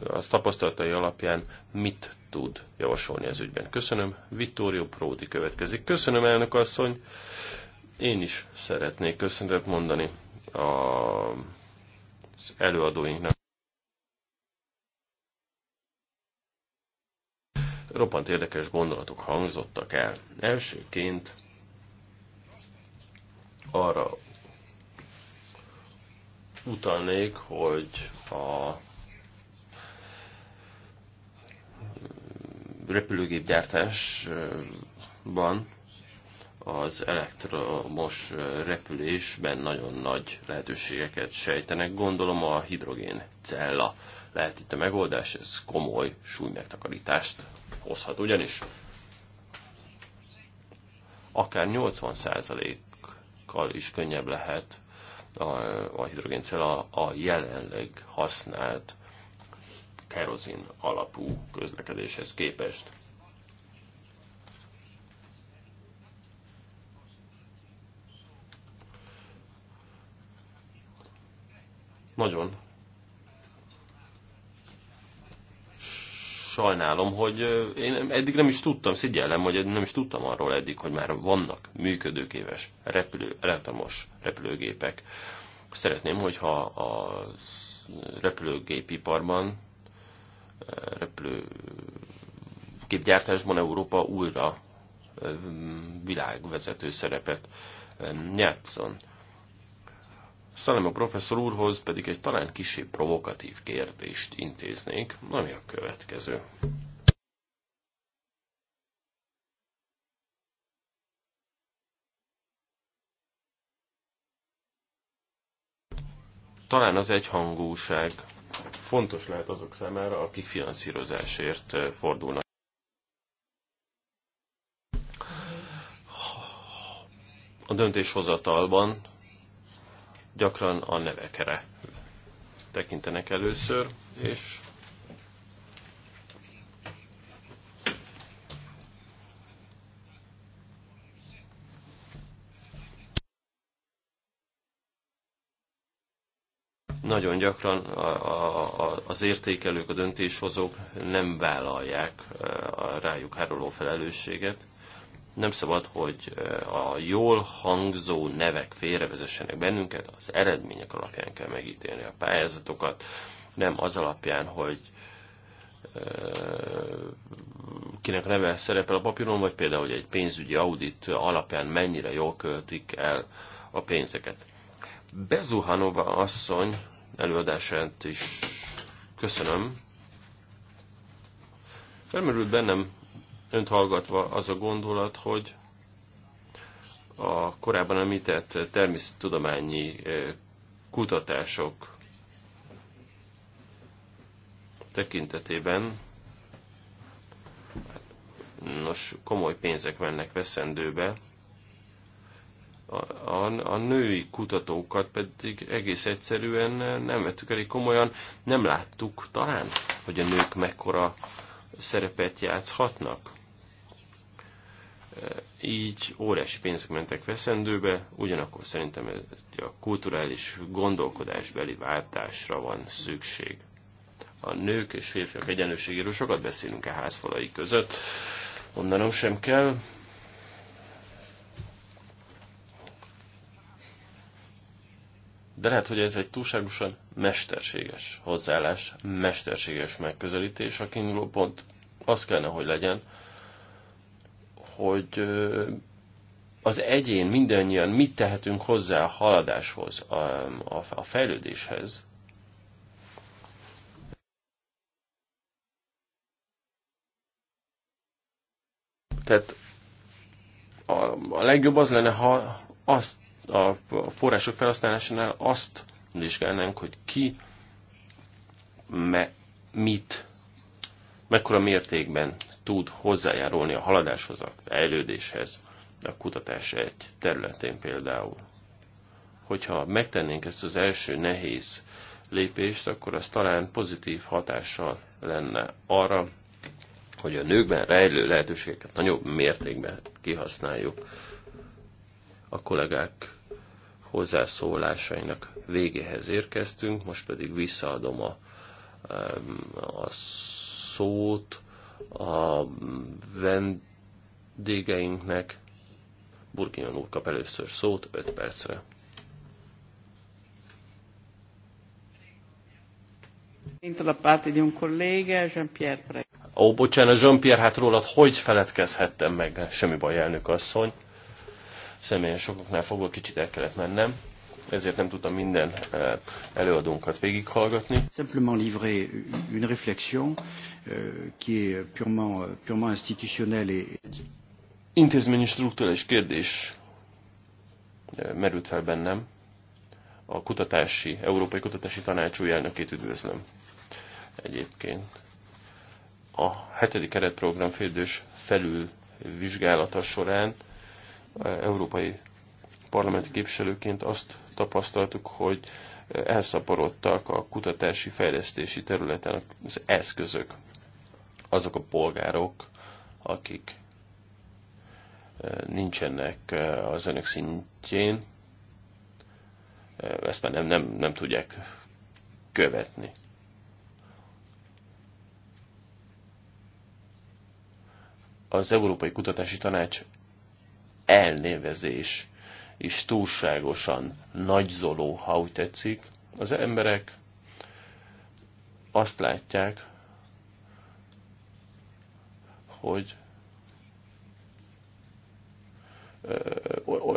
Az tapasztalatai alapján mit tud javasolni az ügyben? Köszönöm. Vittorio Pródi következik. Köszönöm, elnök asszony. Én is szeretnék köszönetet mondani a az előadóinknak. Roppant érdekes gondolatok hangzottak el. Elsőként arra utalnék, hogy a repülőgépgyártásban az elektromos repülésben nagyon nagy lehetőségeket sejtenek. Gondolom a hidrogén cella lehet itt a megoldás, ez komoly súlymegtakarítást hozhat ugyanis. Akár 80%-kal is könnyebb lehet a, a hidrogéncella a jelenleg használt kerozin alapú közlekedéshez képest. Nagyon sajnálom, hogy én eddig nem is tudtam, szigyellem, hogy nem is tudtam arról eddig, hogy már vannak működőképes repülő, elektromos repülőgépek. Szeretném, hogyha a repülőgépiparban, repülőgépgyártásban Európa újra világvezető szerepet játszon. Szalem a professzor úrhoz pedig egy talán kisebb provokatív kérdést intéznék, ami a következő. Talán az egyhangúság fontos lehet azok számára, akik finanszírozásért eh, fordulnak. A döntéshozatalban gyakran a nevekre tekintenek először, és nagyon gyakran az értékelők, a döntéshozók nem vállalják eh, a rájuk háruló felelősséget, nem szabad, hogy eh, a jól hangzó nevek félrevezessenek bennünket, az eredmények alapján kell megítélni a pályázatokat, nem az alapján, hogy eh, kinek neve szerepel a papíron, vagy például, hogy egy pénzügyi audit alapján mennyire jól költik el a pénzeket. Bezuhanova asszony előadását is köszönöm. Felmerült bennem önt hallgatva az a gondolat, hogy a korábban említett természettudományi eh, kutatások tekintetében nos, komoly pénzek mennek veszendőbe, a, a, a női kutatókat pedig egész egyszerűen eh, nem vettük elég komolyan, nem láttuk talán, hogy a nők mekkora szerepet játszhatnak így óriási pénzek mentek veszendőbe, ugyanakkor szerintem a kulturális gondolkodásbeli váltásra van szükség. A nők és férfiak egyenlőségéről sokat beszélünk a e házfalai között, mondanom sem kell. De lehet, hogy ez egy túlságosan mesterséges hozzáállás, mesterséges megközelítés, a kiinduló pont az kellene, hogy legyen, hogy az egyén, mindannyian mit tehetünk hozzá a haladáshoz, a, a, a fejlődéshez. Tehát a, a legjobb az lenne, ha azt a források felhasználásánál azt vizsgálnánk, hogy ki me, mit, mekkora mértékben tud hozzájárulni a haladáshoz, a fejlődéshez, a kutatás egy területén például. Hogyha megtennénk ezt az első nehéz lépést, akkor az talán pozitív hatással lenne arra, hogy a nőkben rejlő lehetőségeket nagyobb mértékben kihasználjuk. A kollégák hozzászólásainak végéhez érkeztünk, most pedig visszaadom a, a szót a vendégeinknek. Burginyon úr kap először szót 5 percre. Ó, bocsánat, Jean-Pierre, hát rólad hogy feledkezhettem meg? Semmi baj, elnök asszony. Személyen sokoknál fogva kicsit el kellett mennem ezért nem tudtam minden eh, előadónkat végighallgatni. Simplement livrer une réflexion eh, qui est purement, purement institutionnelle et... Intézményi struktúrális kérdés eh, merült fel bennem. A kutatási, Európai Kutatási új elnökét üdvözlöm egyébként. A hetedik keretprogram félidős felülvizsgálata során európai parlamenti képviselőként azt tapasztaltuk, hogy elszaporodtak a kutatási fejlesztési területen az eszközök. Azok a polgárok, akik e, nincsenek e, az önök szintjén, e, ezt már nem, nem, nem tudják követni. Az Európai Kutatási Tanács elnévezés és túlságosan nagyzoló, ha úgy tetszik. Az emberek azt látják, hogy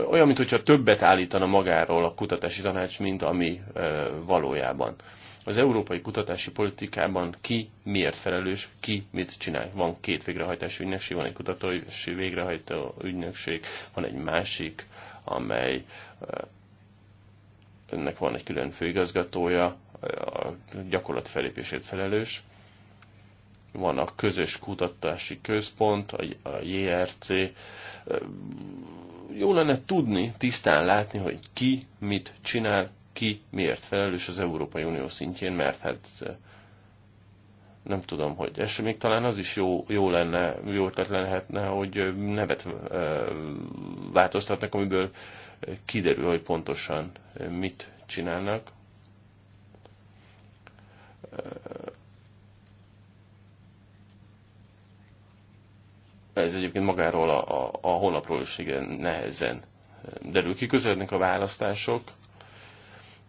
olyan, mintha többet állítana magáról a kutatási tanács, mint ami valójában. Az európai kutatási politikában ki miért felelős, ki mit csinál. Van két végrehajtási ügynökség, van egy kutatói végrehajtó ügynökség, van egy másik amely ennek eh, van egy külön főigazgatója, a gyakorlat felépését felelős. Van a közös kutatási központ, a JRC. Eh, jó lenne tudni, tisztán látni, hogy ki mit csinál, ki miért felelős az Európai Unió szintjén, mert hát eh, nem tudom, hogy és még talán az is jó, jó lenne, jó ötlet lehetne, hogy nevet változtatnak, amiből kiderül, hogy pontosan mit csinálnak. Ez egyébként magáról a, a, a honlapról is igen nehezen derül ki. Közelednek a választások,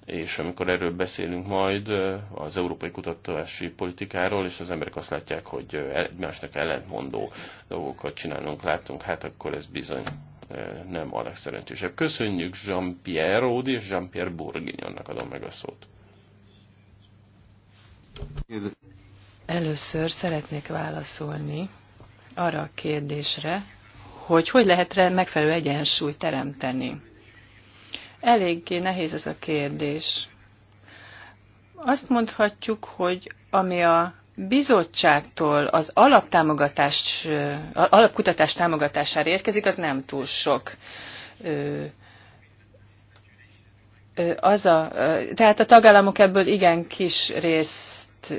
és amikor erről beszélünk majd az európai kutatási politikáról, és az emberek azt látják, hogy egymásnak ellentmondó dolgokat csinálunk, látunk, hát akkor ez bizony nem a legszerencsésebb. Köszönjük Jean-Pierre Ródi és Jean-Pierre Bourguignonnak adom meg a szót. Először szeretnék válaszolni arra a kérdésre, hogy hogy lehet megfelelő egyensúlyt teremteni Eléggé nehéz ez a kérdés. Azt mondhatjuk, hogy ami a bizottságtól az alaptámogatás, alapkutatás támogatására érkezik, az nem túl sok. Az a, tehát a tagállamok ebből igen kis részt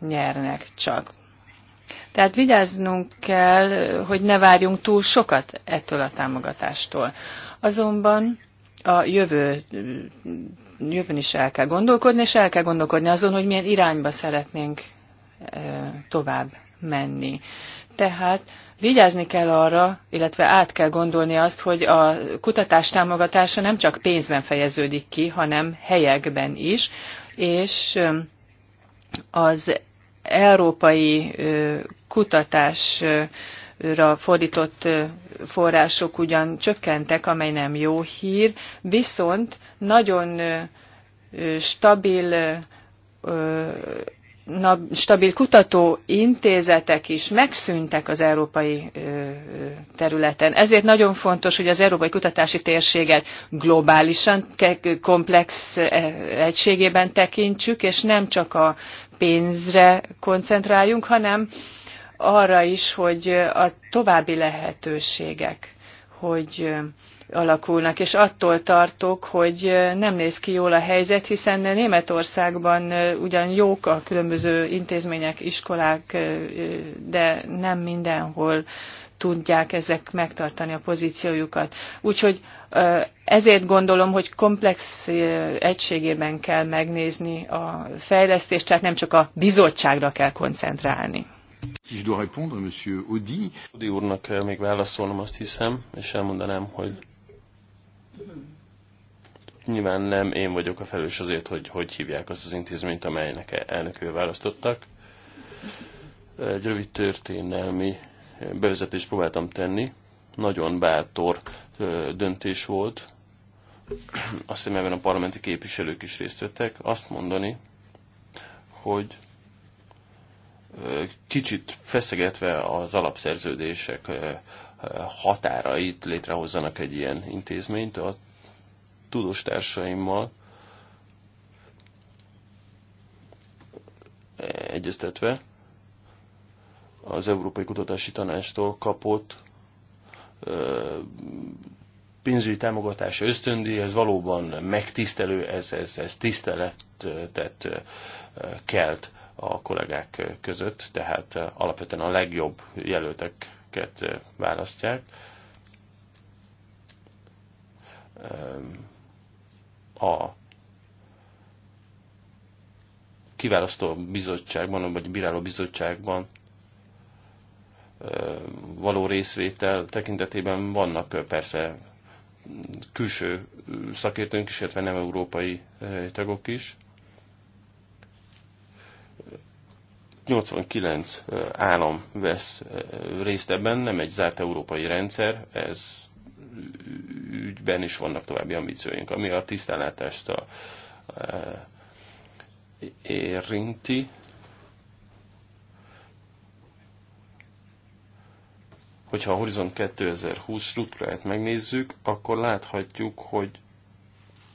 nyernek csak. Tehát vigyáznunk kell, hogy ne várjunk túl sokat ettől a támogatástól. Azonban a jövő, jövőn is el kell gondolkodni, és el kell gondolkodni azon, hogy milyen irányba szeretnénk tovább menni. Tehát vigyázni kell arra, illetve át kell gondolni azt, hogy a kutatás támogatása nem csak pénzben fejeződik ki, hanem helyekben is, és az európai kutatás ra fordított források ugyan csökkentek, amely nem jó hír, viszont nagyon stabil na, stabil kutatóintézetek is megszűntek az európai területen. Ezért nagyon fontos, hogy az európai kutatási térséget globálisan, komplex e, egységében tekintsük, és nem csak a pénzre koncentráljunk, hanem arra is, hogy a további lehetőségek, hogy alakulnak, és attól tartok, hogy nem néz ki jól a helyzet, hiszen Németországban ugyan jók a különböző intézmények, iskolák, de nem mindenhol tudják ezek megtartani a pozíciójukat. Úgyhogy ezért gondolom, hogy komplex egységében kell megnézni a fejlesztést, tehát nem csak a bizottságra kell koncentrálni. Si je dois répondre, monsieur Audi. Audi úrnak kell még válaszolnom, azt hiszem, és elmondanám, hogy nyilván nem én vagyok a felelős azért, hogy hogy hívják azt az intézményt, amelynek elnökül választottak. Egy rövid történelmi bevezetést próbáltam tenni. Nagyon bátor döntés volt. Azt hiszem ebben a parlamenti képviselők is részt vettek. Azt mondani, hogy kicsit feszegetve az alapszerződések határait létrehozzanak egy ilyen intézményt a tudostársaimmal egyeztetve az Európai Kutatási Tanástól kapott pénzügyi támogatás ösztöndi, ez valóban megtisztelő, ez, ez, ez tiszteletet kelt a kollégák között, tehát eh, alapvetően a legjobb jelölteket eh, választják. Ehm, a kiválasztó bizottságban, vagy bíráló bizottságban ehm, való részvétel tekintetében vannak eh, persze külső szakértőnk is, illetve nem európai tagok is. 89 állam vesz részt ebben, nem egy zárt európai rendszer, ez ügyben is vannak további ambícióink. Ami a tisztánlátást a, érinti, hogyha a Horizon 2020 struktúráját megnézzük, akkor láthatjuk, hogy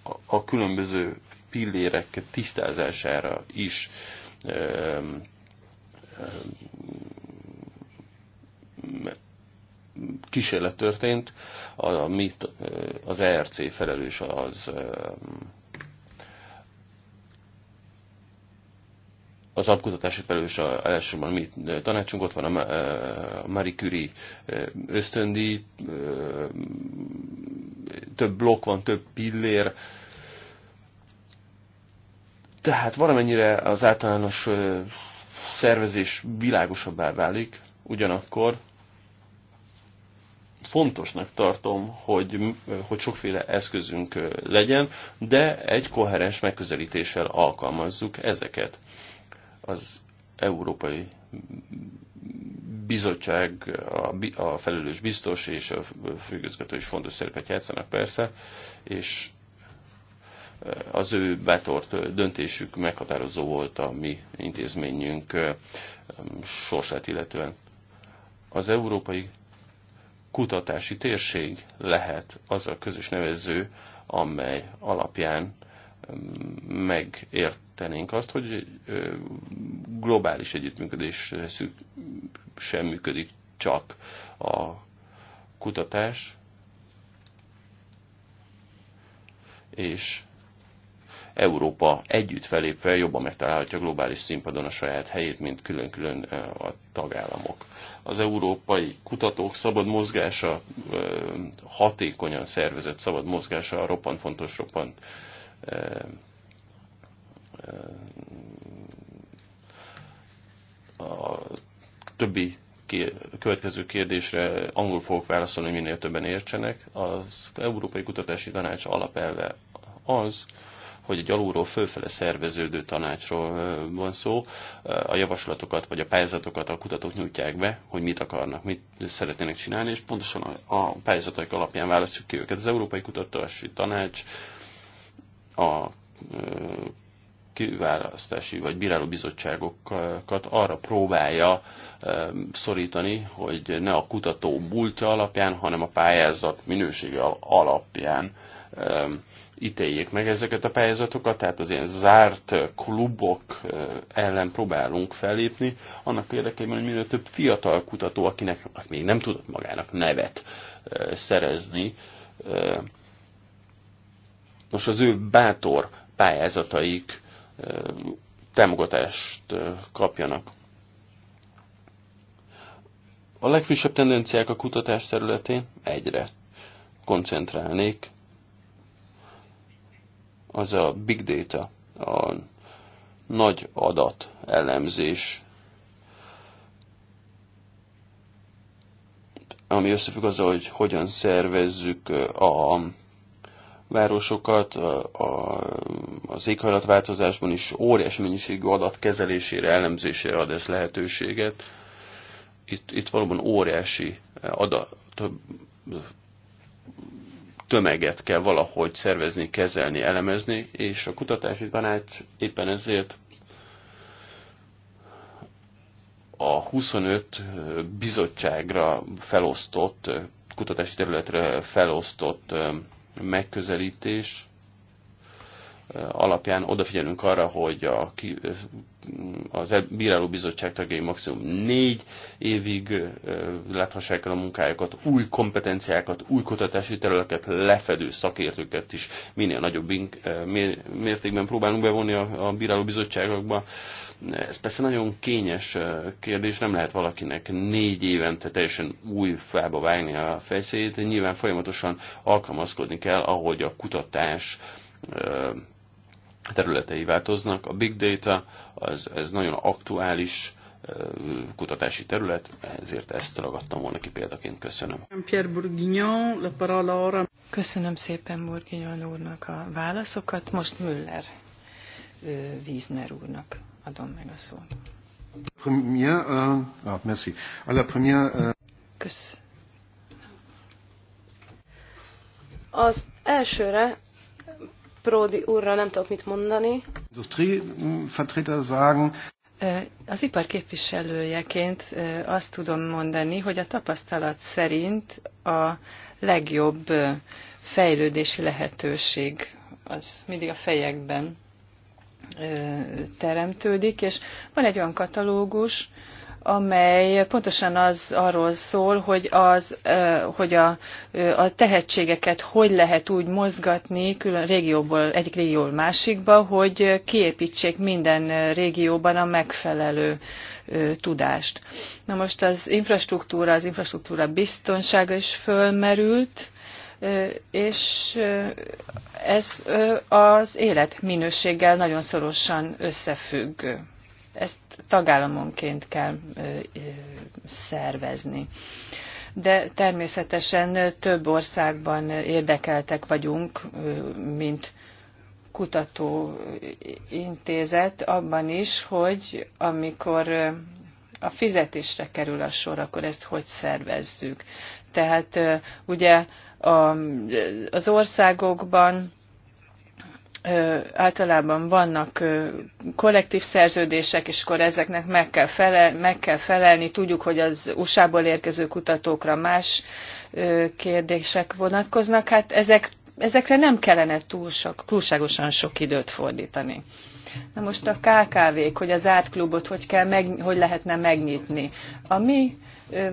a, a különböző pillérek tisztázására is kísérlet történt, amit az ERC felelős az az alapkutatási felelős a, elsősorban mi tanácsunk, ott van a Marie Curie e, ösztöndi, e, több blokk van, több pillér, tehát valamennyire az általános e, szervezés világosabbá válik, ugyanakkor fontosnak tartom, hogy, hogy sokféle eszközünk legyen, de egy koherens megközelítéssel alkalmazzuk ezeket. Az Európai Bizottság, a, a felelős biztos és a főgözgató is fontos szerepet játszanak persze, és az ő betort döntésük meghatározó volt a mi intézményünk sorsát illetően. Az európai kutatási térség lehet az a közös nevező, amely alapján megértenénk azt, hogy globális együttműködés sem működik csak a kutatás, és Európa együtt felépve jobban megtalálhatja globális színpadon a saját helyét, mint külön-külön a tagállamok. Az európai kutatók szabad mozgása, hatékonyan szervezett szabad mozgása roppant fontos, roppant a többi következő kérdésre angol fogok válaszolni, minél többen értsenek. Az Európai Kutatási Tanács alapelve az, hogy egy alulról fölfele szerveződő tanácsról van szó, a javaslatokat vagy a pályázatokat a kutatók nyújtják be, hogy mit akarnak, mit szeretnének csinálni, és pontosan a pályázatok alapján választjuk ki őket. Az Európai Kutatási Tanács a kiválasztási vagy bíráló bizottságokat arra próbálja szorítani, hogy ne a kutató múltja alapján, hanem a pályázat minősége alapján ítéljék meg ezeket a pályázatokat, tehát az ilyen zárt klubok ellen próbálunk fellépni, annak érdekében, hogy minél több fiatal kutató, akinek még nem tudott magának nevet szerezni, most az ő bátor pályázataik támogatást kapjanak. A legfrissebb tendenciák a kutatás területén egyre koncentrálnék az a big data, a nagy adat elemzés, ami összefügg azzal, hogy hogyan szervezzük a városokat, a, az éghajlatváltozásban is óriási mennyiségű adat kezelésére, elemzésére ad ez lehetőséget. Itt, itt valóban óriási adat, tömeget kell valahogy szervezni, kezelni, elemezni, és a kutatási tanács éppen ezért a 25 bizottságra felosztott, kutatási területre felosztott megközelítés alapján odafigyelünk arra, hogy a, az bírálóbizottság tagjai maximum négy évig láthassák el a munkájukat, új kompetenciákat, új kutatási területeket lefedő szakértőket is minél nagyobb mértékben próbálunk bevonni a, a bírálóbizottságokba. Ez persze nagyon kényes kérdés, nem lehet valakinek négy évente teljesen új fába vágni a fejszét, nyilván folyamatosan alkalmazkodni kell, ahogy a kutatás területei változnak. A big data, az, ez nagyon aktuális kutatási terület, ezért ezt ragadtam volna ki példaként. Köszönöm. Pierre Bourguignon, la parola ora. Köszönöm szépen Bourguignon úrnak a válaszokat. Most Müller Wiesner úrnak adom meg a szót. Premier, uh, ah, merci. A la première, uh... Kösz. Az elsőre Pródi úrra nem tudok mit mondani. az ipar képviselőjeként azt tudom mondani, hogy a tapasztalat szerint a legjobb fejlődési lehetőség az mindig a fejekben teremtődik, és van egy olyan katalógus, amely pontosan az arról szól, hogy, az, hogy a, a tehetségeket hogy lehet úgy mozgatni külön régióból, egyik régióból másikba, hogy kiépítsék minden régióban a megfelelő tudást. Na most az infrastruktúra, az infrastruktúra biztonsága is fölmerült, és ez az életminőséggel nagyon szorosan összefügg ezt tagállamonként kell szervezni. De természetesen több országban érdekeltek vagyunk, mint kutatóintézet abban is, hogy amikor a fizetésre kerül a sor, akkor ezt hogy szervezzük. Tehát ugye az országokban általában vannak kollektív szerződések, és akkor ezeknek meg kell, felel, meg kell felelni. Tudjuk, hogy az USA-ból érkező kutatókra más kérdések vonatkoznak. Hát ezek, ezekre nem kellene túl sok, túlságosan sok időt fordítani. Na most a KKV-k, hogy az átklubot hogy, kell meg, hogy lehetne megnyitni. A mi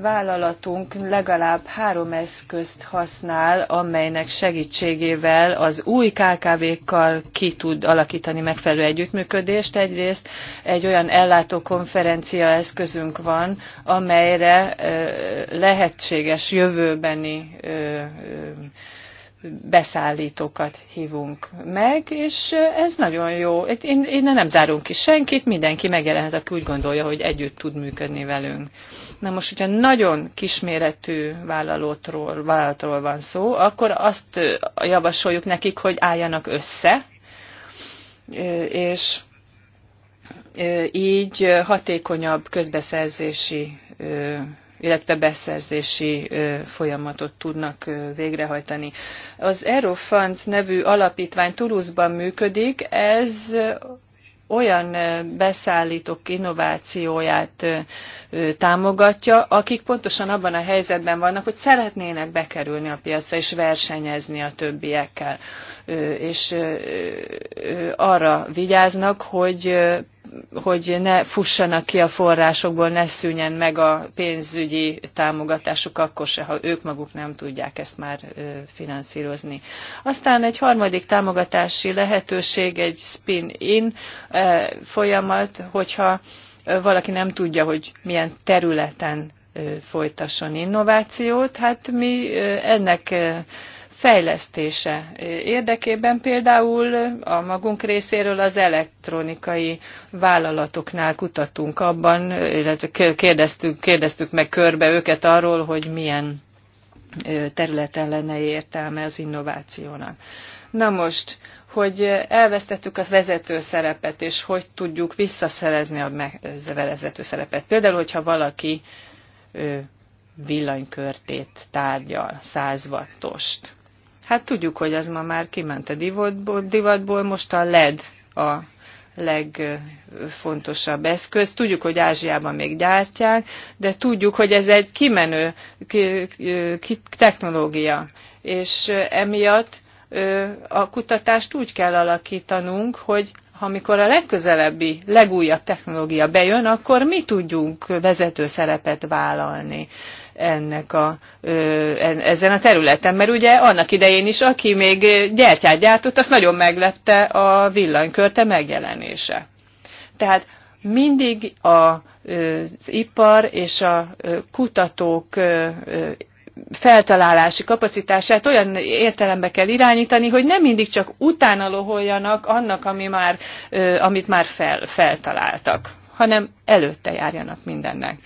vállalatunk legalább három eszközt használ, amelynek segítségével az új KKV-kkal ki tud alakítani megfelelő együttműködést. Egyrészt egy olyan ellátókonferencia eszközünk van, amelyre lehetséges jövőbeni beszállítókat hívunk meg, és ez nagyon jó. Én nem zárunk ki senkit, mindenki megjelenhet, aki úgy gondolja, hogy együtt tud működni velünk. Na most, hogyha nagyon kisméretű vállalatról, vállalatról van szó, akkor azt javasoljuk nekik, hogy álljanak össze, és így hatékonyabb közbeszerzési illetve beszerzési folyamatot tudnak végrehajtani. Az Aerofunds nevű alapítvány Toulouse-ban működik, ez olyan beszállítók innovációját támogatja, akik pontosan abban a helyzetben vannak, hogy szeretnének bekerülni a piacra és versenyezni a többiekkel. És arra vigyáznak, hogy hogy ne fussanak ki a forrásokból, ne szűnjen meg a pénzügyi támogatásuk akkor se, ha ők maguk nem tudják ezt már finanszírozni. Aztán egy harmadik támogatási lehetőség, egy spin-in folyamat, hogyha valaki nem tudja, hogy milyen területen folytasson innovációt, hát mi ennek fejlesztése érdekében például a magunk részéről az elektronikai vállalatoknál kutatunk abban, illetve kérdeztük, kérdeztük meg körbe őket arról, hogy milyen területen lenne értelme az innovációnak. Na most, hogy elvesztettük a vezető szerepet, és hogy tudjuk visszaszerezni a vezető szerepet. Például, hogyha valaki villanykörtét tárgyal, wattost. Hát tudjuk, hogy az ma már kiment a divatból, divatból most a LED a legfontosabb eszköz. Tudjuk, hogy Ázsiában még gyártják, de tudjuk, hogy ez egy kimenő ki, ki, technológia, és emiatt a kutatást úgy kell alakítanunk, hogy amikor a legközelebbi, legújabb technológia bejön, akkor mi tudjunk vezető szerepet vállalni ennek a, ezen a területen. Mert ugye annak idején is, aki még gyertyát gyártott, azt nagyon meglepte a villanykörte megjelenése. Tehát mindig az ipar és a kutatók feltalálási kapacitását olyan értelembe kell irányítani, hogy nem mindig csak utána loholjanak annak, ami már, amit már fel, feltaláltak, hanem előtte járjanak mindennek.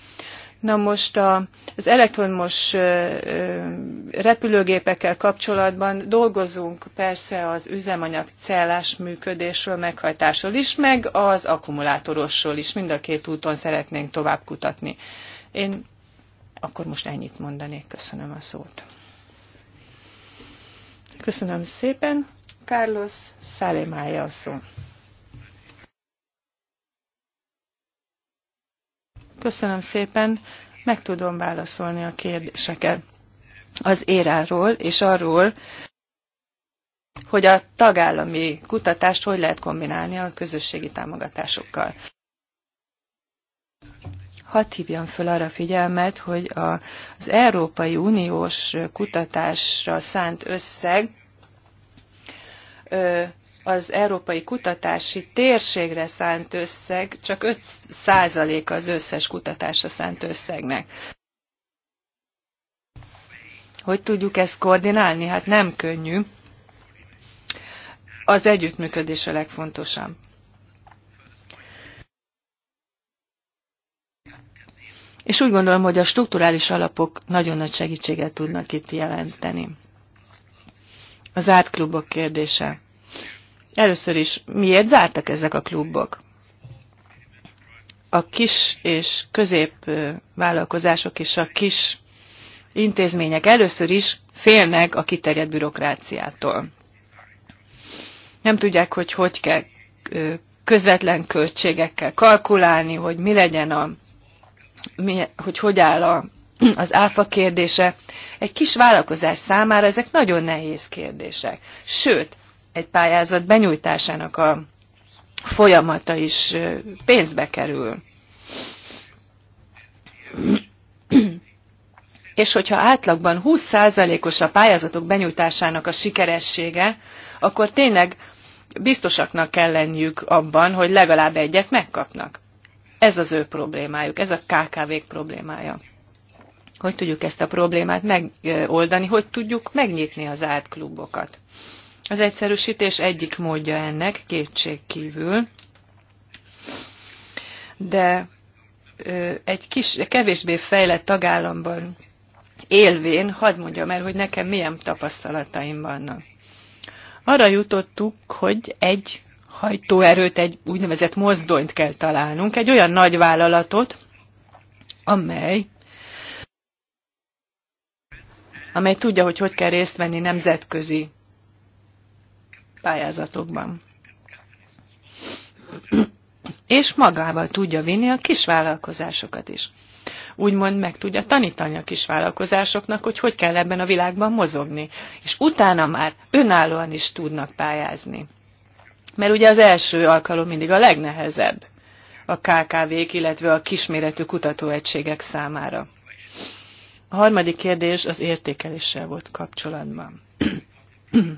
Na most a, az elektromos repülőgépekkel kapcsolatban dolgozunk persze az üzemanyag cellás működésről, meghajtásról is, meg az akkumulátorosról is. Mind a két úton szeretnénk tovább kutatni. Én akkor most ennyit mondanék. Köszönöm a szót. Köszönöm szépen. Carlos Szálemája a szó. Köszönöm szépen. Meg tudom válaszolni a kérdéseket az éráról és arról, hogy a tagállami kutatást hogy lehet kombinálni a közösségi támogatásokkal hadd hívjam föl arra figyelmet, hogy a, az Európai Uniós kutatásra szánt összeg az európai kutatási térségre szánt összeg csak 5% az összes kutatásra szánt összegnek. Hogy tudjuk ezt koordinálni? Hát nem könnyű. Az együttműködés a legfontosabb. És úgy gondolom, hogy a strukturális alapok nagyon nagy segítséget tudnak itt jelenteni. Az zárt klubok kérdése. Először is, miért zártak ezek a klubok? A kis és közép vállalkozások és a kis intézmények először is félnek a kiterjedt bürokráciától. Nem tudják, hogy hogy kell közvetlen költségekkel kalkulálni, hogy mi legyen a mi, hogy hogy áll a, az áfa kérdése. Egy kis vállalkozás számára ezek nagyon nehéz kérdések. Sőt, egy pályázat benyújtásának a folyamata is pénzbe kerül. És hogyha átlagban 20%-os a pályázatok benyújtásának a sikeressége, akkor tényleg biztosaknak kell lenniük abban, hogy legalább egyet megkapnak. Ez az ő problémájuk, ez a KKV-k problémája. Hogy tudjuk ezt a problémát megoldani, hogy tudjuk megnyitni az árt klubokat. Az egyszerűsítés egyik módja ennek, kétség kívül, de egy kis, kevésbé fejlett tagállamban élvén, hadd mondjam el, hogy nekem milyen tapasztalataim vannak. Arra jutottuk, hogy egy hajtóerőt, egy úgynevezett mozdonyt kell találnunk, egy olyan nagy vállalatot, amely amely tudja, hogy hogy kell részt venni nemzetközi pályázatokban. És magával tudja vinni a kisvállalkozásokat is. Úgymond meg tudja tanítani a kisvállalkozásoknak, hogy hogy kell ebben a világban mozogni. És utána már önállóan is tudnak pályázni mert ugye az első alkalom mindig a legnehezebb a KKV-k, illetve a kisméretű kutatóegységek számára. A harmadik kérdés az értékeléssel volt kapcsolatban.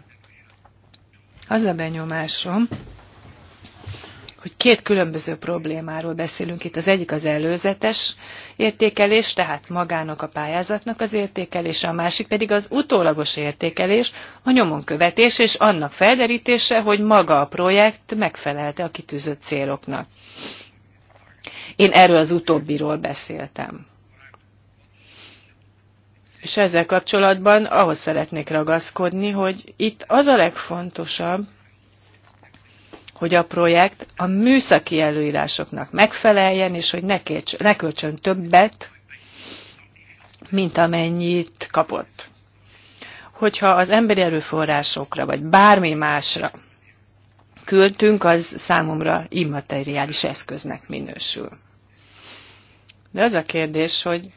az a benyomásom, hogy két különböző problémáról beszélünk itt. Az egyik az előzetes értékelés, tehát magának a pályázatnak az értékelése, a másik pedig az utólagos értékelés, a nyomon követés és annak felderítése, hogy maga a projekt megfelelte a kitűzött céloknak. Én erről az utóbbiról beszéltem. És ezzel kapcsolatban ahhoz szeretnék ragaszkodni, hogy itt az a legfontosabb, hogy a projekt a műszaki előírásoknak megfeleljen, és hogy ne, ne költsön többet, mint amennyit kapott. Hogyha az emberi erőforrásokra, vagy bármi másra költünk, az számomra immateriális eszköznek minősül. De az a kérdés, hogy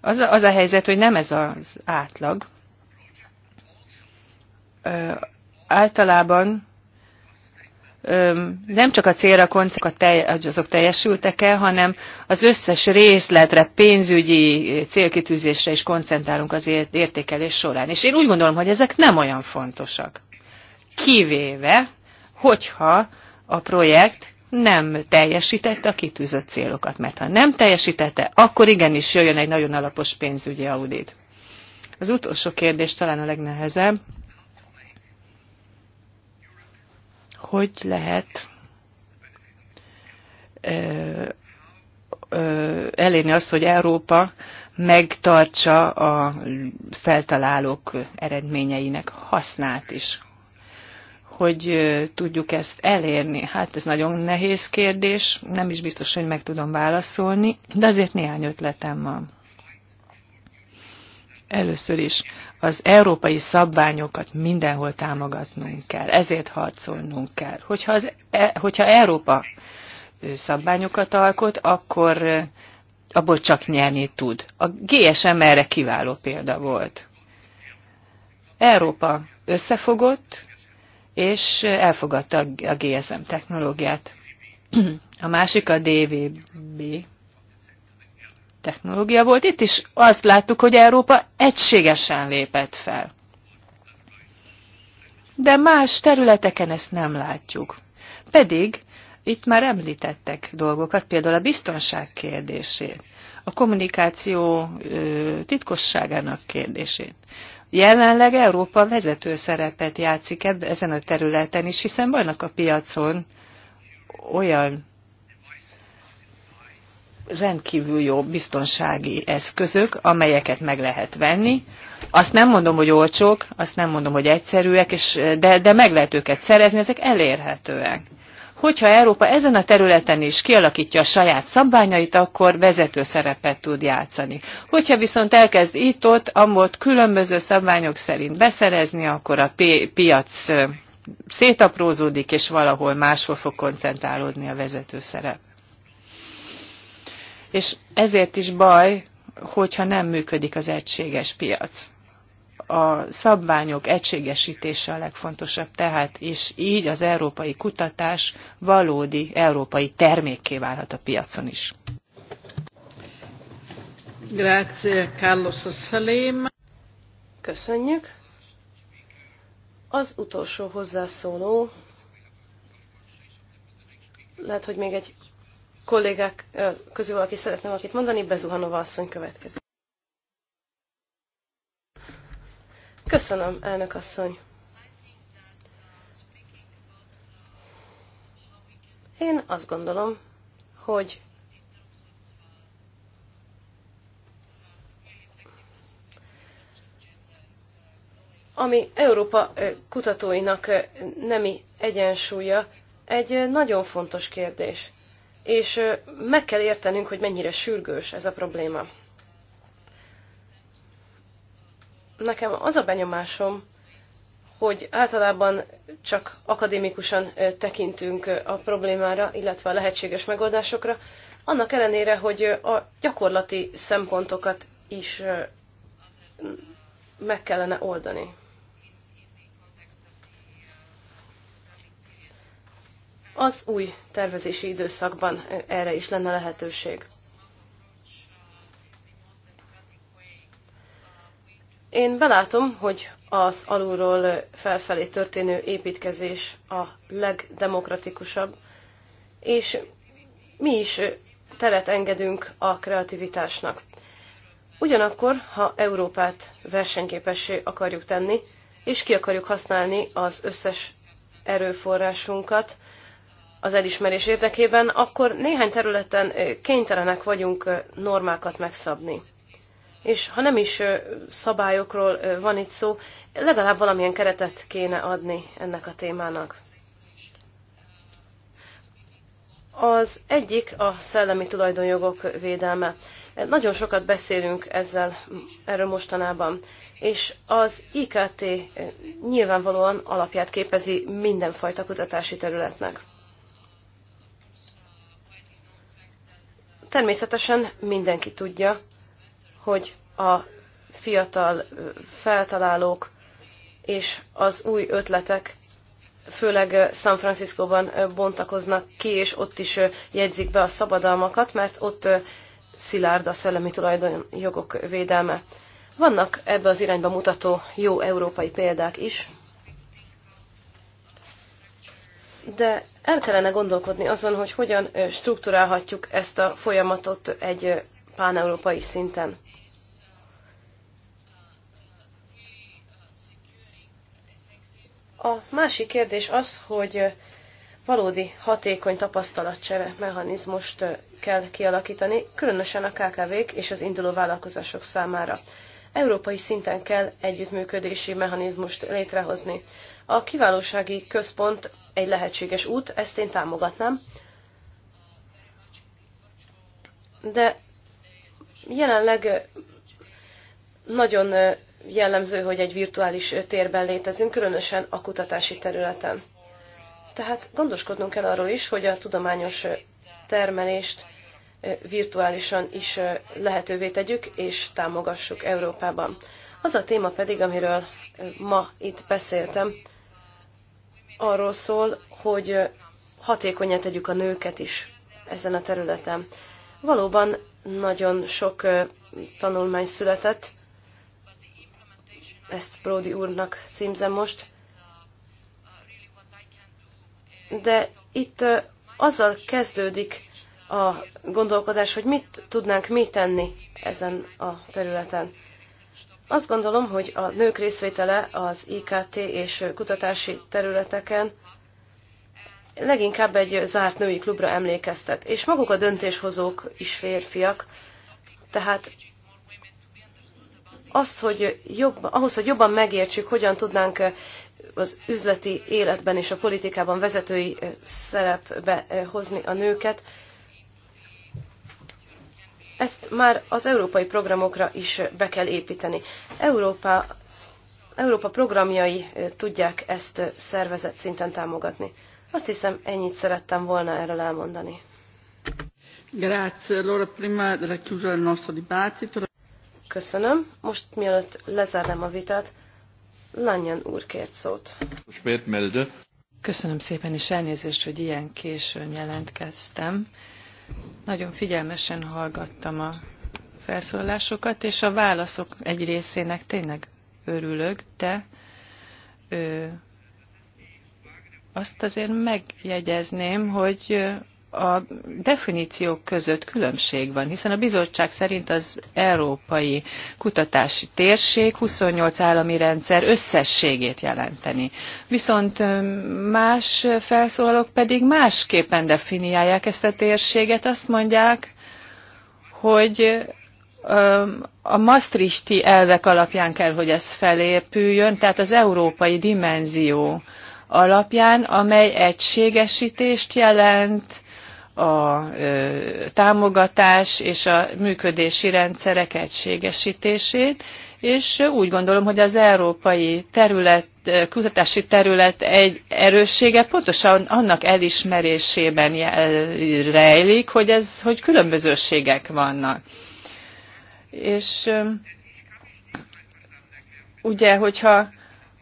az a, az a helyzet, hogy nem ez az átlag. Ö, általában nem csak a célra koncentrálunk, azok teljesültek-e, hanem az összes részletre, pénzügyi célkitűzésre is koncentrálunk az értékelés során. És én úgy gondolom, hogy ezek nem olyan fontosak. Kivéve, hogyha a projekt nem teljesítette a kitűzött célokat, mert ha nem teljesítette, akkor igenis jöjjön egy nagyon alapos pénzügyi audit. Az utolsó kérdés talán a legnehezebb, hogy lehet elérni azt, hogy Európa megtartsa a feltalálók eredményeinek hasznát is. Hogy tudjuk ezt elérni? Hát ez nagyon nehéz kérdés, nem is biztos, hogy meg tudom válaszolni, de azért néhány ötletem van. Először is az európai szabványokat mindenhol támogatnunk kell, ezért harcolnunk kell. Hogyha, az, e, hogyha Európa szabványokat alkot, akkor abból csak nyerni tud. A GSM erre kiváló példa volt. Európa összefogott, és elfogadta a GSM technológiát. A másik a DVB, technológia volt. Itt is azt láttuk, hogy Európa egységesen lépett fel. De más területeken ezt nem látjuk. Pedig itt már említettek dolgokat, például a biztonság kérdését, a kommunikáció titkosságának kérdését. Jelenleg Európa vezető szerepet játszik ebben ezen a területen is, hiszen vannak a piacon olyan rendkívül jó biztonsági eszközök, amelyeket meg lehet venni. Azt nem mondom, hogy olcsók, azt nem mondom, hogy egyszerűek, és de, de meg lehet őket szerezni, ezek elérhetőek. Hogyha Európa ezen a területen is kialakítja a saját szabványait, akkor vezető szerepet tud játszani. Hogyha viszont elkezd itt-ott, amott különböző szabványok szerint beszerezni, akkor a pi piac szétaprózódik, és valahol máshol fog koncentrálódni a vezető szerep és ezért is baj, hogyha nem működik az egységes piac. A szabványok egységesítése a legfontosabb tehát, és így az európai kutatás valódi európai termékké válhat a piacon is. Grazie, Carlos Salém. Köszönjük. Az utolsó hozzászóló lehet, hogy még egy kollégák közül valaki szeretne valakit mondani, Bezuhanova asszony következik. Köszönöm, elnök asszony. Én azt gondolom, hogy ami Európa kutatóinak nemi egyensúlya, egy nagyon fontos kérdés és meg kell értenünk, hogy mennyire sürgős ez a probléma. Nekem az a benyomásom, hogy általában csak akadémikusan tekintünk a problémára, illetve a lehetséges megoldásokra, annak ellenére, hogy a gyakorlati szempontokat is meg kellene oldani. az új tervezési időszakban erre is lenne lehetőség. Én belátom, hogy az alulról felfelé történő építkezés a legdemokratikusabb, és mi is teret engedünk a kreativitásnak. Ugyanakkor, ha Európát versenyképessé akarjuk tenni, és ki akarjuk használni az összes erőforrásunkat, az elismerés érdekében, akkor néhány területen kénytelenek vagyunk normákat megszabni. És ha nem is szabályokról van itt szó, legalább valamilyen keretet kéne adni ennek a témának. Az egyik a szellemi tulajdonjogok védelme. Nagyon sokat beszélünk ezzel erről mostanában, és az IKT nyilvánvalóan alapját képezi mindenfajta kutatási területnek. Természetesen mindenki tudja, hogy a fiatal feltalálók és az új ötletek főleg San Franciscóban bontakoznak ki, és ott is jegyzik be a szabadalmakat, mert ott szilárd a szellemi tulajdonjogok védelme. Vannak ebbe az irányba mutató jó európai példák is, de el kellene gondolkodni azon, hogy hogyan strukturálhatjuk ezt a folyamatot egy páneurópai szinten. A másik kérdés az, hogy valódi hatékony tapasztalatcsere mechanizmust kell kialakítani, különösen a KKV-k és az induló vállalkozások számára. Európai szinten kell együttműködési mechanizmust létrehozni. A kiválósági központ egy lehetséges út, ezt én támogatnám. De jelenleg nagyon jellemző, hogy egy virtuális térben létezünk, különösen a kutatási területen. Tehát gondoskodnunk kell arról is, hogy a tudományos termelést virtuálisan is lehetővé tegyük és támogassuk Európában. Az a téma pedig, amiről ma itt beszéltem, arról szól, hogy hatékonyat tegyük a nőket is ezen a területen. Valóban nagyon sok tanulmány született, ezt Brody úrnak címzem most, de itt azzal kezdődik a gondolkodás, hogy mit tudnánk mi tenni ezen a területen. Azt gondolom, hogy a nők részvétele az IKT és kutatási területeken leginkább egy zárt női klubra emlékeztet, és maguk a döntéshozók is férfiak, tehát azt, hogy jobb, ahhoz, hogy jobban megértsük, hogyan tudnánk az üzleti életben és a politikában vezetői szerepbe hozni a nőket, ezt már az európai programokra is be kell építeni. Európa, Európa programjai tudják ezt szervezet szinten támogatni. Azt hiszem, ennyit szerettem volna erről elmondani. Grazie. Allora, prima della chiusura del nostro dibattito... Köszönöm. Most mielőtt lezárnám a vitát, Lanyan úr kért szót. Köszönöm szépen, és elnézést, hogy ilyen későn jelentkeztem. Nagyon figyelmesen hallgattam a felszólalásokat, és a válaszok egy részének tényleg örülök, de ö, azt azért megjegyezném, hogy a definíciók között különbség van, hiszen a bizottság szerint az európai kutatási térség 28 állami rendszer összességét jelenteni. Viszont más felszólalók pedig másképpen definiálják ezt a térséget, azt mondják, hogy a Maastrichti elvek alapján kell, hogy ez felépüljön, tehát az európai dimenzió alapján, amely egységesítést jelent, a támogatás és a működési rendszerek egységesítését, és úgy gondolom, hogy az európai terület, kutatási terület egy erőssége pontosan annak elismerésében rejlik, hogy, ez, hogy különbözőségek vannak. És ugye, hogyha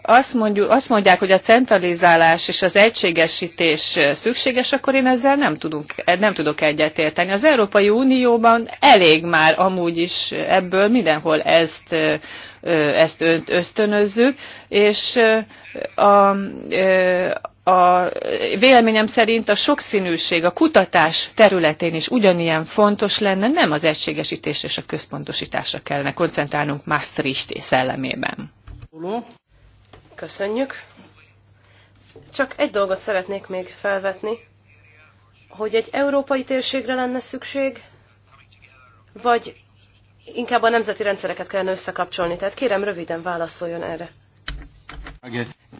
azt, mondják, hogy a centralizálás és az egységesítés szükséges, akkor én ezzel nem, tudunk, nem tudok egyetérteni. Az Európai Unióban elég már amúgy is ebből mindenhol ezt ezt ösztönözzük, és a, a véleményem szerint a sokszínűség a kutatás területén is ugyanilyen fontos lenne, nem az egységesítés és a központosításra kellene koncentrálnunk Maastricht szellemében. Köszönjük. Csak egy dolgot szeretnék még felvetni, hogy egy európai térségre lenne szükség, vagy inkább a nemzeti rendszereket kellene összekapcsolni. Tehát kérem, röviden válaszoljon erre.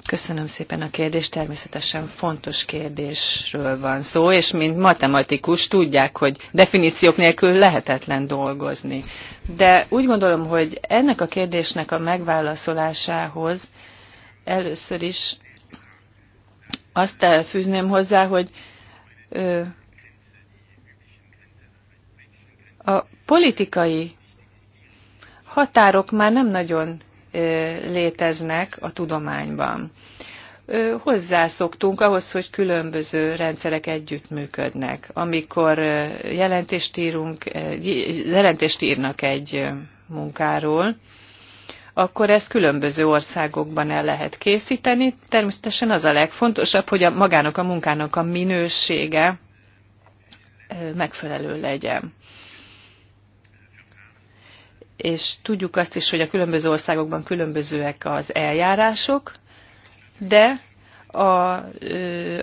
Köszönöm szépen a kérdést, természetesen fontos kérdésről van szó, és mint matematikus tudják, hogy definíciók nélkül lehetetlen dolgozni. De úgy gondolom, hogy ennek a kérdésnek a megválaszolásához Először is azt fűzném hozzá, hogy a politikai határok már nem nagyon léteznek a tudományban. Hozzászoktunk ahhoz, hogy különböző rendszerek együttműködnek. Amikor jelentést, írunk, jelentést írnak egy munkáról, akkor ezt különböző országokban el lehet készíteni. Természetesen az a legfontosabb, hogy a magának a munkának a minősége megfelelő legyen. És tudjuk azt is, hogy a különböző országokban különbözőek az eljárások, de a,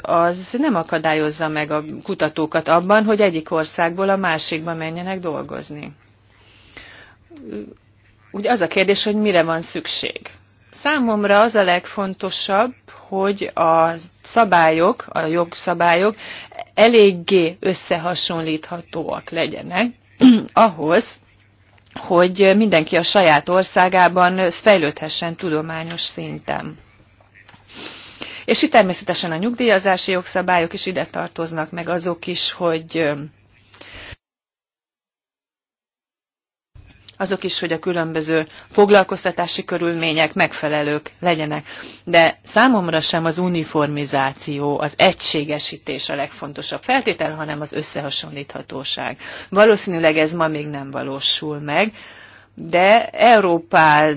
az nem akadályozza meg a kutatókat abban, hogy egyik országból a másikba menjenek dolgozni ugye az a kérdés, hogy mire van szükség. Számomra az a legfontosabb, hogy a szabályok, a jogszabályok eléggé összehasonlíthatóak legyenek ahhoz, hogy mindenki a saját országában fejlődhessen tudományos szinten. És itt természetesen a nyugdíjazási jogszabályok is ide tartoznak, meg azok is, hogy azok is, hogy a különböző foglalkoztatási körülmények megfelelők legyenek. De számomra sem az uniformizáció, az egységesítés a legfontosabb feltétel, hanem az összehasonlíthatóság. Valószínűleg ez ma még nem valósul meg, de Európá,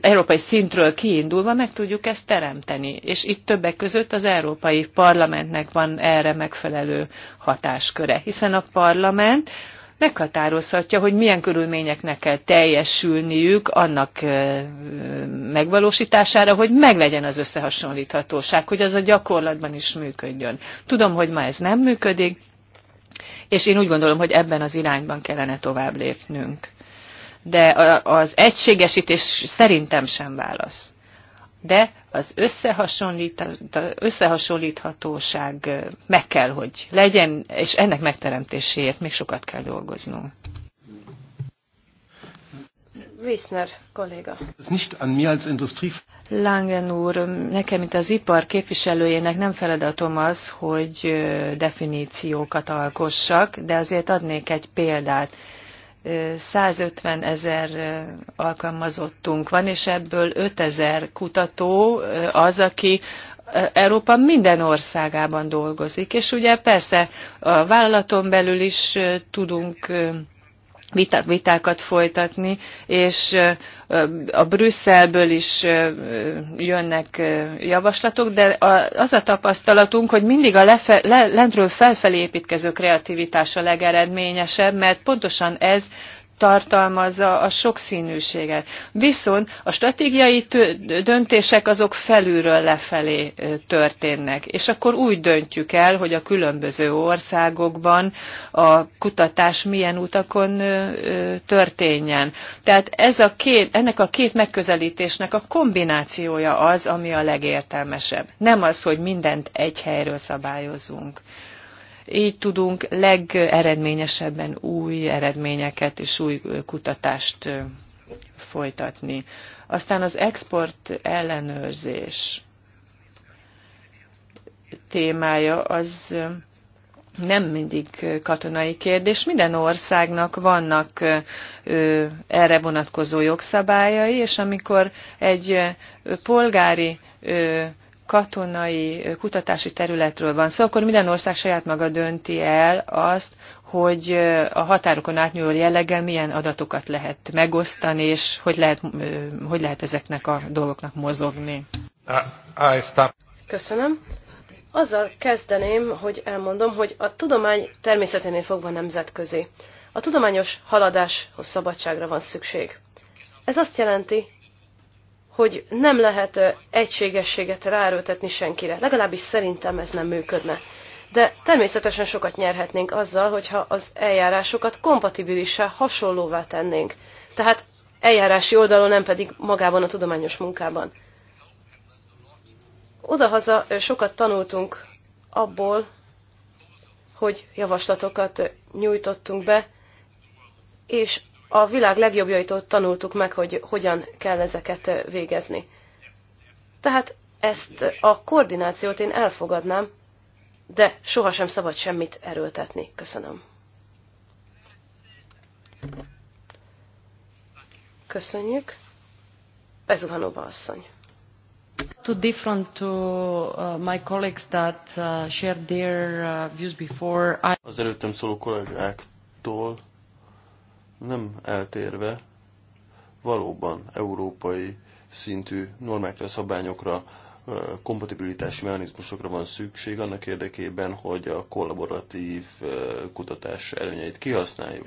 európai szintről kiindulva meg tudjuk ezt teremteni. És itt többek között az Európai Parlamentnek van erre megfelelő hatásköre, hiszen a parlament meghatározhatja, hogy milyen körülményeknek kell teljesülniük annak megvalósítására, hogy meglegyen az összehasonlíthatóság, hogy az a gyakorlatban is működjön. Tudom, hogy ma ez nem működik, és én úgy gondolom, hogy ebben az irányban kellene tovább lépnünk. De az egységesítés szerintem sem válasz. De az összehasonlíthatóság meg kell, hogy legyen, és ennek megteremtéséért még sokat kell dolgoznunk. Wiesner kolléga. Langen úr, nekem itt az ipar képviselőjének nem feladatom az, hogy definíciókat alkossak, de azért adnék egy példát 150 ezer alkalmazottunk van, és ebből 5 ezer kutató az, aki Európa minden országában dolgozik. És ugye persze a vállalaton belül is tudunk vitákat folytatni, és a Brüsszelből is jönnek javaslatok, de az a tapasztalatunk, hogy mindig a lefe, le, lentről felfelé építkező kreativitás a legeredményesebb, mert pontosan ez tartalmazza a sokszínűséget. Viszont a stratégiai döntések azok felülről lefelé történnek, és akkor úgy döntjük el, hogy a különböző országokban a kutatás milyen utakon történjen. Tehát ez a két, ennek a két megközelítésnek a kombinációja az, ami a legértelmesebb. Nem az, hogy mindent egy helyről szabályozunk. Így tudunk legeredményesebben új eredményeket és új kutatást folytatni. Aztán az export ellenőrzés témája az nem mindig katonai kérdés. Minden országnak vannak erre vonatkozó jogszabályai, és amikor egy polgári katonai kutatási területről van szó, szóval akkor minden ország saját maga dönti el azt, hogy a határokon átnyúló jelleggel milyen adatokat lehet megosztani, és hogy lehet, hogy lehet ezeknek a dolgoknak mozogni. Ah, Köszönöm. Azzal kezdeném, hogy elmondom, hogy a tudomány természeténél fogva nemzetközi. A tudományos haladáshoz szabadságra van szükség. Ez azt jelenti, hogy nem lehet egységességet ráerőltetni senkire. Legalábbis szerintem ez nem működne. De természetesen sokat nyerhetnénk azzal, hogyha az eljárásokat kompatibilissá, hasonlóvá tennénk. Tehát eljárási oldalon, nem pedig magában a tudományos munkában. Odahaza sokat tanultunk abból, hogy javaslatokat nyújtottunk be, és a világ legjobbjaitól tanultuk meg, hogy hogyan kell ezeket végezni. Tehát ezt a koordinációt én elfogadnám, de sohasem szabad semmit erőltetni. Köszönöm. Köszönjük. Bezuhanóba asszony. Too different to uh, my colleagues that uh, shared their uh, views before. I... Az előttem szóló kollégáktól nem eltérve valóban európai szintű normákra, szabályokra, kompatibilitási mechanizmusokra van szükség annak érdekében, hogy a kollaboratív kutatás előnyeit kihasználjuk.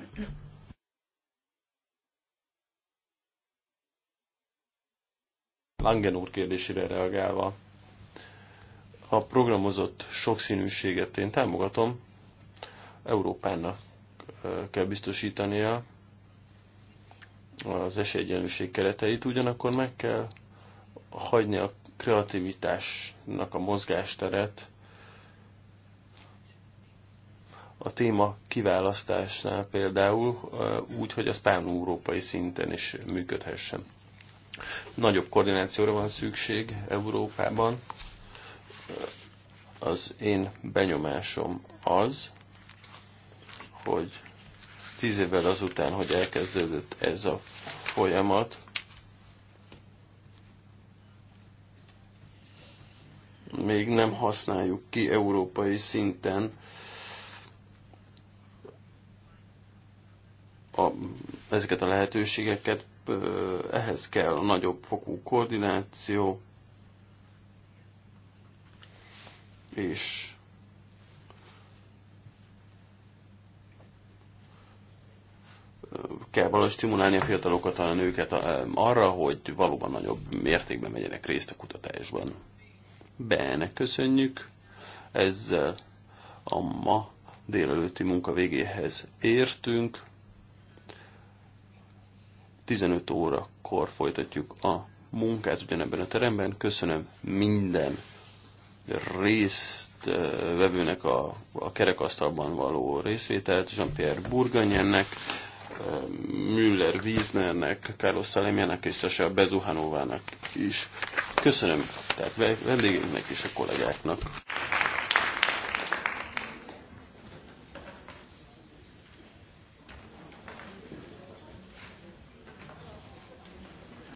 Langen úr kérdésére reagálva, a programozott sokszínűséget én támogatom, Európának kell biztosítania az esélyegyenlőség kereteit, ugyanakkor meg kell hagyni a kreativitásnak a mozgásteret a téma kiválasztásnál például úgy, hogy az pán-európai szinten is működhessen. Nagyobb koordinációra van szükség Európában. Az én benyomásom az, hogy Tíz évvel azután, hogy elkezdődött ez a folyamat, még nem használjuk ki európai szinten a, ezeket a lehetőségeket, ehhez kell a nagyobb fokú koordináció, és kell valahogy stimulálni a fiatalokat, a nőket arra, hogy valóban nagyobb mértékben megyenek részt a kutatásban. Bene, köszönjük. Ezzel a ma délelőtti munka végéhez értünk. 15 órakor folytatjuk a munkát ugyanebben a teremben. Köszönöm minden részt vevőnek a, a kerekasztalban való részvételt, Jean-Pierre Burgonyennek. Müller Wiesnernek, Carlos Szalemjának és Sasa Bezuhanovának is. Köszönöm tehát vendégünknek és a kollégáknak.